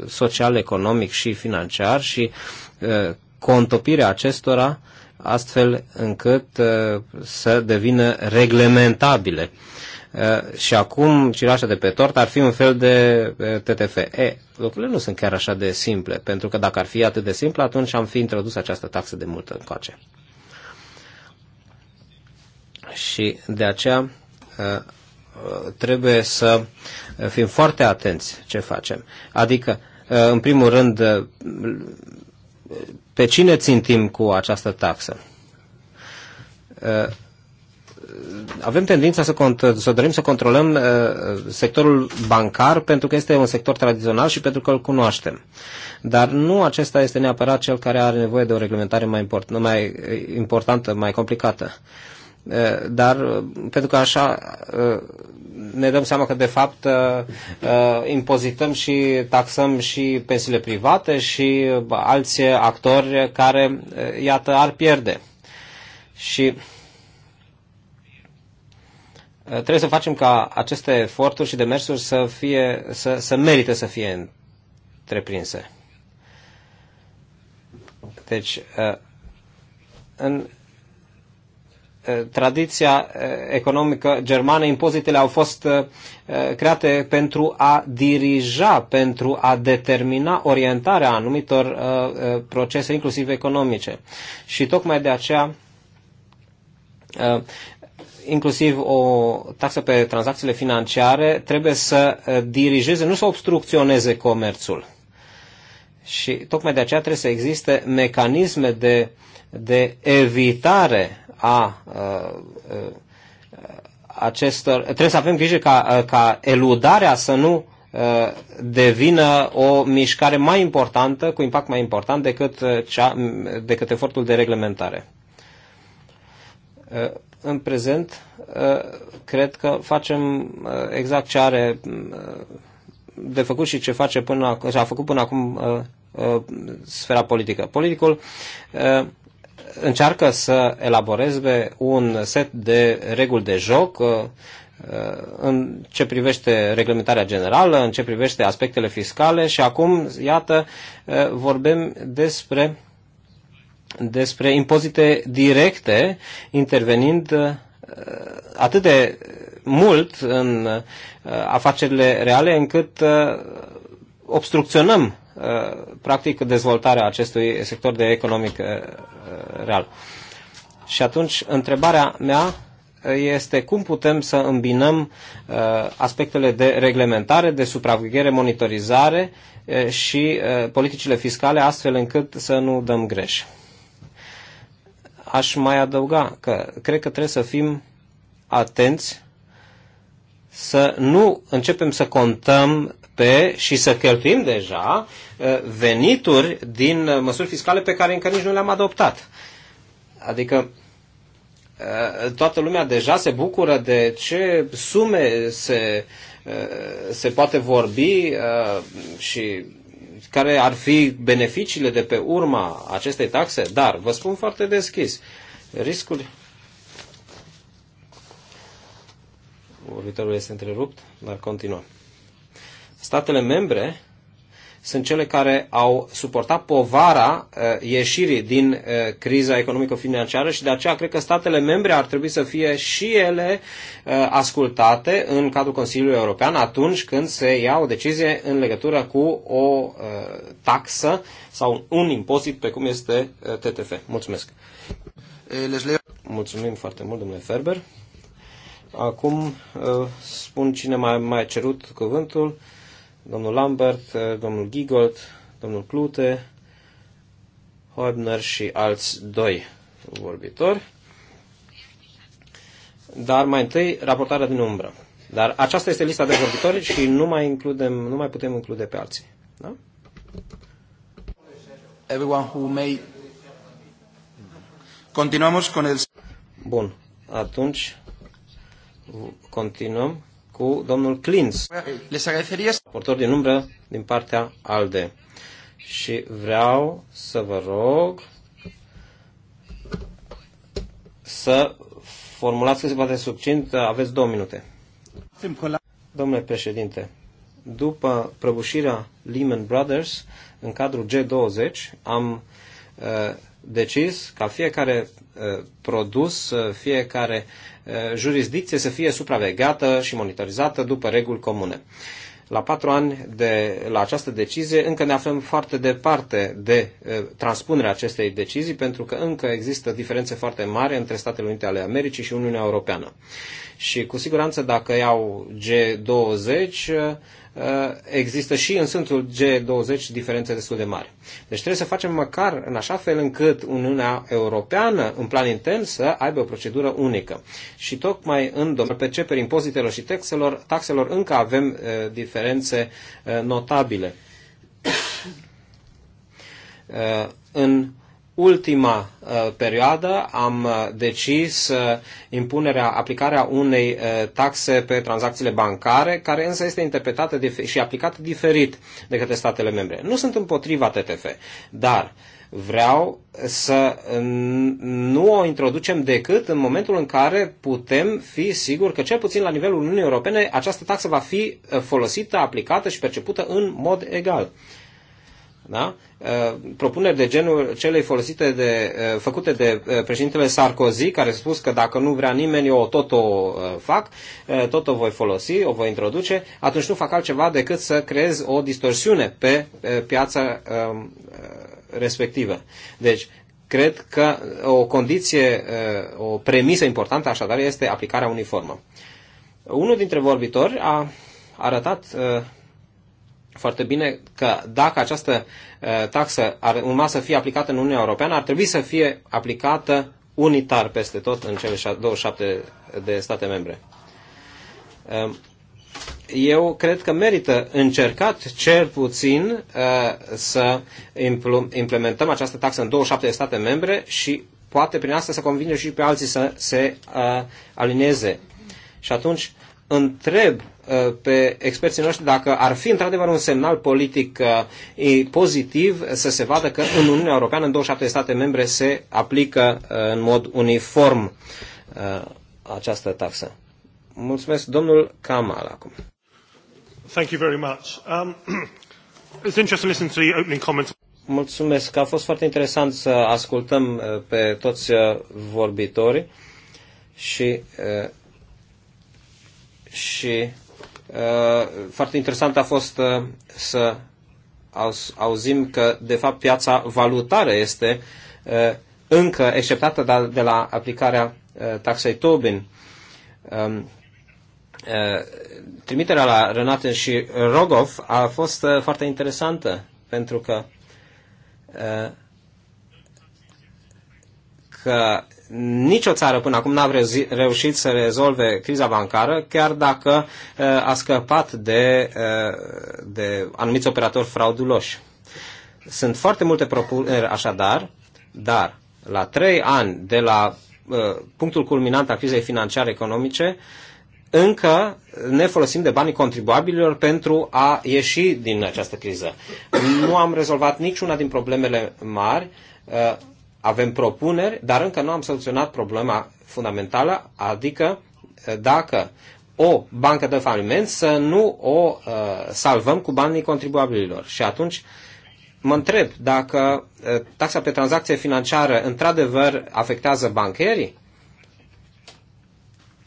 social, economic și financiar și contopirea acestora astfel încât uh, să devină reglementabile. Uh, și acum cireașa de pe tort ar fi un fel de uh, TTF. E, lucrurile nu sunt chiar așa de simple, pentru că dacă ar fi atât de simplu, atunci am fi introdus această taxă de multă încoace. Și de aceea trebuie să fim foarte atenți ce facem. Adică, în primul rând, pe cine țintim cu această taxă? Uh, avem tendința să, să dorim să controlăm uh, sectorul bancar pentru că este un sector tradițional și pentru că îl cunoaștem. Dar nu acesta este neapărat cel care are nevoie de o reglementare mai, import- mai eh, importantă, mai complicată dar pentru că așa ne dăm seama că de fapt impozităm și taxăm și pensiile private și alți actori care, iată, ar pierde. Și trebuie să facem ca aceste eforturi și demersuri să, fie, să, să merite să fie întreprinse. Deci, în Eh, tradiția eh, economică germană, impozitele au fost eh, create pentru a dirija, pentru a determina orientarea anumitor procese, inclusiv economice. Și tocmai de aceea inclusiv o taxă pe tranzacțiile financiare trebuie să dirigeze, nu să obstrucționeze comerțul. Și tocmai de aceea trebuie să existe mecanisme de, de evitare a acestor, trebuie să avem grijă ca, ca eludarea să nu devină o mișcare mai importantă, cu impact mai important decât, cea, decât efortul de reglementare. În prezent, cred că facem exact ce are de făcut și ce face până, ce a făcut până acum sfera politică. Politicul încearcă să elaboreze un set de reguli de joc uh, în ce privește reglementarea generală, în ce privește aspectele fiscale și acum, iată, uh, vorbim despre, despre impozite directe intervenind uh, atât de mult în afacerile reale încât obstrucționăm practic dezvoltarea acestui sector de economic real. Și atunci, întrebarea mea este cum putem să îmbinăm uh, aspectele de reglementare, de supraveghere, monitorizare uh, și uh, politicile fiscale astfel încât să nu dăm greș. Aș mai adăuga că cred că trebuie să fim atenți să nu începem să contăm pe și să cheltuim deja uh, venituri din uh, măsuri fiscale pe care încă nici nu le-am adoptat. Adică uh, toată lumea deja se bucură de ce sume se, se poate vorbi și care ar fi beneficiile de pe urma acestei taxe, dar vă spun foarte deschis, riscul. Vorbitorul este întrerupt, dar continuăm. Statele membre sunt cele care au suportat povara uh, ieșirii din uh, criza economico-financiară și de aceea cred că statele membre ar trebui să fie și ele uh, ascultate în cadrul Consiliului European atunci când se ia o decizie în legătură cu o uh, taxă sau un impozit pe cum este uh, TTF. Mulțumesc! Mulțumim foarte mult, domnule Ferber. Acum uh, spun cine mai, a cerut cuvântul domnul Lambert, domnul Gigold, domnul Clute, Hoebner și alți doi vorbitori. Dar mai întâi, raportarea din umbră. Dar aceasta este lista de vorbitori și nu mai, includem, nu mai putem include pe alții. Da? Everyone who may... Continuamos con el... Bun. Atunci, continuăm cu domnul Klins, eh, portor din umbră din partea ALDE. Și vreau să vă rog să formulați cât se poate subțint, aveți două minute. Domnule președinte, după prăbușirea Lehman Brothers, în cadrul G20, am uh, decis ca fiecare uh, produs, uh, fiecare Uh, jurisdicție să fie supravegheată și monitorizată după reguli comune. La patru ani de la această decizie încă ne aflăm foarte departe de uh, transpunerea acestei decizii, pentru că încă există diferențe foarte mari între Statele Unite ale Americii și Uniunea Europeană. Și cu siguranță dacă iau G20, Uh, există și în sântul G20 diferențe destul de mari. Deci trebuie să facem măcar în așa fel încât Uniunea Europeană, în plan intern, să aibă o procedură unică. Și tocmai în domeniul perceperii impozitelor și taxelor, taxelor încă avem uh, diferențe uh, notabile. în ultima uh, perioadă am uh, decis uh, impunerea, aplicarea unei uh, taxe pe tranzacțiile bancare, care însă este interpretată și aplicată diferit de către statele membre. Nu sunt împotriva TTF, dar vreau să nu o introducem decât în momentul în care putem fi siguri că, cel puțin la nivelul Uniunii Europene, această taxă va fi uh, folosită, aplicată și percepută în mod egal da? Uh, propuneri de genul celei folosite de, uh, făcute de uh, președintele Sarkozy, care a spus că dacă nu vrea nimeni, eu tot o fac, tot o voi folosi, o voi introduce, atunci nu fac altceva decât să creez o distorsiune pe piața um, respectivă. Deci, cred că o condiție, o premisă importantă așadar este aplicarea uniformă. Unul dintre vorbitori a arătat foarte bine că dacă această taxă ar urma să fie aplicată în Uniunea Europeană, ar trebui să fie aplicată unitar peste tot în cele 27 de state membre. Eu cred că merită încercat cel puțin să implementăm această taxă în 27 de state membre și poate prin asta să convingem și pe alții să se alinieze. Și atunci întreb Uh, pe experții noștri dacă ar fi într-adevăr un semnal politic uh, pozitiv să se vadă că în Uniunea Europeană, în 27 state membre, se aplică uh, în mod uniform această taxă. Mulțumesc, domnul Kamal, acum. Thank you very much. Um, it's interesting to listen to the opening comments. Mulțumesc, a fost foarte interesant să ascultăm pe toți vorbitorii și și Uh, foarte interesant a fost uh, să auzim că, de fapt, piața valutară este uh, încă exceptată de la aplicarea taxei Tobin. Um, trimiterea la Renaten și Rogov a fost foarte interesantă, pentru că că nicio țară până acum n-a reușit să rezolve criza bancară, chiar dacă uh, a scăpat de, uh, de anumiți operatori frauduloși. Sunt foarte multe propuneri așadar, dar la trei ani de la uh, punctul culminant al crizei financiare economice, încă ne folosim de banii contribuabililor pentru a ieși din această criză. Nu am rezolvat niciuna din problemele mari, avem propuneri, dar încă nu am soluționat problema fundamentală, adică eh, dacă o bancă de faliment să nu o uh, salvăm cu banii contribuabililor. Și atunci mă întreb dacă uh, taxa pe tranzacție financiară într-adevăr afectează bancherii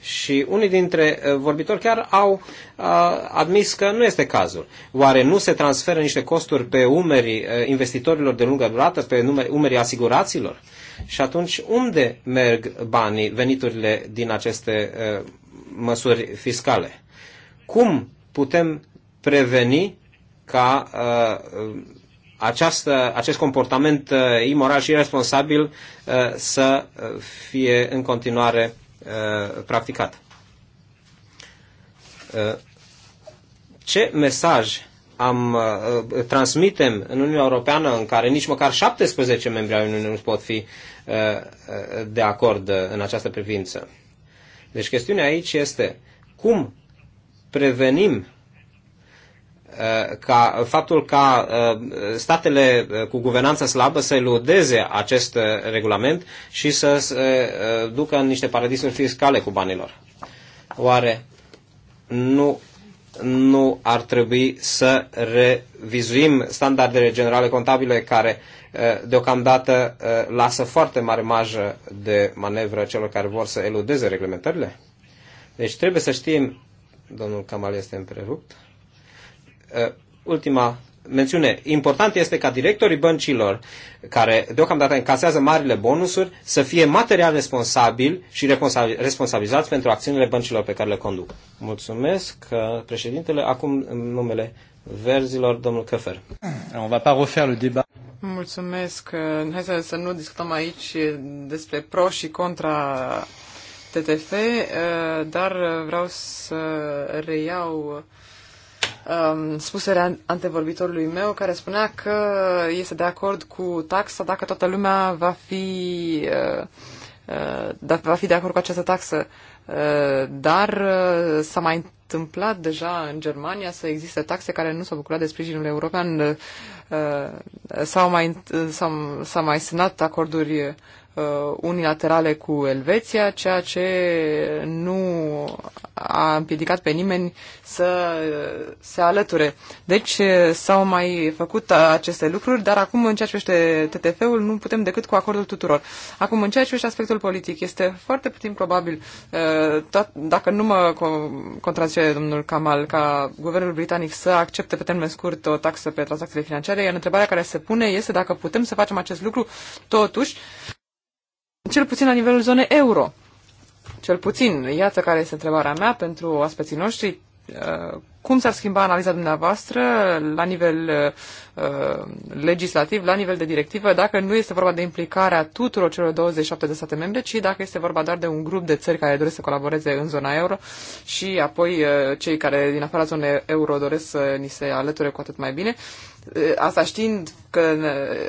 și unii dintre uh, vorbitori chiar au uh, admis că nu este cazul. Oare nu se transferă niște costuri pe umerii uh, investitorilor de lungă durată, pe umerii asiguraților? Și atunci unde merg banii, veniturile din aceste măsuri fiscale? Cum putem preveni ca această, acest comportament imoral și irresponsabil să fie în continuare Uh, practicat. Uh, ce mesaj am, uh, transmitem în Uniunea Europeană, în care nici măcar 17 membri ai Uniunii nu pot fi de acord în această privință. Deci chestiunea aici este cum prevenim Uh, ca faptul ca uh, statele uh, cu guvernanță slabă să eludeze acest regulament și să se ducă în niște paradisuri fiscale cu banilor. Oare nu, nu ar trebui să revizuim standardele generale contabile care deocamdată lasă foarte mare marjă de manevră celor care vor să eludeze reglementările? Deci trebuie să știm, domnul Camal este întrerupt, Uh, ultima mențiune importantă este ca directorii băncilor care deocamdată încasează marile bonusuri să fie material responsabil și responsabilizați pentru acțiunile băncilor pe care le conduc. Mulțumesc, uh, președintele. Acum în numele verzilor, domnul Căfer. On va pas refaire le débat. Mulțumesc. Uh, hai să, să nu discutăm aici despre pro și contra TTF, dar vreau să reiau uh, um, spusele antevorbitorului meu, care spunea că este de acord cu taxa dacă toată lumea va fi, uh, uh, da, va fi de acord cu această taxă. Uh, dar uh, s-a mai întâmplat deja în Germania să existe taxe care nu s-au bucurat de sprijinul european. Uh, s-au mai, s-au, s-au mai semnat acorduri Uh, unilaterale cu Elveția, ceea ce nu a împiedicat pe nimeni să se alăture. Deci uh, s-au mai făcut uh, aceste lucruri, dar acum în ceea ce este TTF-ul nu putem decât cu acordul tuturor. Acum în ceea ce este aspectul politic este foarte puțin probabil, tot, dacă nu mă contrazice domnul Kamal, ca guvernul britanic să accepte pe termen scurt o taxă pe tranzacțiile financiare, iar întrebarea care se pune este dacă putem să facem acest lucru totuși cel puțin la nivelul zonei euro. Cel puțin, iată care este întrebarea mea pentru aspeții noștri. Uh, cum s-ar schimba analiza dumneavoastră la nivel uh, uh, legislativ, la nivel de directivă, dacă nu este vorba de implicarea tuturor celor 27 de state membre, ci dacă este vorba doar de un grup de țări care doresc să colaboreze în zona euro și apoi uh, cei care din afara zonei euro doresc să ni se alăture cu atât mai bine, uh, asta știind că uh,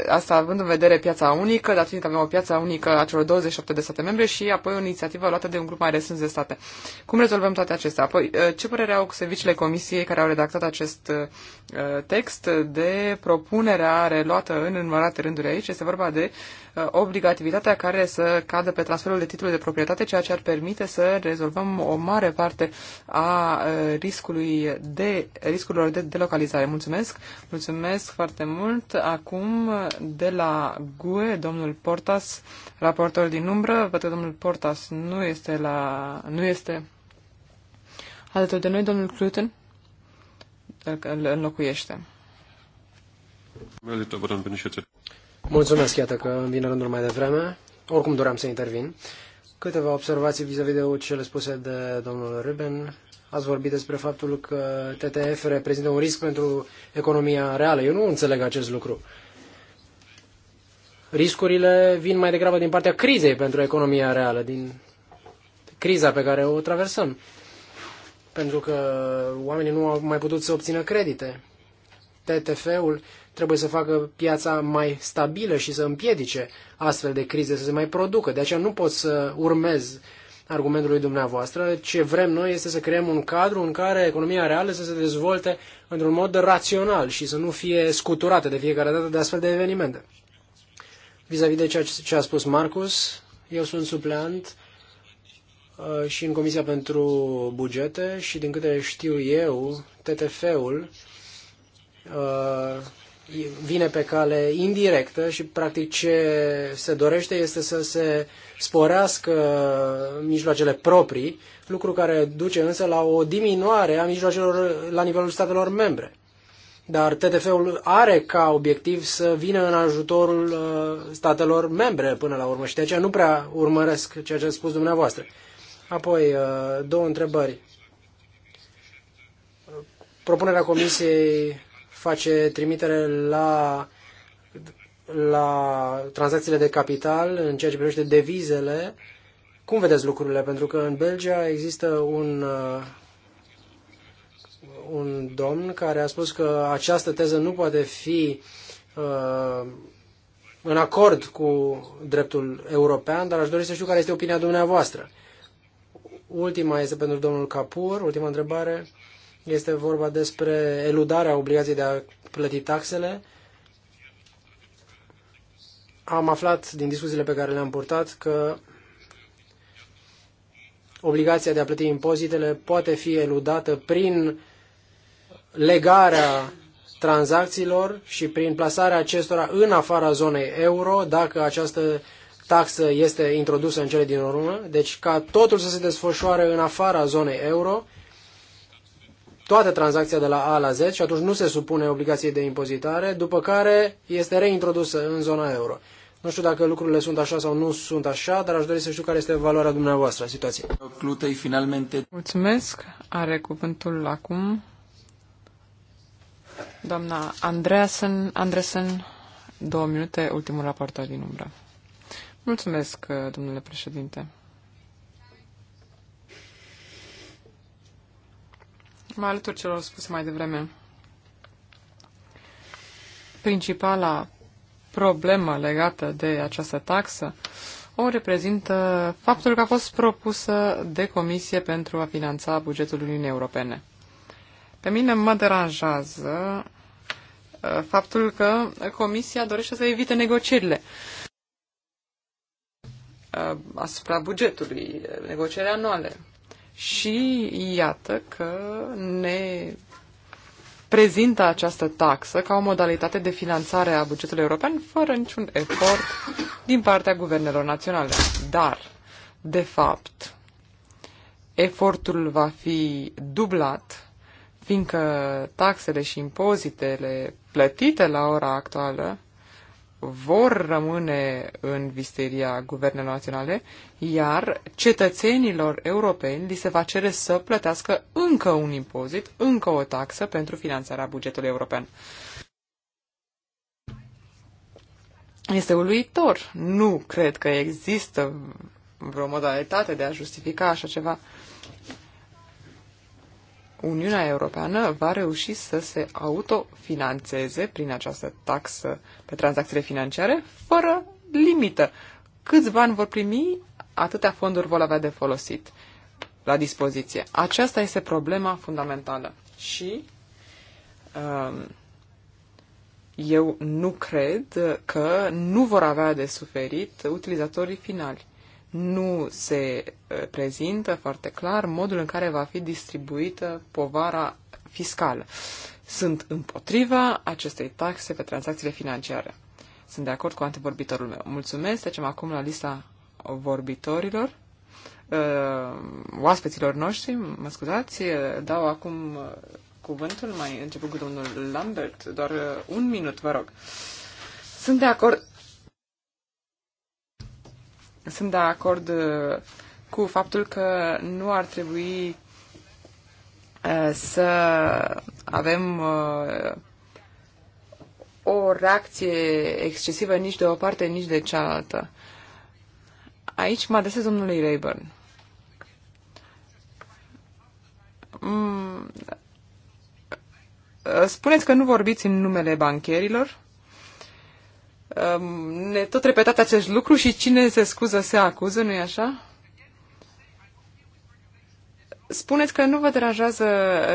asta având în vedere piața unică, dar fiindcă avem o piață unică a celor 27 de state membre și apoi o inițiativă luată de un grup mai restrâns de state. Cum rezolvăm toate acestea? Apoi, uh, ce părere au serviciile comisiei care au redactat acest uh, text de propunerea reluată în înmărate rânduri aici? Este vorba de obligativitatea care să cadă pe transferul de titluri de proprietate, ceea ce ar permite să rezolvăm o mare parte a riscului de, riscurilor de delocalizare. Mulțumesc! Mulțumesc foarte mult! acum de la GUE, domnul Portas, raportor din umbră. Văd că domnul Portas nu este, la, nu este alături de noi, domnul Cluten îl înlocuiește. Mulțumesc, iată că vine rândul mai devreme. Oricum doream să intervin. Câteva observații vis-a-vis -vis de cele spuse de domnul Ruben Ați vorbit despre faptul că TTF reprezintă un risc pentru economia reală. Eu nu înțeleg acest lucru. Riscurile vin mai degrabă din partea crizei pentru economia reală, din criza pe care o traversăm. Pentru că oamenii nu au mai putut să obțină credite. TTF-ul trebuie să facă piața mai stabilă și să împiedice astfel de crize să se mai producă. De aceea nu pot să urmez argumentului dumneavoastră. Ce vrem noi este să creăm un cadru în care economia reală să se dezvolte într-un mod rațional și să nu fie scuturată de fiecare dată de astfel de evenimente. Vis-a-vis de ceea ce a spus Marcus, eu sunt supleant uh, și în Comisia pentru Bugete și din câte știu eu, TTF-ul uh, vine pe cale indirectă și practic ce se dorește este să se sporească mijloacele proprii, lucru care duce însă la o diminuare a mijloacelor la nivelul statelor membre. Dar TTF-ul are ca obiectiv să vină în ajutorul uh, statelor membre până la urmă și de aceea nu prea urmăresc ceea ce ați spus dumneavoastră. Apoi, uh, două întrebări. Propunerea Comisiei face trimitere la, la tranzacțiile de capital în ceea ce privește devizele. Cum vedeți lucrurile? Pentru că în Belgia există un, uh, un domn care a spus că această teză nu poate fi uh, în acord cu dreptul european, dar aș dori să știu care este opinia dumneavoastră. Ultima este pentru domnul Capur, ultima întrebare. Este vorba despre eludarea obligației de a plăti taxele. Am aflat din discuțiile pe care le-am purtat că obligația de a plăti impozitele poate fi eludată prin legarea tranzacțiilor și prin plasarea acestora în afara zonei euro, dacă această taxă este introdusă în cele din urmă, deci ca totul să se desfășoare în afara zonei euro toată tranzacția de la A la Z și atunci nu se supune obligației de impozitare, după care este reintrodusă în zona euro. Nu știu dacă lucrurile sunt așa sau nu sunt așa, dar aș dori să știu care este valoarea dumneavoastră a situației. Clutei, finalmente. Mulțumesc. Are cuvântul acum doamna Andreasen, Andresen, două minute, ultimul raportor din umbră. Mulțumesc, domnule președinte. mă alătur celor spuse mai devreme. Principala problemă legată de această taxă o reprezintă faptul că a fost propusă de Comisie pentru a finanța bugetul Uniunii Europene. Pe mine mă deranjează uh, faptul că Comisia dorește să evite negocierile uh, asupra bugetului, negocieri anuale. Și iată că ne prezintă această taxă ca o modalitate de finanțare a bugetului european fără niciun efort din partea guvernelor naționale. Dar, de fapt, efortul va fi dublat, fiindcă taxele și impozitele plătite la ora actuală vor rămâne în visteria guvernelor naționale, iar cetățenilor europeni li se va cere să plătească încă un impozit, încă o taxă pentru finanțarea bugetului european. Este uluitor. Nu cred că există vreo modalitate de a justifica așa ceva. Uniunea Europeană va reuși să se autofinanțeze prin această taxă pe tranzacțiile financiare fără limită. Câți bani vor primi, atâtea fonduri vor avea de folosit la dispoziție. Aceasta este problema fundamentală. Și um, eu nu cred că nu vor avea de suferit utilizatorii finali nu se uh, prezintă foarte clar modul în care va fi distribuită povara fiscală. Sunt împotriva acestei taxe pe tranzacțiile financiare. Sunt de acord cu antevorbitorul meu. Mulțumesc. Trecem acum la lista vorbitorilor, uh, oaspeților noștri, mă scuzați, uh, dau acum cuvântul, mai început cu domnul Lambert, doar un minut, vă rog. Sunt de acord sunt de acord uh, cu faptul că nu ar trebui uh, să avem uh, o reacție excesivă nici de o parte, nici de cealaltă. Aici mă adresez domnului Rayburn. Mm, ă, spuneți că nu vorbiți în numele bancherilor, Um, ne tot repetat acest lucru și cine se scuză se acuză, nu-i așa? Spuneți că nu vă deranjează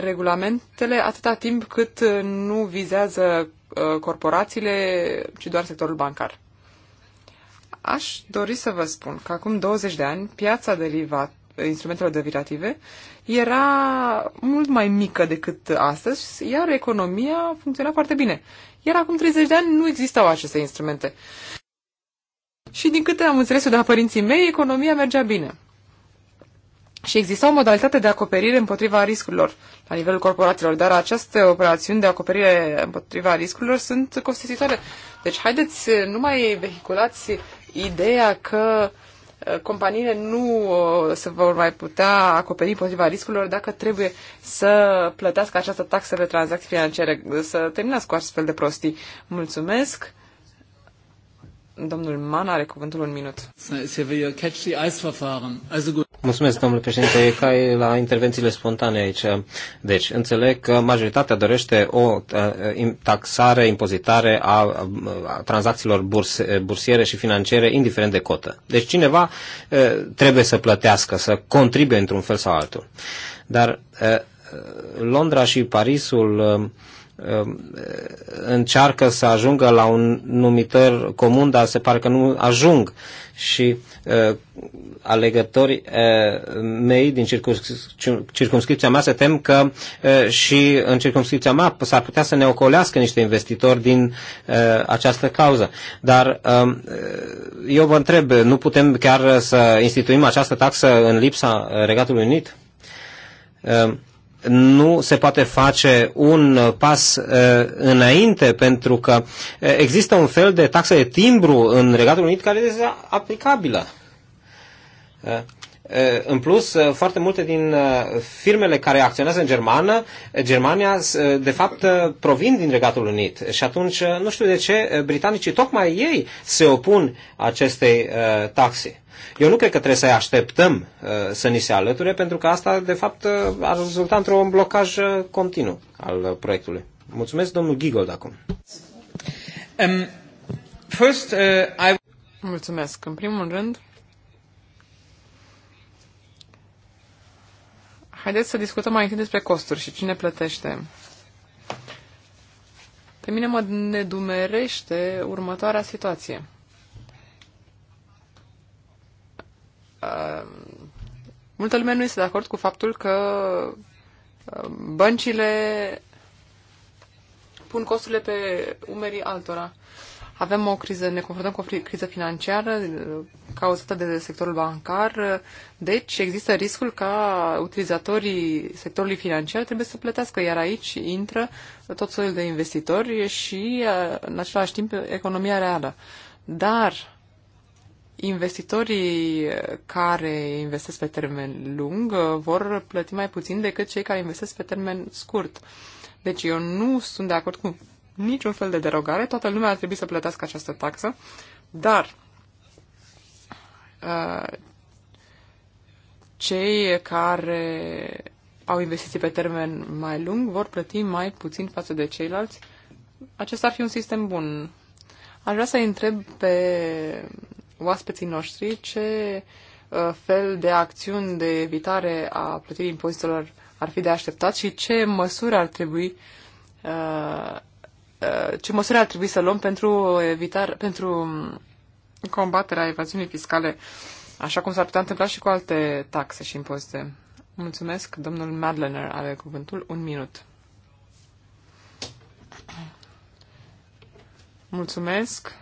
regulamentele atâta timp cât uh, nu vizează uh, corporațiile, ci doar sectorul bancar. Aș dori să vă spun că acum 20 de ani piața derivat, instrumentelor derivative era mult mai mică decât astăzi, iar economia funcționa foarte bine. Iar acum 30 de ani nu existau aceste instrumente. Și din câte am înțeles de la părinții mei, economia mergea bine. Și exista o modalitate de acoperire împotriva riscurilor la nivelul corporațiilor, dar aceste operațiuni de acoperire împotriva riscurilor sunt costisitoare. Deci haideți, nu mai vehiculați ideea că uh, Eh, companiile nu eh, se vor mai putea acoperi împotriva riscurilor dacă trebuie să plătească această taxă pe tranzacții financiare. Să terminați cu astfel de prostii. Mulțumesc! Domnul Mann are cuvântul un minut. Se catch the ice verfahren. Mulțumesc, domnule președinte. E ca la intervențiile spontane aici. Deci, înțeleg că majoritatea dorește o taxare, impozitare a tranzacțiilor bursiere și financiare, indiferent de cotă. Deci, cineva trebuie să plătească, să contribuie într-un fel sau altul. Dar Londra și Parisul Um, încearcă să ajungă la un numitor comun, dar se pare că nu ajung. Și uh, alegătorii uh, mei din circunscripția mea se tem că uh, și în circunscripția mea s-ar putea să ne ocolească niște investitori din uh, această cauză. Dar um, uh, eu vă întreb, nu putem chiar să instituim această taxă în lipsa Regatului Unit? Uh, nu se poate face un uh, pas uh, înainte pentru că uh, există un fel de taxă de timbru în Regatul Unit care este aplicabilă. În plus, foarte multe din firmele care acționează în Germană, Germania, de fapt, provin din Regatul Unit. Și atunci, nu știu de ce, britanicii, tocmai ei se opun acestei taxe. Eu nu cred că trebuie să așteptăm uh, să ni se alăture, pentru că asta, de fapt, uh, ar rezulta într-un blocaj continuu al uh, proiectului. Mulțumesc, domnul Gigold, acum. Um, first, uh, I... Mulțumesc. În primul rând, haideți să discutăm mai întâi despre costuri și cine plătește. Pe mine mă nedumerește următoarea situație. Um, multă lume nu este de acord cu faptul că um, băncile pun costurile pe umerii altora. Avem o criză, ne confruntăm cu o criză financiară uh, cauzată de sectorul bancar, deci există riscul ca utilizatorii sectorului financiar trebuie să plătească, iar aici intră tot soiul de investitori și, uh, în același timp, economia reală. Dar investitorii care investesc pe termen lung uh, vor plăti mai puțin decât cei care investesc pe termen scurt. Deci eu nu sunt de acord cu niciun fel de derogare, toată lumea ar trebui să plătească această taxă, dar uh, cei care au investiții pe termen mai lung vor plăti mai puțin față de ceilalți. Acesta ar fi un sistem bun. Aș vrea să întreb pe oaspeții noștri ce uh, fel de acțiuni de evitare a plătirii impozitelor ar fi de așteptat și ce măsuri ar trebui uh, uh, ce măsuri ar trebui să luăm pentru evitar, pentru combaterea evaziunii fiscale, așa cum s-ar putea întâmpla și cu alte taxe și impozite. Mulțumesc, domnul Madlener are cuvântul, un minut. Mulțumesc.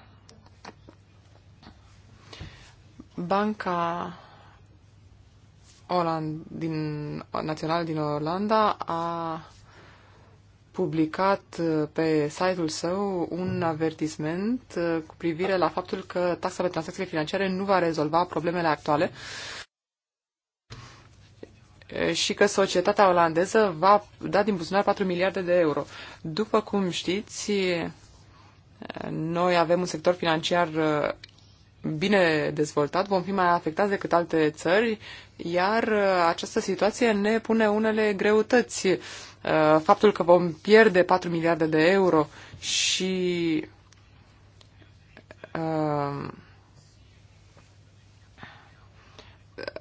Banca Oland, din, Națională din Olanda a publicat uh, pe site-ul său un avertisment uh, cu privire la faptul că taxa pe tranzacțiile financiare nu va rezolva problemele actuale și că societatea olandeză va da din buzunar 4 miliarde de euro. După cum știți, noi avem un sector financiar uh, bine dezvoltat, vom fi mai afectați decât alte țări, iar uh, această situație ne pune unele greutăți. Uh, faptul că vom pierde 4 miliarde de euro și uh,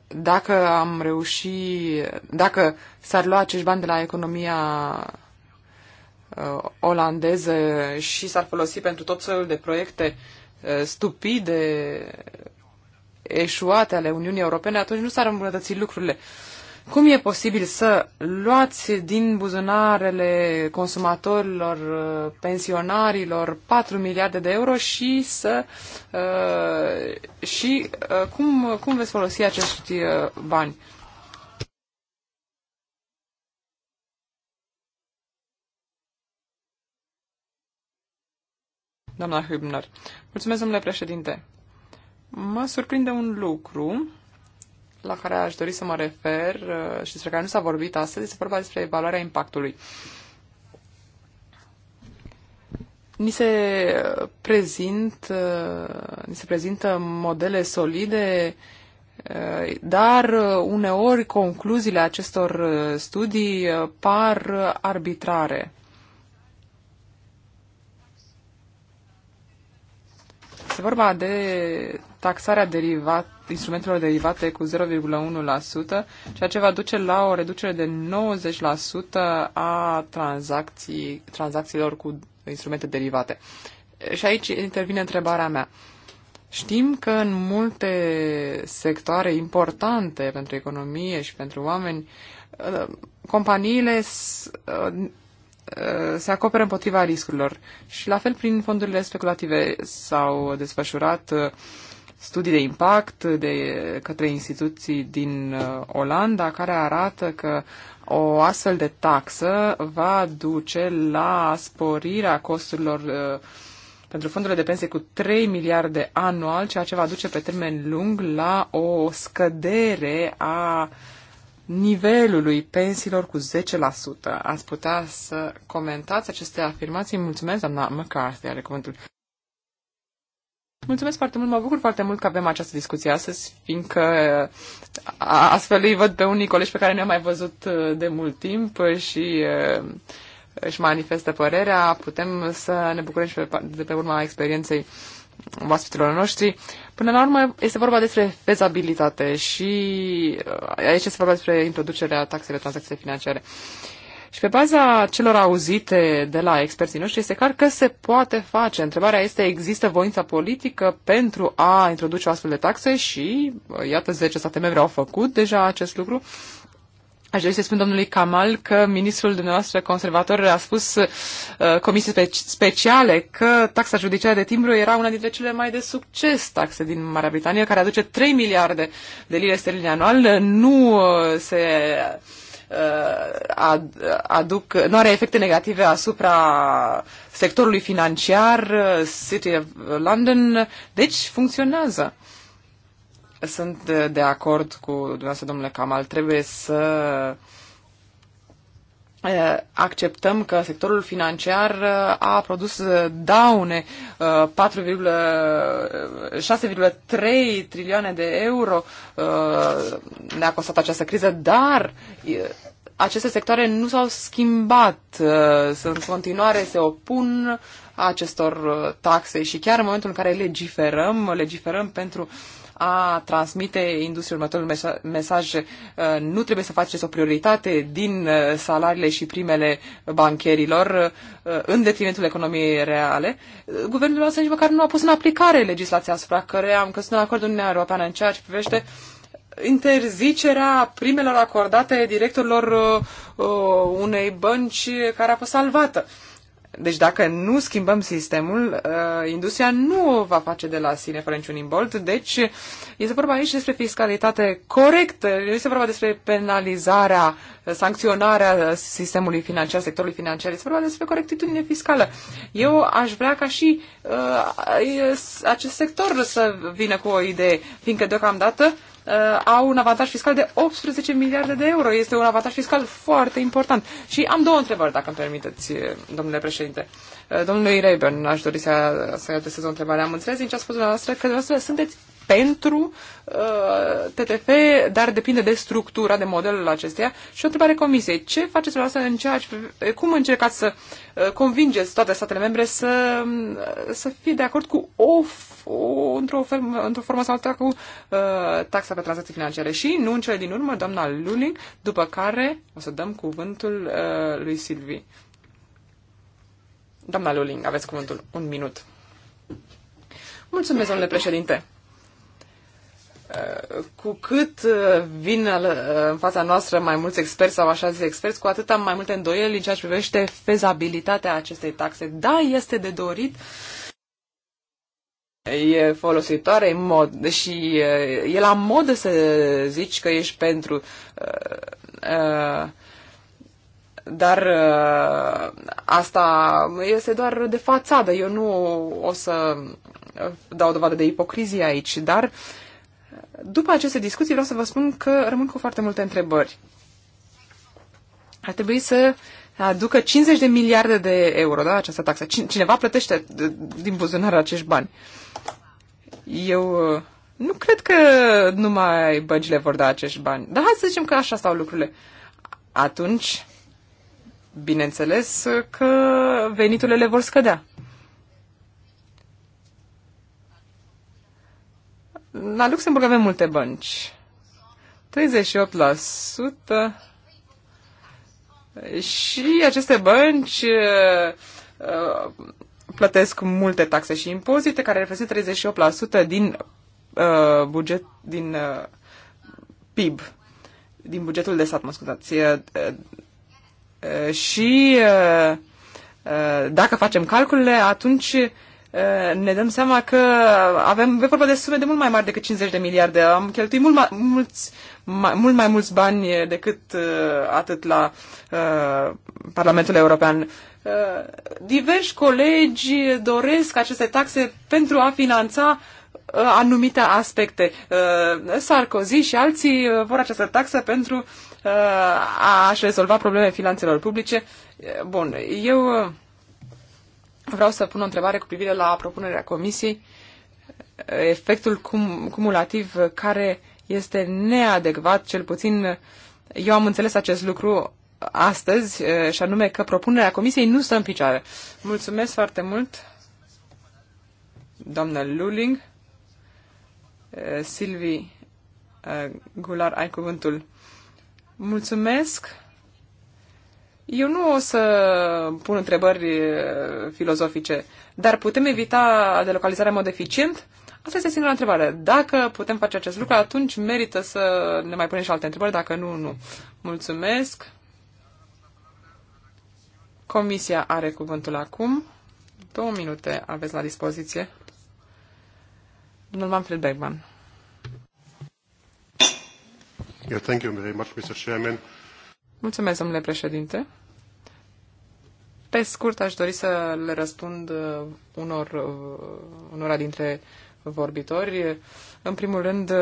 dacă am reușit, dacă s-ar lua acești bani de la economia olandeză și s-ar folosi pentru tot felul de proiecte uh, Uh, stupide, eșuate ale Uniunii Europene, atunci nu s-ar îmbunătăți lucrurile. Cum e posibil să luați din buzunarele consumatorilor, uh, pensionarilor 4 miliarde de euro și să uh, și uh, cum, cum veți folosi acești uh, bani? Doamna Hübner. Mulțumesc, domnule președinte. Mă surprinde un lucru la care aș dori să mă refer uh, și despre care nu s-a vorbit astăzi, este vorba despre evaluarea impactului. Ni se, prezint, uh, ni se prezintă modele solide, uh, dar uneori concluziile acestor studii par arbitrare. Este vorba de taxarea derivat, instrumentelor derivate cu 0,1%, ceea ce va duce la o reducere de 90% a tranzacții, tranzacțiilor cu instrumente derivate. Și aici intervine întrebarea mea. Știm că în multe sectoare importante pentru economie și pentru oameni, uh, companiile uh, Uh, se acopere împotriva riscurilor. Și la fel prin fondurile speculative s-au desfășurat uh, studii de impact de către instituții din uh, Olanda care arată că o astfel de taxă va duce la sporirea costurilor pentru fondurile de pensie cu 3 miliarde anual, ceea ce va duce pe termen lung la o scădere a uh, nivelului pensiilor cu 10%. Ați putea să comentați aceste afirmații? Mulțumesc, doamna McCarthy, are cuvântul. Mulțumesc foarte mult, mă bucur foarte mult că avem această discuție astăzi, fiindcă astfel îi văd pe unii colegi pe care nu am mai văzut uh, de mult timp și uh, își manifestă părerea, putem să ne bucurăm și de pe urma experienței oaspetelor noștri. Până la urmă, este vorba despre fezabilitate și uh, aici este vorba despre introducerea taxelor tranzacțiile financiare. Și pe baza celor auzite de la experții noștri, este clar că se poate face. Întrebarea este, există voința politică pentru a introduce o astfel de taxe și, uh, iată, 10 state membre au făcut deja acest lucru. Aș dori să spun domnului Kamal că ministrul dumneavoastră conservator a spus uh, comisii spe- speciale că taxa judiciară de timbru era una dintre cele mai de succes taxe din Marea Britanie, care aduce 3 miliarde de lire sterline anual. Nu uh, se uh, aduc, nu are efecte negative asupra sectorului financiar, uh, City of London, deci funcționează. Sunt de acord cu dumneavoastră, domnule Camal. Trebuie să acceptăm că sectorul financiar a produs daune 6,3 trilioane de euro ne-a costat această criză, dar aceste sectoare nu s-au schimbat, în continuare se opun acestor taxe și chiar în momentul în care legiferăm, legiferăm pentru uh, a transmite industriei următorul mesaj, uh, nu trebuie să faceți o prioritate din uh, salariile și primele bancherilor uh, în detrimentul economiei reale, guvernul nostru nici măcar nu a pus în aplicare legislația asupra care am căzut în acord Uniunea Europeană în ceea ce privește interzicerea primelor acordate directorilor unei bănci care a fost salvată. Uh, deci dacă nu schimbăm sistemul, uh, industria nu o va face de la sine fără niciun imbolt. Deci este vorba aici despre fiscalitate corectă, este vorba despre penalizarea, sancționarea sistemului financiar, sectorului financiar, este vorba despre corectitudine fiscală. Eu aș vrea ca și uh, acest sector să vină cu o idee, fiindcă deocamdată uh, uh, au un avantaj fiscal de 18 miliarde de euro. Este un avantaj fiscal foarte important. Și am două întrebări, dacă îmi permiteți, uh, domnule președinte. Uh, domnului Rayburn, aș dori să, să adresez o întrebare. Am înțeles din ce a spus dumneavoastră că dumneavoastră sunteți pentru uh, TTF, dar depinde de structura, de modelul acesteia. Și o întrebare comisiei. Ce faceți asta în ceea ce, eh, cum încercați să uh, convingeți toate statele membre să, mm, să fie de acord cu o, o într-o, formă, într-o formă sau alta cu uh, taxa pe tranzacții financiare? Și, nu în cele din urmă, doamna Luling, după care o să dăm cuvântul uh, lui Silvi. Doamna Luling, aveți cuvântul. Un minut. Mulțumesc, domnule președinte cu cât uh, vin uh, în fața noastră mai mulți experți sau așa zis experți, cu atât am mai multe îndoieli în ceea ce privește fezabilitatea acestei taxe. Da, este de dorit, e folositoare în mod, și uh, e la modă să zici că ești pentru... dar asta este doar de fațadă. Eu nu o să dau dovadă de ipocrizie aici, dar uh, după aceste discuții vreau să vă spun că rămân cu foarte multe întrebări. Ar trebui să aducă 50 de miliarde de euro, da, această taxă. Cineva plătește din buzunar acești bani. Eu uh, nu cred că numai băgile vor da acești bani. Dar hai să zicem că așa stau lucrurile. Atunci, bineînțeles că veniturile vor scădea. La Luxemburg avem multe bănci. 38% și aceste bănci uh, uh, plătesc multe taxe și impozite, care reprezintă 38% din uh, buget, din PIB, din bugetul de stat, mă scuzați. și dacă facem calculele, atunci Eh, ne dăm seama că avem, e vorba de sume de mult mai mari decât 50 de miliarde. Am cheltuit mult mai, mulți, mai, mult mai mulți bani decât uh, atât la uh, Parlamentul European. Uh, diversi colegi doresc aceste taxe pentru a finanța uh, anumite aspecte. Uh, Sarkozy și alții vor această taxă pentru uh, a-și rezolva probleme finanțelor publice. Bun, eu Vreau să pun o întrebare cu privire la propunerea comisiei, efectul cum, cumulativ care este neadecvat, cel puțin eu am înțeles acest lucru astăzi, și anume că propunerea comisiei nu stă în picioare. Mulțumesc foarte mult, doamnă Luling. Silvi Gular, ai cuvântul. Mulțumesc. Eu nu o să pun întrebări filozofice, dar putem evita delocalizarea în mod eficient? Asta este singura întrebare. Dacă putem face acest lucru, atunci merită să ne mai punem și alte întrebări, dacă nu, nu. Mulțumesc. Comisia are cuvântul acum. Două minute aveți la dispoziție. Domnul Manfred Bergman. Yeah, thank you very much, Mr. Chairman. Mulțumesc, domnule președinte. Pe scurt, aș dori să le răspund uh, unor, uh, unora dintre vorbitori. În primul rând, uh,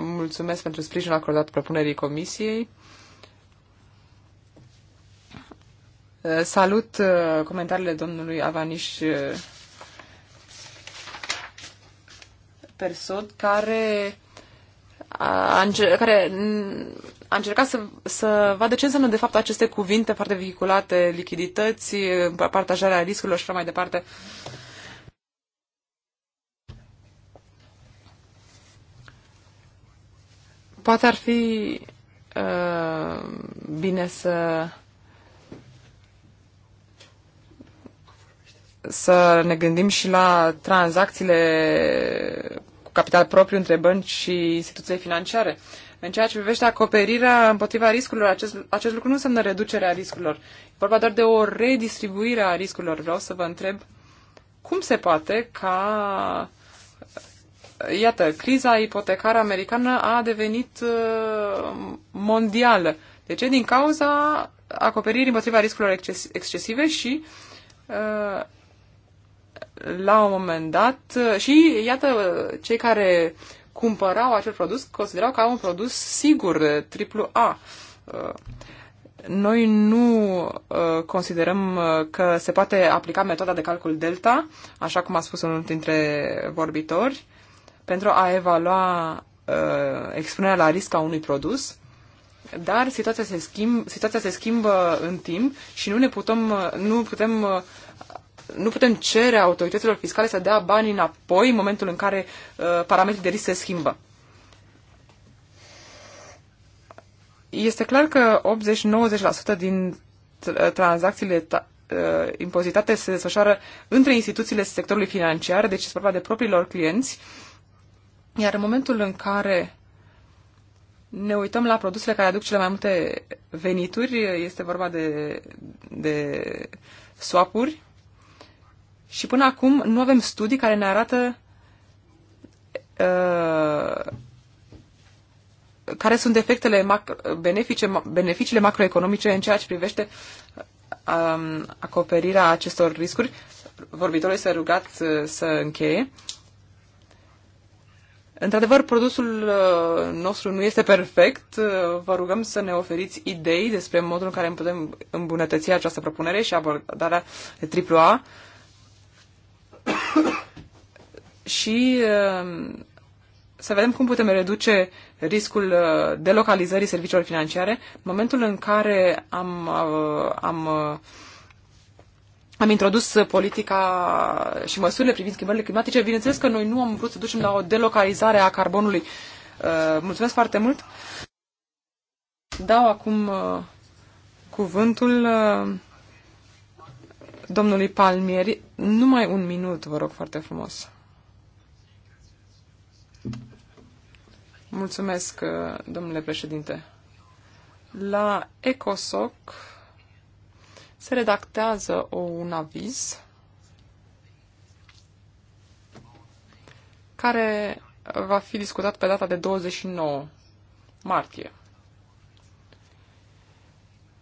mulțumesc pentru sprijinul acordat propunerii comisiei. Salut comentariile domnului Avaniș Persod, care a, care a încercat să, să vadă ce înseamnă de fapt aceste cuvinte foarte vehiculate, lichidități, partajarea riscurilor și așa mai departe. Poate ar fi uh, bine să să ne gândim și la tranzacțiile capital propriu între bănci și instituții financiare. În ceea ce privește acoperirea împotriva riscurilor, acest, acest lucru nu înseamnă reducerea riscurilor. E vorba doar de o redistribuire a riscurilor. Vreau să vă întreb cum se poate ca iată, criza ipotecară americană a devenit uh, mondială. De ce? Din cauza acoperirii împotriva riscurilor excesive și uh, la un moment dat uh, și iată cei care cumpărau acel produs considerau că au un produs sigur, triplu A. Uh, noi nu uh, considerăm că se poate aplica metoda de calcul delta, așa cum a spus unul dintre vorbitori, pentru a evalua expunerea la risc a unui produs dar situația se, schimb, situația se schimbă în timp și nu ne putem, nu putem nu putem cere autorităților fiscale să dea bani înapoi în momentul în care uh, parametrii de risc se schimbă. Este clar că 80-90% din uh, tranzacțiile uh, impozitate se desfășoară între instituțiile sectorului financiar, deci este vorba de propriilor clienți, iar în momentul în care ne uităm la produsele care aduc cele mai multe venituri, este vorba de, de swap-uri, și până acum nu avem studii care ne arată uh, care sunt efectele macro, benefice, beneficiile macroeconomice în ceea ce privește um, acoperirea acestor riscuri. Vorbitorul este rugat să, uh, să încheie. Într-adevăr, produsul uh, nostru nu este perfect. Vă rugăm să ne oferiți idei despre modul în care putem îmbunătăți această propunere și abordarea AAA și um, să vedem cum putem reduce riscul uh, delocalizării serviciilor financiare. În momentul în care am, uh, am, uh, am introdus politica și măsurile privind schimbările climatice, bineînțeles că noi nu am vrut să ducem la o delocalizare a carbonului. Mulțumesc foarte mult! Dau acum cuvântul domnului Palmieri, numai un minut, vă rog foarte frumos. Mulțumesc, uh, domnule președinte. La ECOSOC se redactează un aviz care va fi discutat pe data de 29 martie.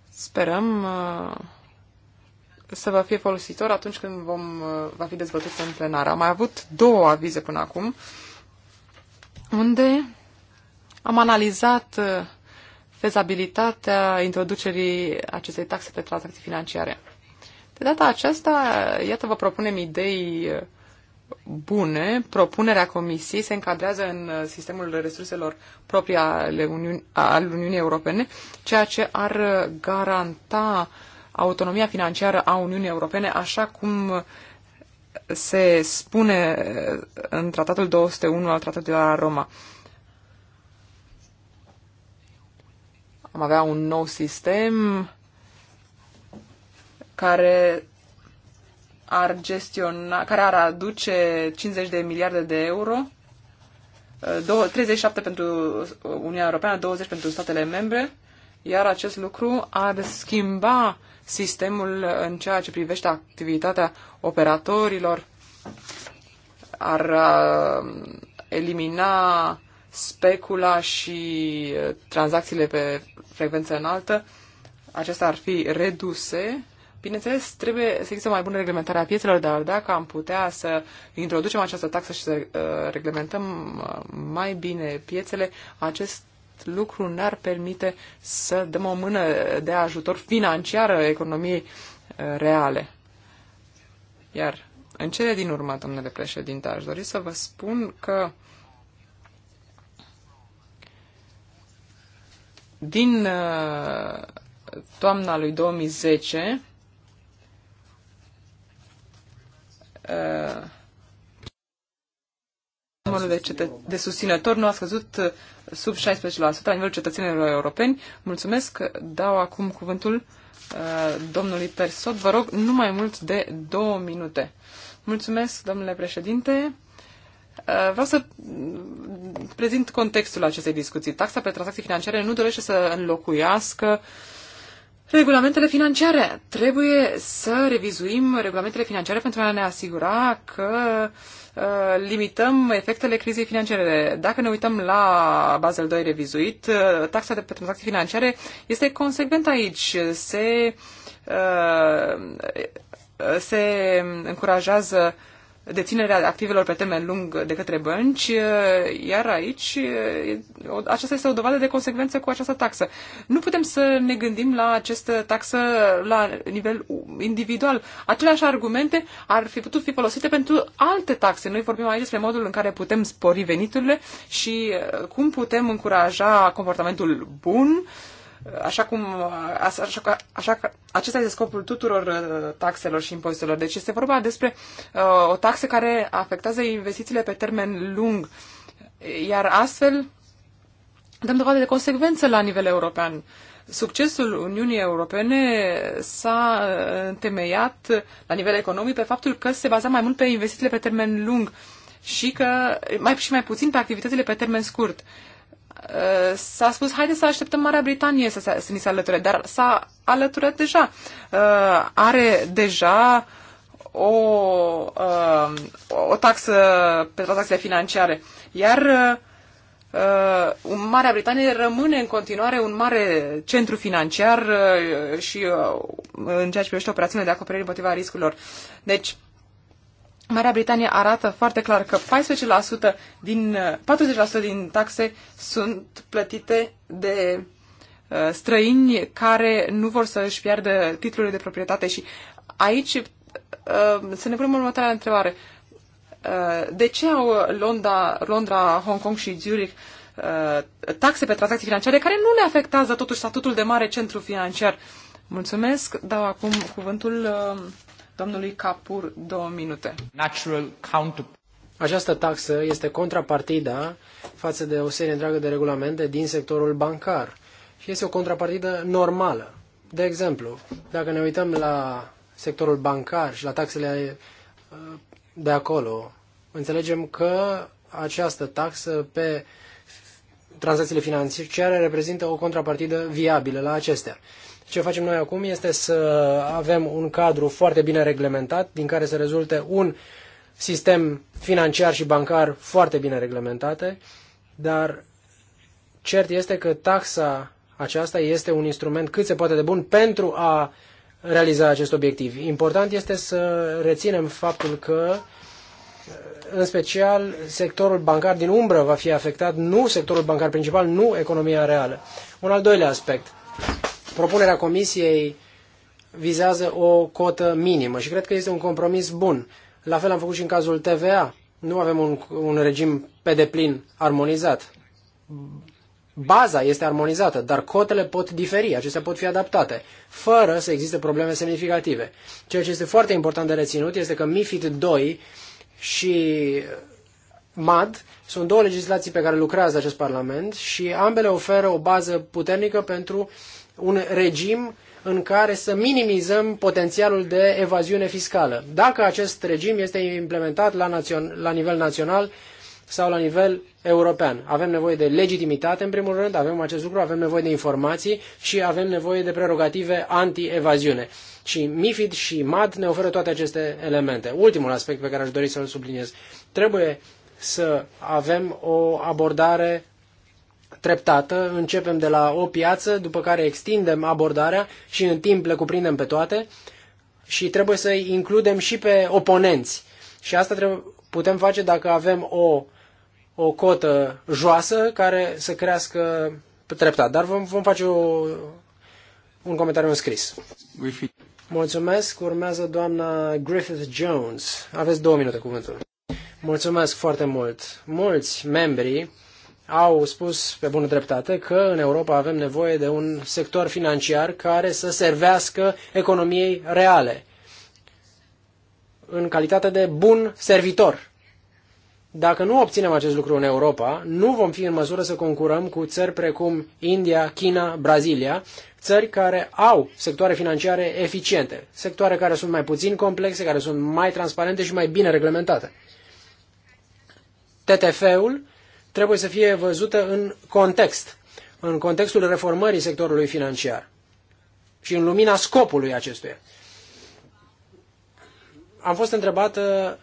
Sperăm uh, să vă fie folositor atunci când vom, uh, va fi dezbătut în plenară. Am mai avut două avize până acum, unde am analizat uh, fezabilitatea introducerii acestei taxe pe tranzacții financiare. De data aceasta, iată, vă propunem idei uh, bune. Propunerea Comisiei se încadrează în sistemul resurselor proprii ale Uniunii, al Uniunii Europene, ceea ce ar garanta uh, autonomia financiară a Uniunii Europene, așa cum se spune în tratatul 201 al tratatului de la Roma. Am avea un nou sistem care ar gestiona, care ar aduce 50 de miliarde de euro 37 pentru Uniunea Europeană, 20 pentru statele membre, iar acest lucru ar schimba sistemul în ceea ce privește activitatea operatorilor, ar uh, elimina specula și uh, tranzacțiile pe frecvență înaltă, acestea ar fi reduse. Bineînțeles, trebuie să există mai bună reglementare a piețelor, dar dacă am putea să introducem această taxă și să uh, reglementăm mai bine piețele, acest lucru ne-ar permite să dăm o mână de ajutor financiară economiei uh, reale. Iar în cele din urmă, domnule președinte, aș dori să vă spun că din uh, toamna lui 2010 Numărul de, cetă- de susținători nu a scăzut uh, sub 16% la nivelul cetățenilor europeni. Mulțumesc. Dau acum cuvântul uh, domnului Persot. Vă rog, nu mai mult de două minute. Mulțumesc, domnule președinte. Uh, vreau să prezint contextul acestei discuții. Taxa pe tranzacții financiare nu dorește să înlocuiască uh, Regulamentele financiare. Trebuie să revizuim regulamentele financiare pentru a ne asigura că uh, limităm efectele crizei financiare. Dacă ne uităm la Basel 2 revizuit, uh, taxa de pe tranzacții financiare este consecvent aici. Se, uh, se încurajează uh, deținerea activelor pe termen lung de către bănci, iar aici aceasta este o dovadă de consecvență cu această taxă. Nu putem să ne gândim la această taxă la nivel individual. Aceleași argumente ar fi putut fi folosite pentru alte taxe. Noi vorbim aici despre modul în care putem spori veniturile și uh, cum putem încuraja comportamentul bun uh, Așa cum, așa, că, așa acesta este scopul tuturor uh, taxelor și impozitelor. Deci este vorba despre uh, o taxă care afectează investițiile pe termen lung, iar astfel dăm dovadă de consecvență la nivel european. Succesul Uniunii Europene s-a uh, întemeiat la nivel economic pe faptul că se baza mai mult pe investițiile pe termen lung și că mai și mai puțin pe activitățile pe termen scurt. Uh, s-a spus, haide să așteptăm Marea Britanie să, să ni se alăture, dar s-a alăturat deja. Uh, are deja o, uh, o taxă pe tranzacțiile financiare, iar Uh, Marea Britanie rămâne în continuare un mare centru financiar uh, și uh, în ceea ce privește operațiunile de acoperire împotriva riscurilor. Deci, Marea Britanie arată foarte clar că 14% din, 40% din taxe sunt plătite de uh, străini care nu vor să își piardă titlurile de proprietate și aici uh, să ne punem următoarea întrebare. Uh, de ce au Londra, Londra Hong Kong și Zurich uh, taxe pe tranzacții financiare care nu le afectează totuși statutul de mare centru financiar? Mulțumesc. Dau acum cuvântul uh, Domnului Capur, două minute. Natural counter... Această taxă este contrapartida față de o serie întreagă de regulamente din sectorul bancar și este o contrapartidă normală. De exemplu, dacă ne uităm la sectorul bancar și la taxele uh, de acolo, înțelegem că această taxă pe tranzacțiile financiare reprezintă o contrapartidă viabilă la acestea. Ce facem noi acum este să avem un cadru foarte bine reglementat, din care să rezulte un sistem financiar și bancar foarte bine reglementate, dar cert este că taxa aceasta este un instrument cât se poate de bun pentru a realiza acest obiectiv. Important este să reținem faptul că în special sectorul bancar din umbră va fi afectat, nu sectorul bancar principal, nu economia reală. Un al doilea aspect propunerea Comisiei vizează o cotă minimă și cred că este un compromis bun. La fel am făcut și în cazul TVA. Nu avem un, un regim pe deplin armonizat. Baza este armonizată, dar cotele pot diferi, acestea pot fi adaptate, fără să existe probleme semnificative. Ceea ce este foarte important de reținut este că MIFID 2 și MAD sunt două legislații pe care lucrează acest Parlament și ambele oferă o bază puternică pentru uh, un regim în care să minimizăm potențialul de evaziune fiscală. Dacă acest regim este implementat la, la nivel național sau la nivel european. Avem nevoie de legitimitate, în primul rând, avem acest lucru, avem nevoie de informații și avem nevoie de prerogative anti-evaziune. Și MIFID și MAD ne oferă toate aceste elemente. Ultimul aspect pe care aș dori să-l subliniez. Trebuie să avem o abordare treptată, începem de la o piață, după care extindem abordarea și în timp le cuprindem pe toate și trebuie să i includem și pe oponenți. Și asta trebuie, putem face dacă avem o, o cotă joasă care să crească treptat. Dar vom, vom face o, un comentariu în scris. Mulțumesc. Urmează doamna Griffith Jones. Aveți două minute cuvântul. Mulțumesc foarte mult. Mulți membri au spus pe bună dreptate că în Europa avem nevoie de un sector financiar care să servească economiei reale în calitate de bun servitor. Dacă nu obținem acest lucru în Europa, nu vom fi în măsură să concurăm cu țări precum India, China, Brazilia, țări care au sectoare financiare eficiente, sectoare care sunt mai puțin complexe, care sunt mai transparente și mai bine reglementate. TTF-ul trebuie să fie văzută în context, în contextul reformării sectorului financiar și în lumina scopului acestuia. Am fost întrebată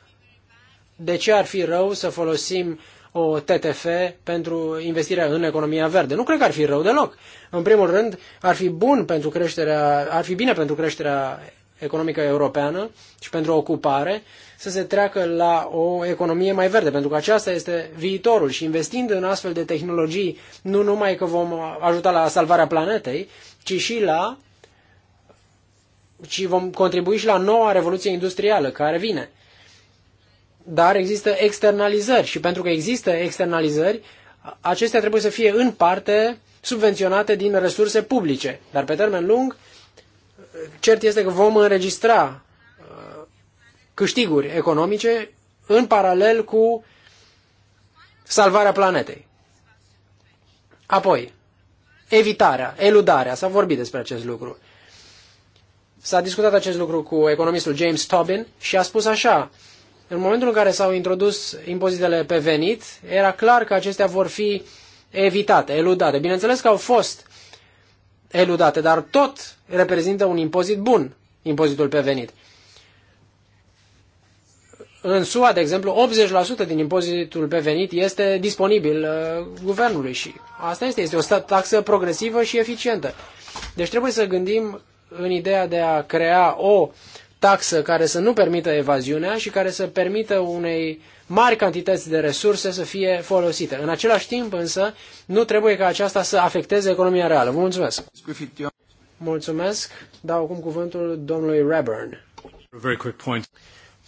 de ce ar fi rău să folosim o TTF pentru investirea în economia verde. Nu cred că ar fi rău deloc. În primul rând, ar fi bun pentru creșterea, ar fi bine pentru creșterea economică europeană și pentru ocupare să se treacă la o economie mai verde, pentru că aceasta este viitorul și investind în astfel de tehnologii, nu numai că vom ajuta la salvarea planetei, ci și la ci vom contribui și la noua revoluție industrială care vine. Dar există externalizări și pentru că există externalizări, acestea trebuie să fie în parte subvenționate din resurse publice. Dar pe termen lung, cert este că vom înregistra câștiguri economice în paralel cu salvarea planetei. Apoi, evitarea, eludarea, s-a vorbit despre acest lucru. S-a discutat acest lucru cu economistul James Tobin și a spus așa, în momentul în care s-au introdus impozitele pe venit, era clar că acestea vor fi evitate, eludate. Bineînțeles că au fost eludate, dar tot reprezintă un impozit bun, impozitul pe venit. În SUA, de exemplu, 80% din impozitul pe venit este disponibil uh, guvernului și asta este, este o taxă progresivă și eficientă. Deci trebuie să gândim în ideea de a crea o taxă care să nu permită evaziunea și care să permită unei mari cantități de resurse să fie folosite. În același timp însă nu trebuie ca aceasta să afecteze economia reală. Vă mulțumesc! Mulțumesc! Dau acum cuvântul domnului Reburn.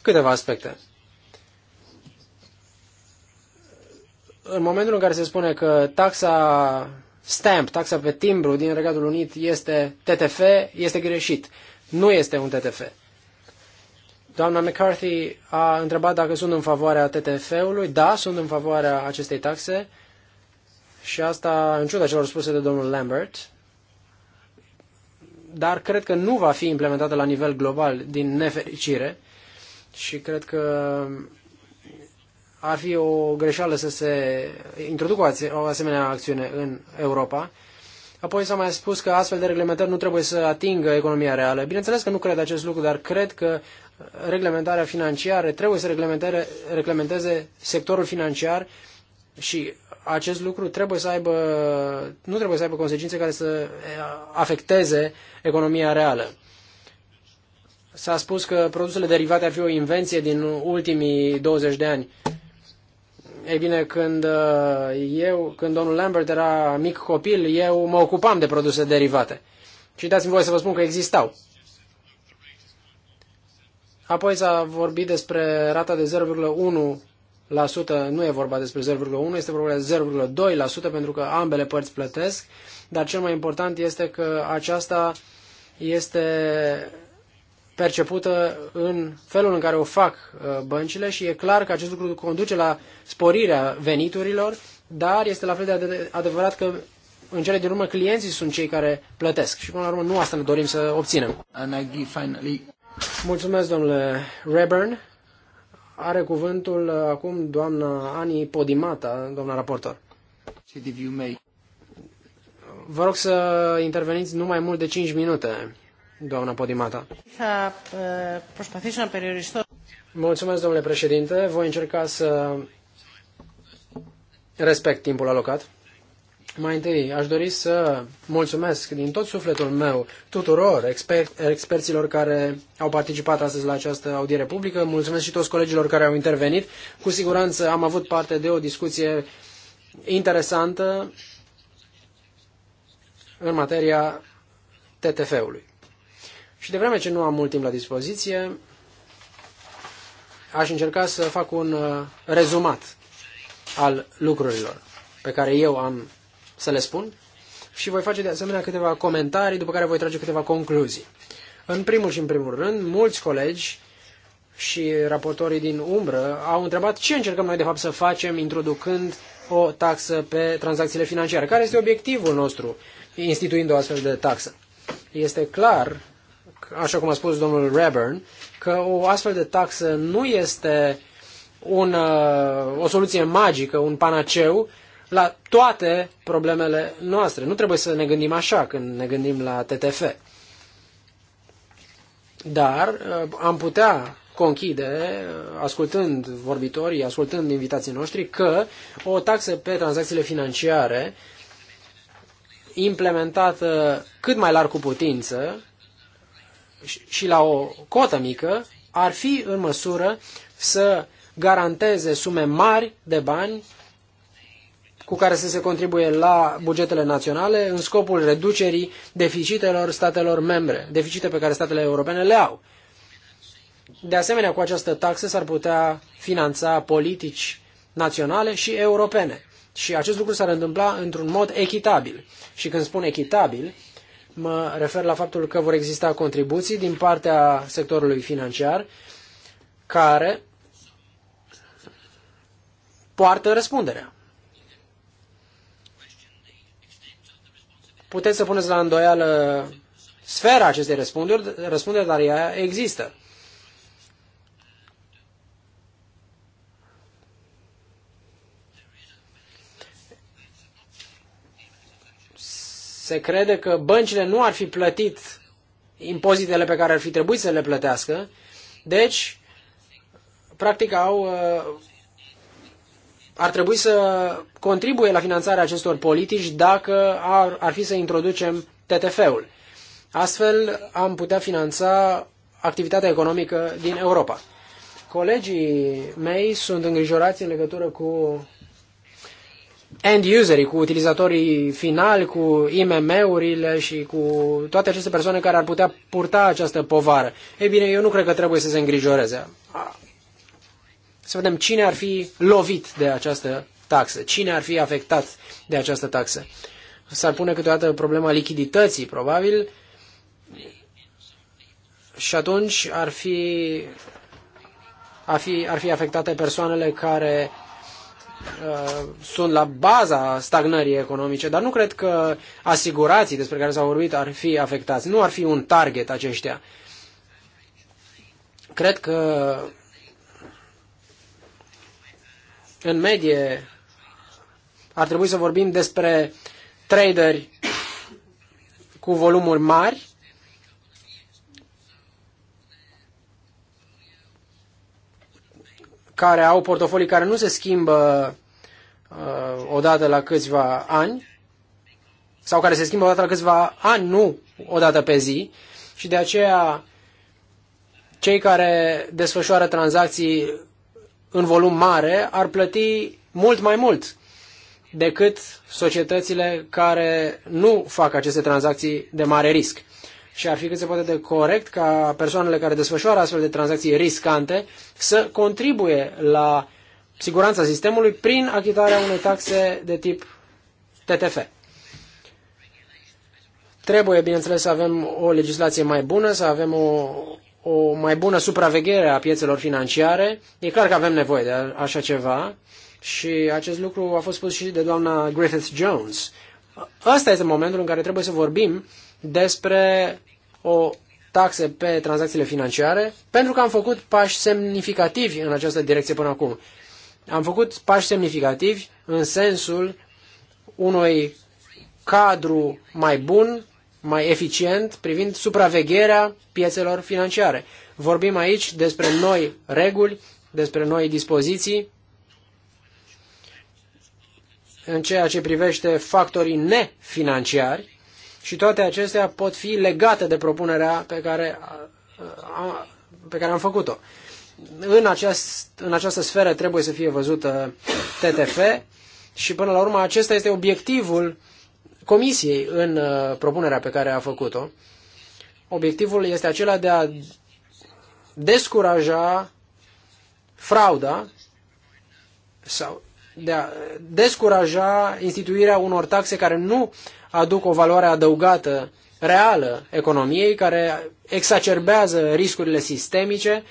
Câteva aspecte. în momentul în care se spune că taxa stamp, taxa pe timbru din Regatul Unit este TTF, este greșit. Nu este un TTF. Doamna McCarthy a întrebat dacă sunt în favoarea TTF-ului. Da, sunt în favoarea acestei taxe și asta în ciuda celor spuse de domnul Lambert. Dar cred că nu va fi implementată la nivel global din nefericire și cred că ar fi o greșeală să se introducă o asemenea acțiune în Europa. Apoi s-a mai spus că astfel de reglementări nu trebuie să atingă economia reală. Bineînțeles că nu cred acest lucru, dar cred că reglementarea financiară trebuie să reglementeze sectorul financiar și acest lucru trebuie să aibă, nu trebuie să aibă consecințe care să eh, afecteze economia reală. S-a spus că produsele derivate ar fi o invenție din ultimii 20 de ani. Ei bine, când uh, eu, când domnul Lambert era mic copil, eu mă ocupam de produse derivate. Și dați-mi voie să vă spun că existau. Apoi s-a vorbit despre rata de 0,1%, nu e vorba despre 0,1, este vorba de 0,2% pentru că ambele părți plătesc, dar cel mai important este că aceasta este percepută în felul în care o fac uh, băncile și e clar că acest lucru conduce la sporirea veniturilor, dar este la fel de adevărat că în cele din urmă clienții sunt cei care plătesc și până la urmă nu asta ne dorim să obținem. Mulțumesc, domnule Reburn. Are cuvântul uh, acum doamna Ani Podimata, doamna raportor. Vă rog să interveniți nu mai mult de 5 minute doamna Podimata. Uh, mulțumesc, domnule președinte. Voi încerca să respect timpul alocat. Mai întâi, aș dori să mulțumesc din tot sufletul meu tuturor exper- experților care au participat astăzi la această audiere publică. Mulțumesc și toți colegilor care au intervenit. Cu siguranță am avut parte de o discuție interesantă în materia TTF-ului. Și de vreme ce nu am mult timp la dispoziție, aș încerca să fac un uh, rezumat al lucrurilor pe care eu am să le spun și voi face de asemenea câteva comentarii, după care voi trage câteva concluzii. În primul și în primul rând, mulți colegi și raportorii din umbră au întrebat ce încercăm noi de fapt să facem introducând o taxă pe tranzacțiile financiare. Care este obiectivul nostru instituind o astfel de taxă? Este clar așa cum a spus domnul Reburn, că o astfel de taxă nu este un, uh, o soluție magică, un panaceu la toate problemele noastre. Nu trebuie să ne gândim așa când ne gândim la TTF. Dar uh, am putea conchide, uh, ascultând vorbitorii, ascultând invitații noștri, că o taxă pe tranzacțiile financiare implementată cât mai larg cu putință și la o cotă mică ar fi în măsură să garanteze sume mari de bani cu care să se contribuie la bugetele naționale în scopul reducerii deficitelor statelor membre, deficite pe care statele europene le au. De asemenea, cu această taxă s-ar putea finanța politici naționale și europene. Și acest lucru s-ar întâmpla într-un mod echitabil. Și când spun echitabil, mă refer la faptul că vor exista contribuții din partea sectorului financiar care poartă răspunderea. Puteți să puneți la îndoială sfera acestei răspunderi, răspunderi dar ea există. se crede că băncile nu ar fi plătit impozitele pe care ar fi trebuit să le plătească, deci, practic, au, uh, ar trebui să contribuie la finanțarea acestor politici dacă ar, ar fi să introducem TTF-ul. Astfel am putea finanța activitatea economică din Europa. Colegii mei sunt îngrijorați în legătură cu end userii, cu utilizatorii finali, cu IMM-urile și cu toate aceste persoane care ar putea purta această povară. Ei bine, eu nu cred că trebuie să se îngrijoreze. Să vedem cine ar fi lovit de această taxă, cine ar fi afectat de această taxă. S-ar pune câteodată problema lichidității, probabil, și atunci ar fi, ar fi, ar fi afectate persoanele care Uh, sunt la baza stagnării economice, dar nu cred că asigurații despre care s-au vorbit ar fi afectați. Nu ar fi un target aceștia. Cred că în medie ar trebui să vorbim despre traderi cu volumuri mari care au portofolii care nu se schimbă uh, odată la câțiva ani sau care se schimbă odată la câțiva ani, nu odată pe zi și de aceea cei care desfășoară tranzacții în volum mare ar plăti mult mai mult decât societățile care nu fac aceste tranzacții de mare risc și ar fi cât se poate de corect ca persoanele care desfășoară astfel de tranzacții riscante să contribuie la siguranța sistemului prin achitarea unei taxe de tip TTF. Trebuie, bineînțeles, să avem o legislație mai bună, să avem o, o mai bună supraveghere a piețelor financiare. E clar că avem nevoie de așa ceva și acest lucru a fost spus și de doamna Griffith Jones. Asta ă, este momentul în care trebuie să vorbim despre o taxe pe tranzacțiile financiare, pentru că am făcut pași semnificativi în această direcție până acum. Am făcut pași semnificativi în sensul unui cadru mai bun, mai eficient privind supravegherea piețelor financiare. Vorbim aici despre noi reguli, despre noi dispoziții în ceea ce privește factorii nefinanciari și toate acestea pot fi legate de propunerea pe care, a, pe care am făcut-o. În, aceast, în această sferă trebuie să fie văzută TTF și până la urmă acesta este obiectivul comisiei în uh, propunerea pe care a făcut-o. Obiectivul este acela de a descuraja frauda sau de a descuraja instituirea unor taxe care nu aduc o valoare adăugată reală economiei, care exacerbează riscurile sistemice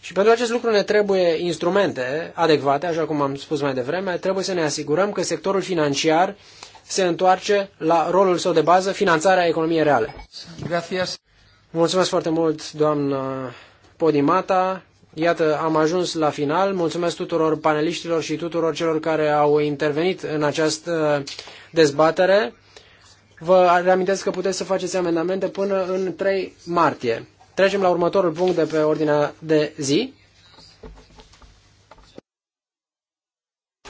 și pentru acest lucru ne trebuie instrumente adecvate, așa cum am spus mai devreme, trebuie să ne asigurăm că sectorul financiar se întoarce la rolul său de bază, finanțarea economiei reale. Gracias. Mulțumesc foarte mult, doamnă Podimata. Iată, am ajuns la final. Mulțumesc tuturor paneliștilor și tuturor celor care au intervenit în această dezbatere. Vă reamintesc că puteți să faceți amendamente până în 3 martie. Trecem la următorul punct de pe ordinea de zi.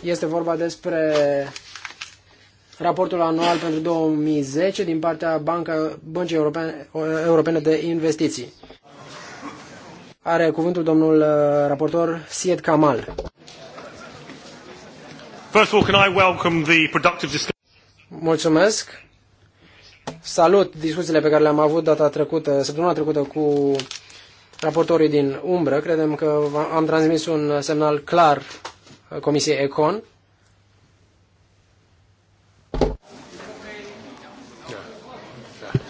Este vorba despre raportul anual pentru 2010 din partea Banca, Băncii Europene, Europene de Investiții. Are cuvântul domnul uh, raportor Sied Kamal. First of all, can I welcome the productive discussion? Mulțumesc. Salut discuțiile pe care le-am avut data trecută, săptămâna trecută cu raportorii din umbră. Credem că am transmis un semnal clar uh, Comisiei Econ.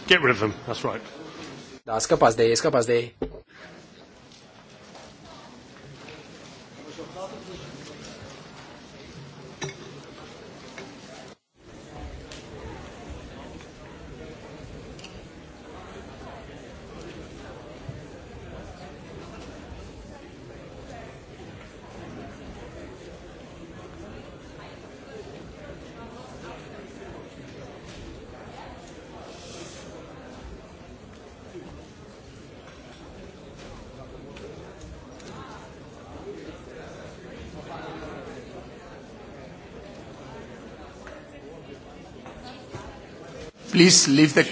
Get rid of them, that's right. Da, scăpați de ei, scăpați de ei. please leave the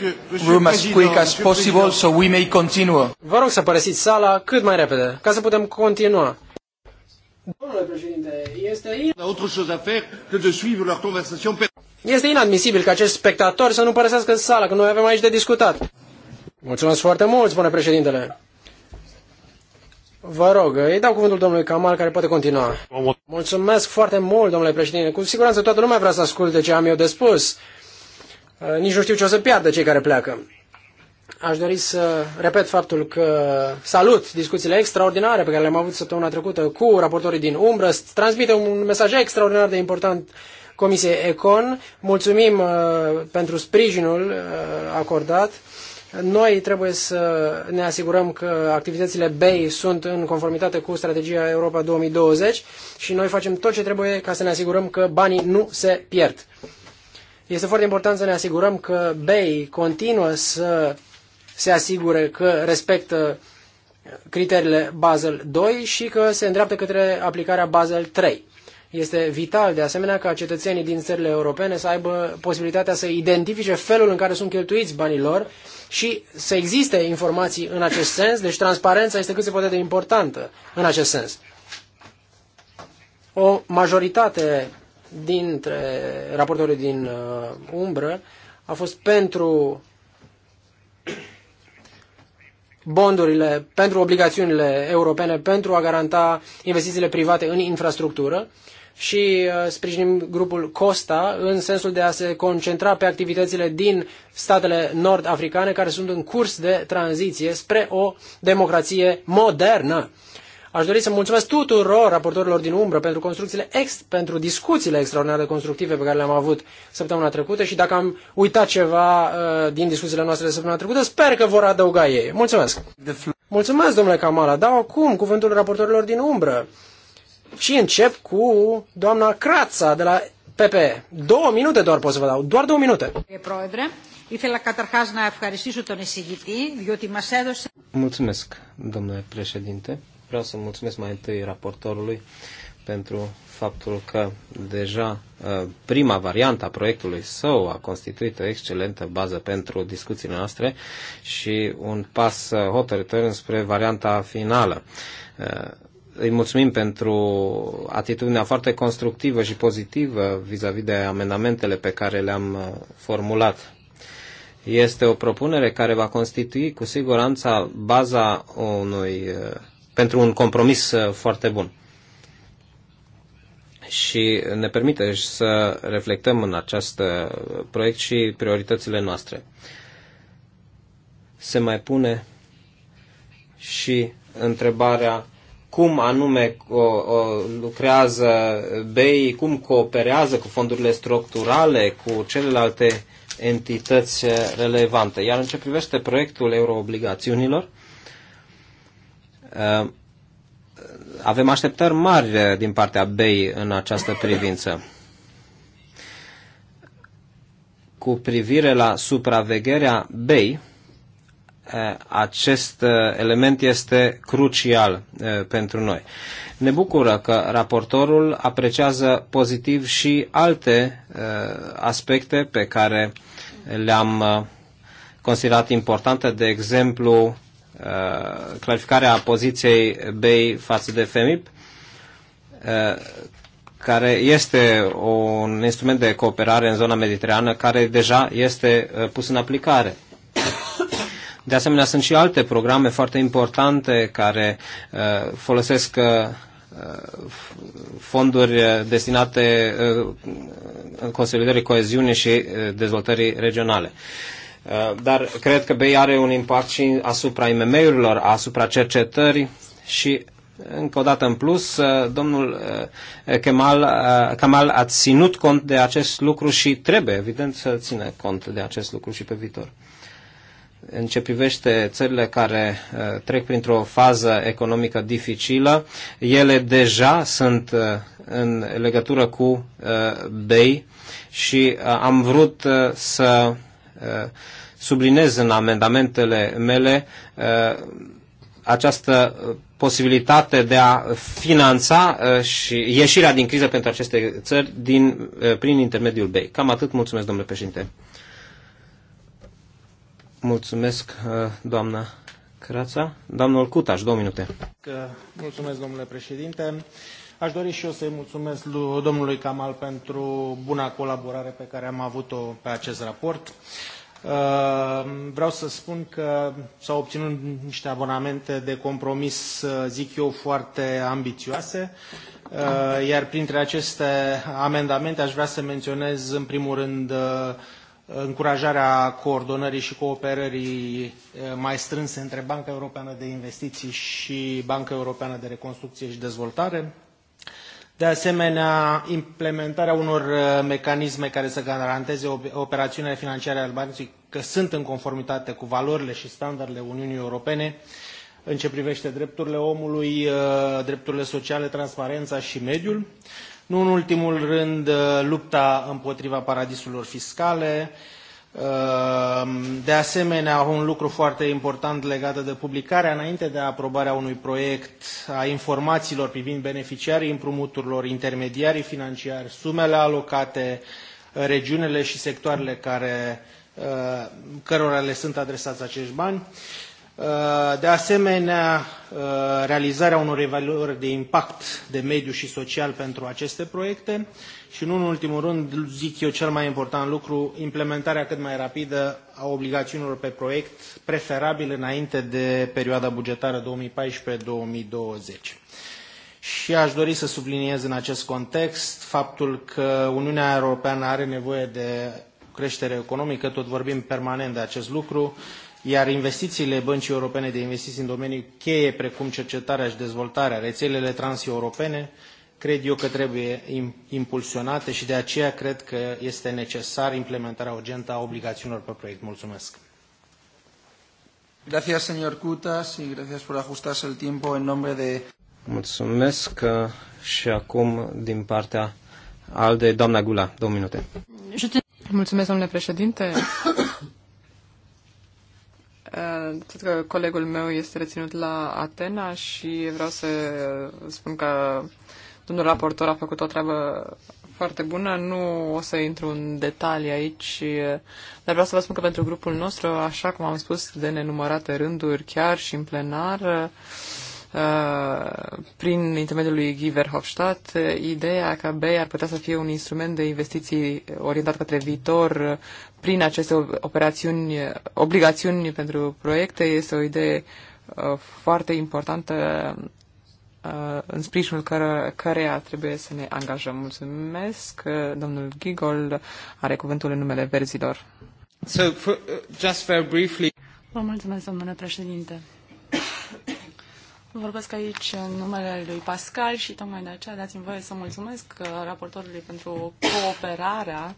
room as quick as possible so we may continue. Vă rog să părăsiți sala cât mai repede, ca să putem continua. Domnule președinte, este, este inadmisibil ca acești spectatori să nu părăsească sala, că noi avem aici de discutat. Mulțumesc foarte mult, spune președintele. Vă rog, îi dau cuvântul domnului Kamal care poate continua. Mulțumesc foarte mult, domnule președinte. Cu siguranță toată lumea vrea să asculte ce am eu de spus. Uh, nici nu știu ce o să piardă cei care pleacă. Aș dori să repet faptul că salut discuțiile extraordinare pe care le-am avut săptămâna trecută cu raportorii din umbră. Transmite un mesaj extraordinar de important Comisiei Econ. Mulțumim uh, pentru sprijinul uh, acordat. Noi trebuie să ne asigurăm că activitățile BEI sunt în conformitate cu strategia Europa 2020 și noi facem tot ce trebuie ca să ne asigurăm că banii nu se pierd. Este foarte important să ne asigurăm că BEI continuă să se asigure că respectă criteriile Basel 2 și că se îndreaptă către aplicarea Basel 3. Este vital, de asemenea, ca cetățenii din țările europene să aibă posibilitatea să identifice felul în care sunt cheltuiți banii lor și să existe informații în acest sens, deci transparența este cât se poate de importantă în acest sens. O majoritate dintre raportorii din uh, umbră a fost pentru bondurile, pentru obligațiunile europene, pentru a garanta investițiile private în infrastructură și uh, sprijinim grupul Costa în sensul de a se concentra pe activitățile din statele nord-africane care sunt în curs de tranziție spre o democrație modernă. Aș dori să mulțumesc tuturor raportorilor din umbră pentru construcțiile ex, pentru discuțiile extraordinare constructive pe care le-am avut săptămâna trecută și dacă am uitat ceva uh, din discuțiile noastre de săptămâna trecută, sper că vor adăuga ei. Mulțumesc! Mulțumesc, domnule Camala! Dau acum cuvântul raportorilor din umbră. Și încep cu doamna Crața de la PP. Două minute doar pot să vă dau, doar două minute. Mulțumesc, domnule președinte. Vreau să mulțumesc mai întâi raportorului pentru faptul că deja ă, prima variantă a proiectului său a constituit o excelentă bază pentru discuțiile noastre și un pas ă, hotărător spre varianta finală. Ă, îi mulțumim pentru atitudinea foarte constructivă și pozitivă vis-a-vis -vis de amendamentele pe care le-am formulat. Este o propunere care va constitui cu siguranță baza unui pentru un compromis uh, foarte bun. Și ne permite să reflectăm în acest uh, proiect și prioritățile noastre. Se mai pune și întrebarea cum anume o, o, lucrează BEI, cum cooperează cu fondurile structurale, cu celelalte entități uh, relevante. Iar în ce privește proiectul euroobligațiunilor, Uh, avem așteptări mari uh, din partea BEI în această privință. Cu privire la supravegherea BEI, uh, acest element este crucial pentru noi. Ne bucură că raportorul apreciază pozitiv și alte aspecte pe care le-am considerat importante, de exemplu Uh, clarificarea poziției BEI față de FEMIP, uh, care este un instrument de cooperare în zona mediterană care deja este uh, pus în aplicare. De asemenea, sunt și alte programe foarte importante care folosesc fonduri destinate consolidării coeziunii și dezvoltării regionale. Uh, dar cred că BEI are un impact și asupra IMM-urilor, asupra cercetării și încă o dată în plus, uh, domnul uh, Kemal, Kemal a ținut cont de acest lucru și trebuie, evident, să țină cont de acest lucru și pe viitor. În ce privește țările care trec printr-o fază economică dificilă, ele deja sunt în legătură cu BEI și am vrut să Uh, sublinez în amendamentele mele uh, această posibilitate de a finanța uh, și ieșirea din criză pentru aceste țări din, prin intermediul BEI. Cam atât. Mulțumesc, domnule președinte. Mulțumesc, doamna Crața. Domnul Cutaș, două minute. Mulțumesc, domnule președinte. Aș dori și eu să-i mulțumesc domnului Kamal pentru buna colaborare pe care am avut-o pe acest raport. Uh, vreau să spun că s-au obținut niște abonamente de compromis, uh, zic eu, foarte ambițioase, uh, iar printre aceste amendamente aș vrea să menționez, în primul rând, încurajarea coordonării și cooperării mai strânse între Banca Europeană de Investiții și Banca Europeană de Reconstrucție și Dezvoltare, de asemenea, implementarea unor uh, mecanisme care să garanteze operațiunile financiare ale băncii că sunt în conformitate cu valorile și standardele Uniunii Europene în ce privește drepturile omului, uh, drepturile sociale, transparența și mediul. Nu în ultimul rând, uh, lupta împotriva paradisurilor fiscale, Ehm, de asemenea, un lucru foarte important legat de publicarea înainte de aprobarea unui proiect a informațiilor privind beneficiarii împrumuturilor, intermediarii financiari, sumele alocate, regiunile și sectoarele care, ehm, cărora le sunt adresați acești bani. Uh, de asemenea, uh, realizarea unor evaluări de impact de mediu și social pentru aceste proiecte și, nu în ultimul rând, zic eu cel mai important lucru, implementarea cât mai rapidă a obligațiunilor pe proiect, preferabil înainte de perioada bugetară 2014-2020. Și aș dori să subliniez în acest context faptul că Uniunea Europeană are nevoie de creștere economică, tot vorbim permanent de acest lucru, iar investițiile Băncii Europene de Investiții în domenii cheie, precum cercetarea și dezvoltarea, rețelele transeuropene, cred eu că trebuie impulsionate și de aceea cred că este necesar implementarea urgentă a obligațiunilor pe proiect. Mulțumesc! Gracias, señor Cutas, y gracias por ajustarse el tiempo en nombre de... Mulțumesc uh, și acum din partea al de doamna Gula, două minute. Mulțumesc, domnule președinte. Cred că colegul meu este reținut la Atena și vreau să spun că domnul raportor a făcut o treabă foarte bună. Nu o să intru în detalii aici, dar vreau să vă spun că pentru grupul nostru, așa cum am spus de nenumărate rânduri, chiar și în plenar, Uh, prin intermediul lui Guy Verhofstadt, uh, ideea că BEI ar putea să fie un instrument de investiții orientat către viitor uh, prin aceste operațiuni, obligațiuni pentru proiecte, este o idee foarte importantă în sprijinul care, căreia trebuie să ne angajăm. Mulțumesc. Domnul Gigol are cuvântul în numele verzilor. So, for, just very briefly... Vă mulțumesc, domnule președinte. Vorbesc aici în numele lui Pascal și tocmai de aceea dați-mi voie să mulțumesc uh, raportorului pentru cooperarea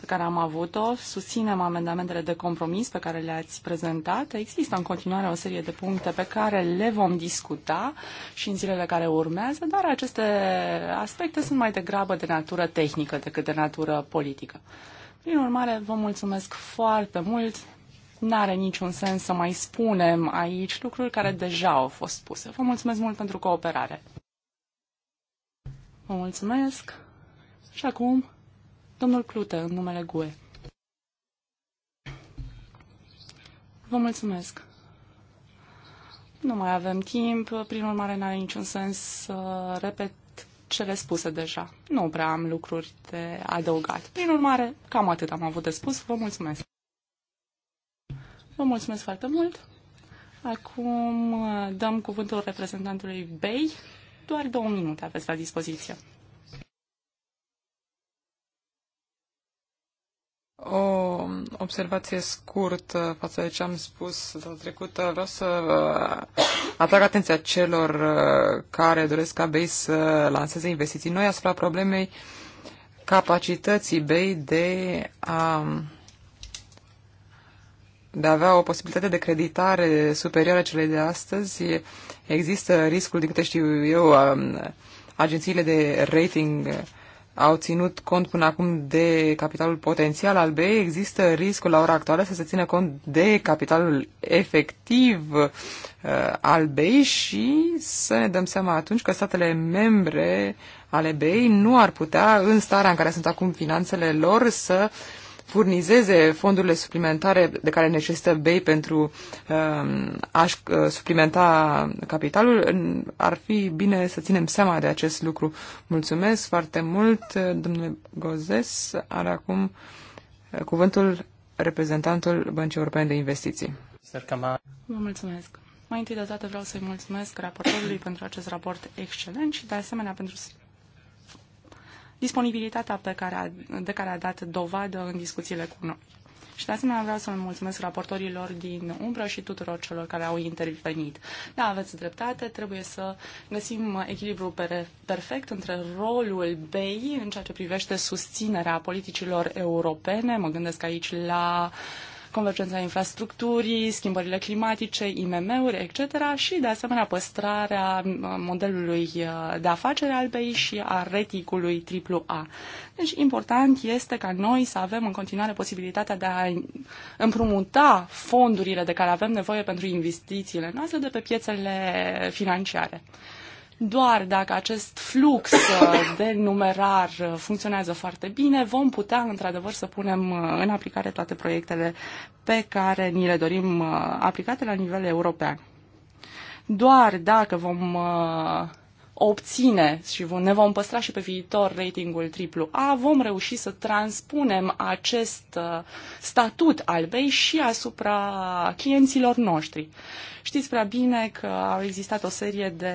pe care am avut-o. Susținem amendamentele de compromis pe care le-ați prezentat. Există în continuare o serie de puncte pe care le vom discuta și în zilele care urmează, dar aceste aspecte sunt mai degrabă de natură tehnică decât de natură politică. Prin urmare, vă mulțumesc foarte mult. N-are niciun sens să mai spunem aici lucruri care deja au fost spuse. Vă mulțumesc mult pentru cooperare. Vă mulțumesc. Și acum, domnul Clute, în numele GUE. Vă mulțumesc. Nu mai avem timp, prin urmare n-are niciun sens să repet cele spuse deja. Nu prea am lucruri de adăugat. Prin urmare, cam atât am avut de spus. Vă mulțumesc. Vă mulțumesc foarte mult. Acum uh, dăm cuvântul reprezentantului BEI. Doar două minute aveți la dispoziție. O observație scurtă față de ce am spus data trecută. Vreau să uh, atrag atenția celor uh, care doresc ca BEI să lanseze investiții noi asupra problemei capacității BEI de a um, de a avea o posibilitate de creditare superioară celei de astăzi, există riscul, din câte știu eu, agențiile de rating au ținut cont până acum de capitalul potențial al BE, există riscul la ora actuală să se țină cont de capitalul efectiv uh, al BEI și să ne dăm seama atunci că statele membre ale BEI nu ar putea, în starea în care sunt acum finanțele lor, să furnizeze fondurile suplimentare de care necesită BEI pentru uh, a-și uh, suplimenta capitalul, ar fi bine să ținem seama de acest lucru. Mulțumesc foarte mult, domnule Gozes. Are acum uh, cuvântul reprezentantul Băncii Europene de Investiții. Vă mulțumesc. Mai întâi de toate vreau să-i mulțumesc raportorului pentru acest raport excelent și de asemenea pentru disponibilitatea pe care a, de care a dat dovadă în discuțiile cu noi. Și de asemenea vreau să-mi mulțumesc raportorilor din umbră și tuturor celor care au intervenit. Da, aveți dreptate, trebuie să găsim echilibru perfect între rolul BEI în ceea ce privește susținerea politicilor europene, mă gândesc aici la uh, convergența infrastructurii, schimbările climatice, IMM-uri, etc. și, de asemenea, păstrarea uh, modelului uh, de afacere al BEI și a reticului AAA. Deci, important este ca noi să avem în continuare posibilitatea de a împrumuta fondurile de care avem nevoie pentru investițiile noastre de pe piețele financiare. Doar dacă acest flux uh, de numerar uh, funcționează foarte bine, vom putea într-adevăr să punem uh, în aplicare toate proiectele pe care ni le dorim aplicate la nivel european. Doar dacă vom obține și ne vom păstra și pe viitor ratingul AAA, vom reuși să transpunem acest uh, statut al BEI și asupra clienților noștri. Știți prea bine că au existat o serie de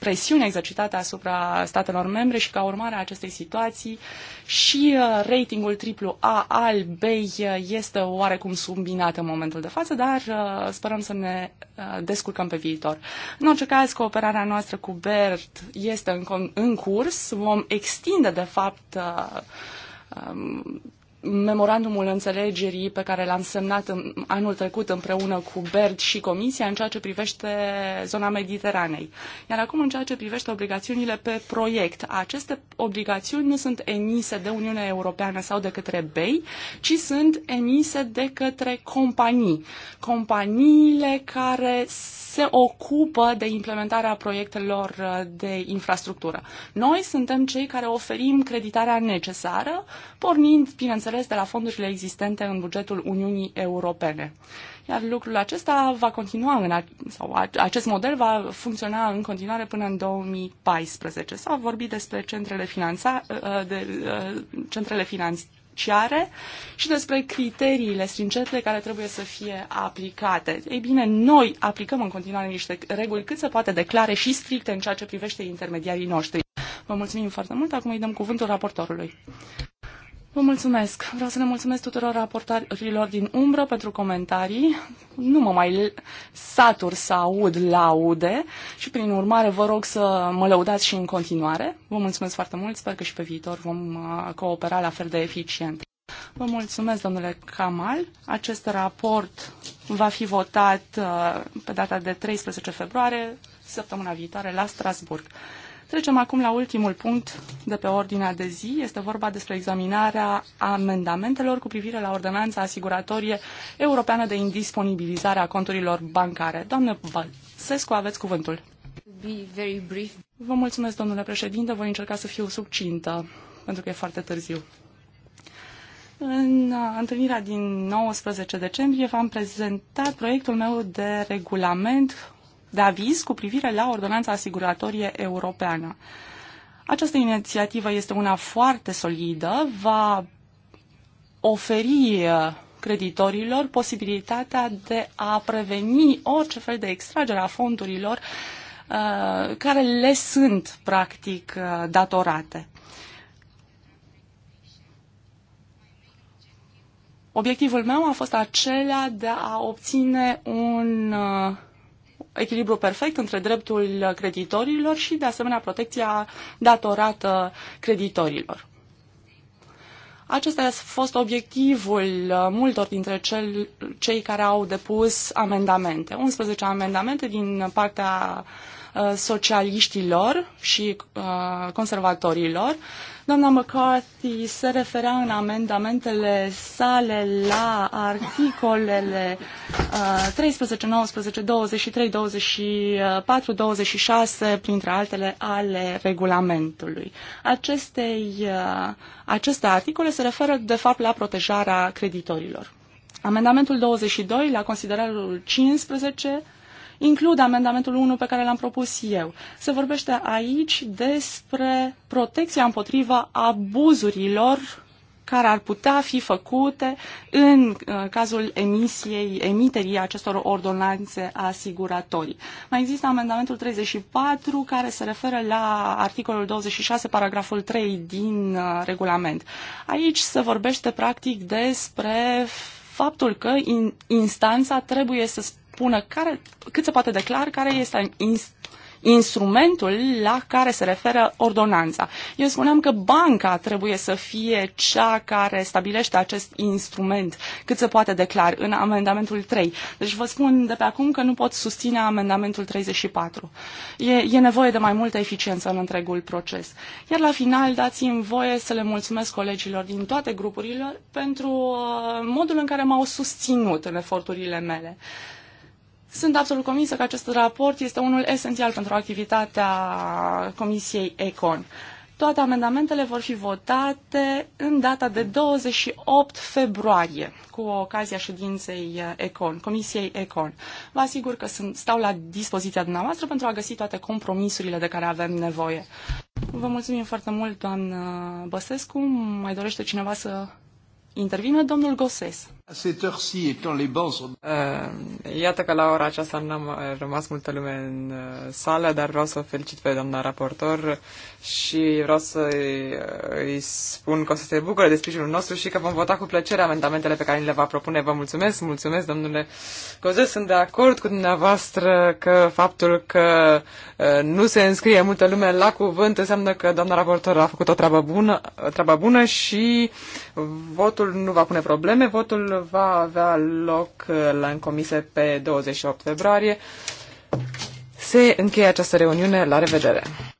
presiunea exercitată asupra statelor membre și ca urmare a acestei situații și uh, ratingul triplu A al BEI uh, este oarecum subminat în momentul de față, dar uh, sperăm să ne descurcăm pe viitor. În orice caz, cooperarea noastră cu BERT este în, în curs. Vom extinde, de fapt, um, memorandumul înțelegerii pe care l-am semnat în, anul trecut împreună cu BERD și Comisia în ceea ce privește zona Mediteranei. Iar acum în ceea ce privește obligațiunile pe proiect. Aceste obligațiuni nu sunt emise de Uniunea Europeană sau de către BEI, ci sunt emise de către companii. Companiile care se ocupă de implementarea proiectelor uh, de infrastructură. Noi suntem cei care oferim creditarea necesară, pornind, bineînțeles, de la fondurile existente în bugetul Uniunii Europene. Iar lucrul acesta va continua, în, sau acest model va funcționa în continuare până în 2014. S-a vorbit despre centrele, finanța, ă, de, ă, centrele financiare și despre criteriile stringente care trebuie să fie aplicate. Ei bine, noi aplicăm în continuare niște reguli cât se poate declare și stricte în ceea ce privește intermediarii noștri. Vă mulțumim foarte mult. Acum îi dăm cuvântul raportorului. Vă mulțumesc. Vreau să ne mulțumesc tuturor raportarilor din umbră pentru comentarii. Nu mă mai satur să aud laude și, prin urmare, vă rog să mă lăudați și în continuare. Vă mulțumesc foarte mult. Sper că și pe viitor vom uh, coopera la fel de eficient. Vă mulțumesc, domnule Kamal. Acest raport va fi votat uh, pe data de 13 februarie, săptămâna viitoare, la Strasburg. Trecem acum la ultimul punct de pe ordinea de zi. Este vorba despre examinarea amendamentelor cu privire la Ordonanța Asiguratorie Europeană de Indisponibilizare a Conturilor Bancare. Doamnă Valsescu, aveți cuvântul. Vă mulțumesc, domnule președinte. Voi încerca să fiu succintă, pentru că e foarte târziu. În uh, întâlnirea din 19 decembrie v-am prezentat proiectul meu de regulament de aviz cu privire la ordonanța asiguratorie europeană. Această inițiativă este una foarte solidă, va oferi uh, creditorilor posibilitatea de a preveni orice fel de extragere a fondurilor uh, care le sunt practic uh, datorate. Obiectivul meu a fost acela de a obține un uh, echilibru perfect între dreptul creditorilor și, de asemenea, protecția datorată creditorilor. Acesta a fost obiectivul uh, multor dintre cel, cei care au depus amendamente. 11 amendamente din partea uh, Uh, socialiștilor și uh, conservatorilor. Doamna McCarthy se referea în amendamentele sale la articolele 13, 19, 23, 24, 26, printre altele, ale regulamentului. Acestei, uh, aceste articole se referă, de fapt, la protejarea creditorilor. Amendamentul 22, la considerarul 15, includ amendamentul 1 pe care l-am propus eu. Se vorbește aici despre protecția împotriva abuzurilor care ar putea fi făcute în uh, cazul emisiei, emiterii acestor ordonanțe asiguratorii. Mai există amendamentul 34 care se referă la articolul 26, paragraful 3 din uh, regulament. Aici se vorbește practic despre faptul că instanța trebuie să spună care, cât se poate declar care este inst- instrumentul la care se referă ordonanța. Eu spuneam că banca trebuie să fie cea care stabilește acest instrument cât se poate declar în amendamentul 3. Deci vă spun de pe acum că nu pot susține amendamentul 34. E, e nevoie de mai multă eficiență în întregul proces. Iar la final dați-mi voie să le mulțumesc colegilor din toate grupurile pentru uh, modul în care m-au susținut în eforturile mele. Sunt absolut convinsă că acest raport este unul esențial pentru activitatea Comisiei ECON. Toate amendamentele vor fi votate în data de 28 februarie, cu ocazia ședinței ECON, Comisiei ECON. Vă asigur că sunt, stau la dispoziția dumneavoastră pentru a găsi toate compromisurile de care avem nevoie. Vă mulțumim foarte mult, doamnă Băsescu. Mai dorește cineva să intervină? Domnul Gosescu. Ehm, iată că la ora aceasta n-am eh, rămas multă lume în eh, sală, dar vreau să felicit pe doamna raportor și vreau să îi spun că o să se bucure de sprijinul nostru și că vom vota cu plăcere amendamentele pe care ni le va propune. Vă mulțumesc, mulțumesc, domnule Coze, sunt de acord cu dumneavoastră că faptul că eh, nu se înscrie multă lume la cuvânt înseamnă că doamna raportor a făcut o treabă bună, treabă bună și votul nu va pune probleme, votul va avea loc uh, la încomise pe 28 februarie. Se încheie această reuniune. La revedere!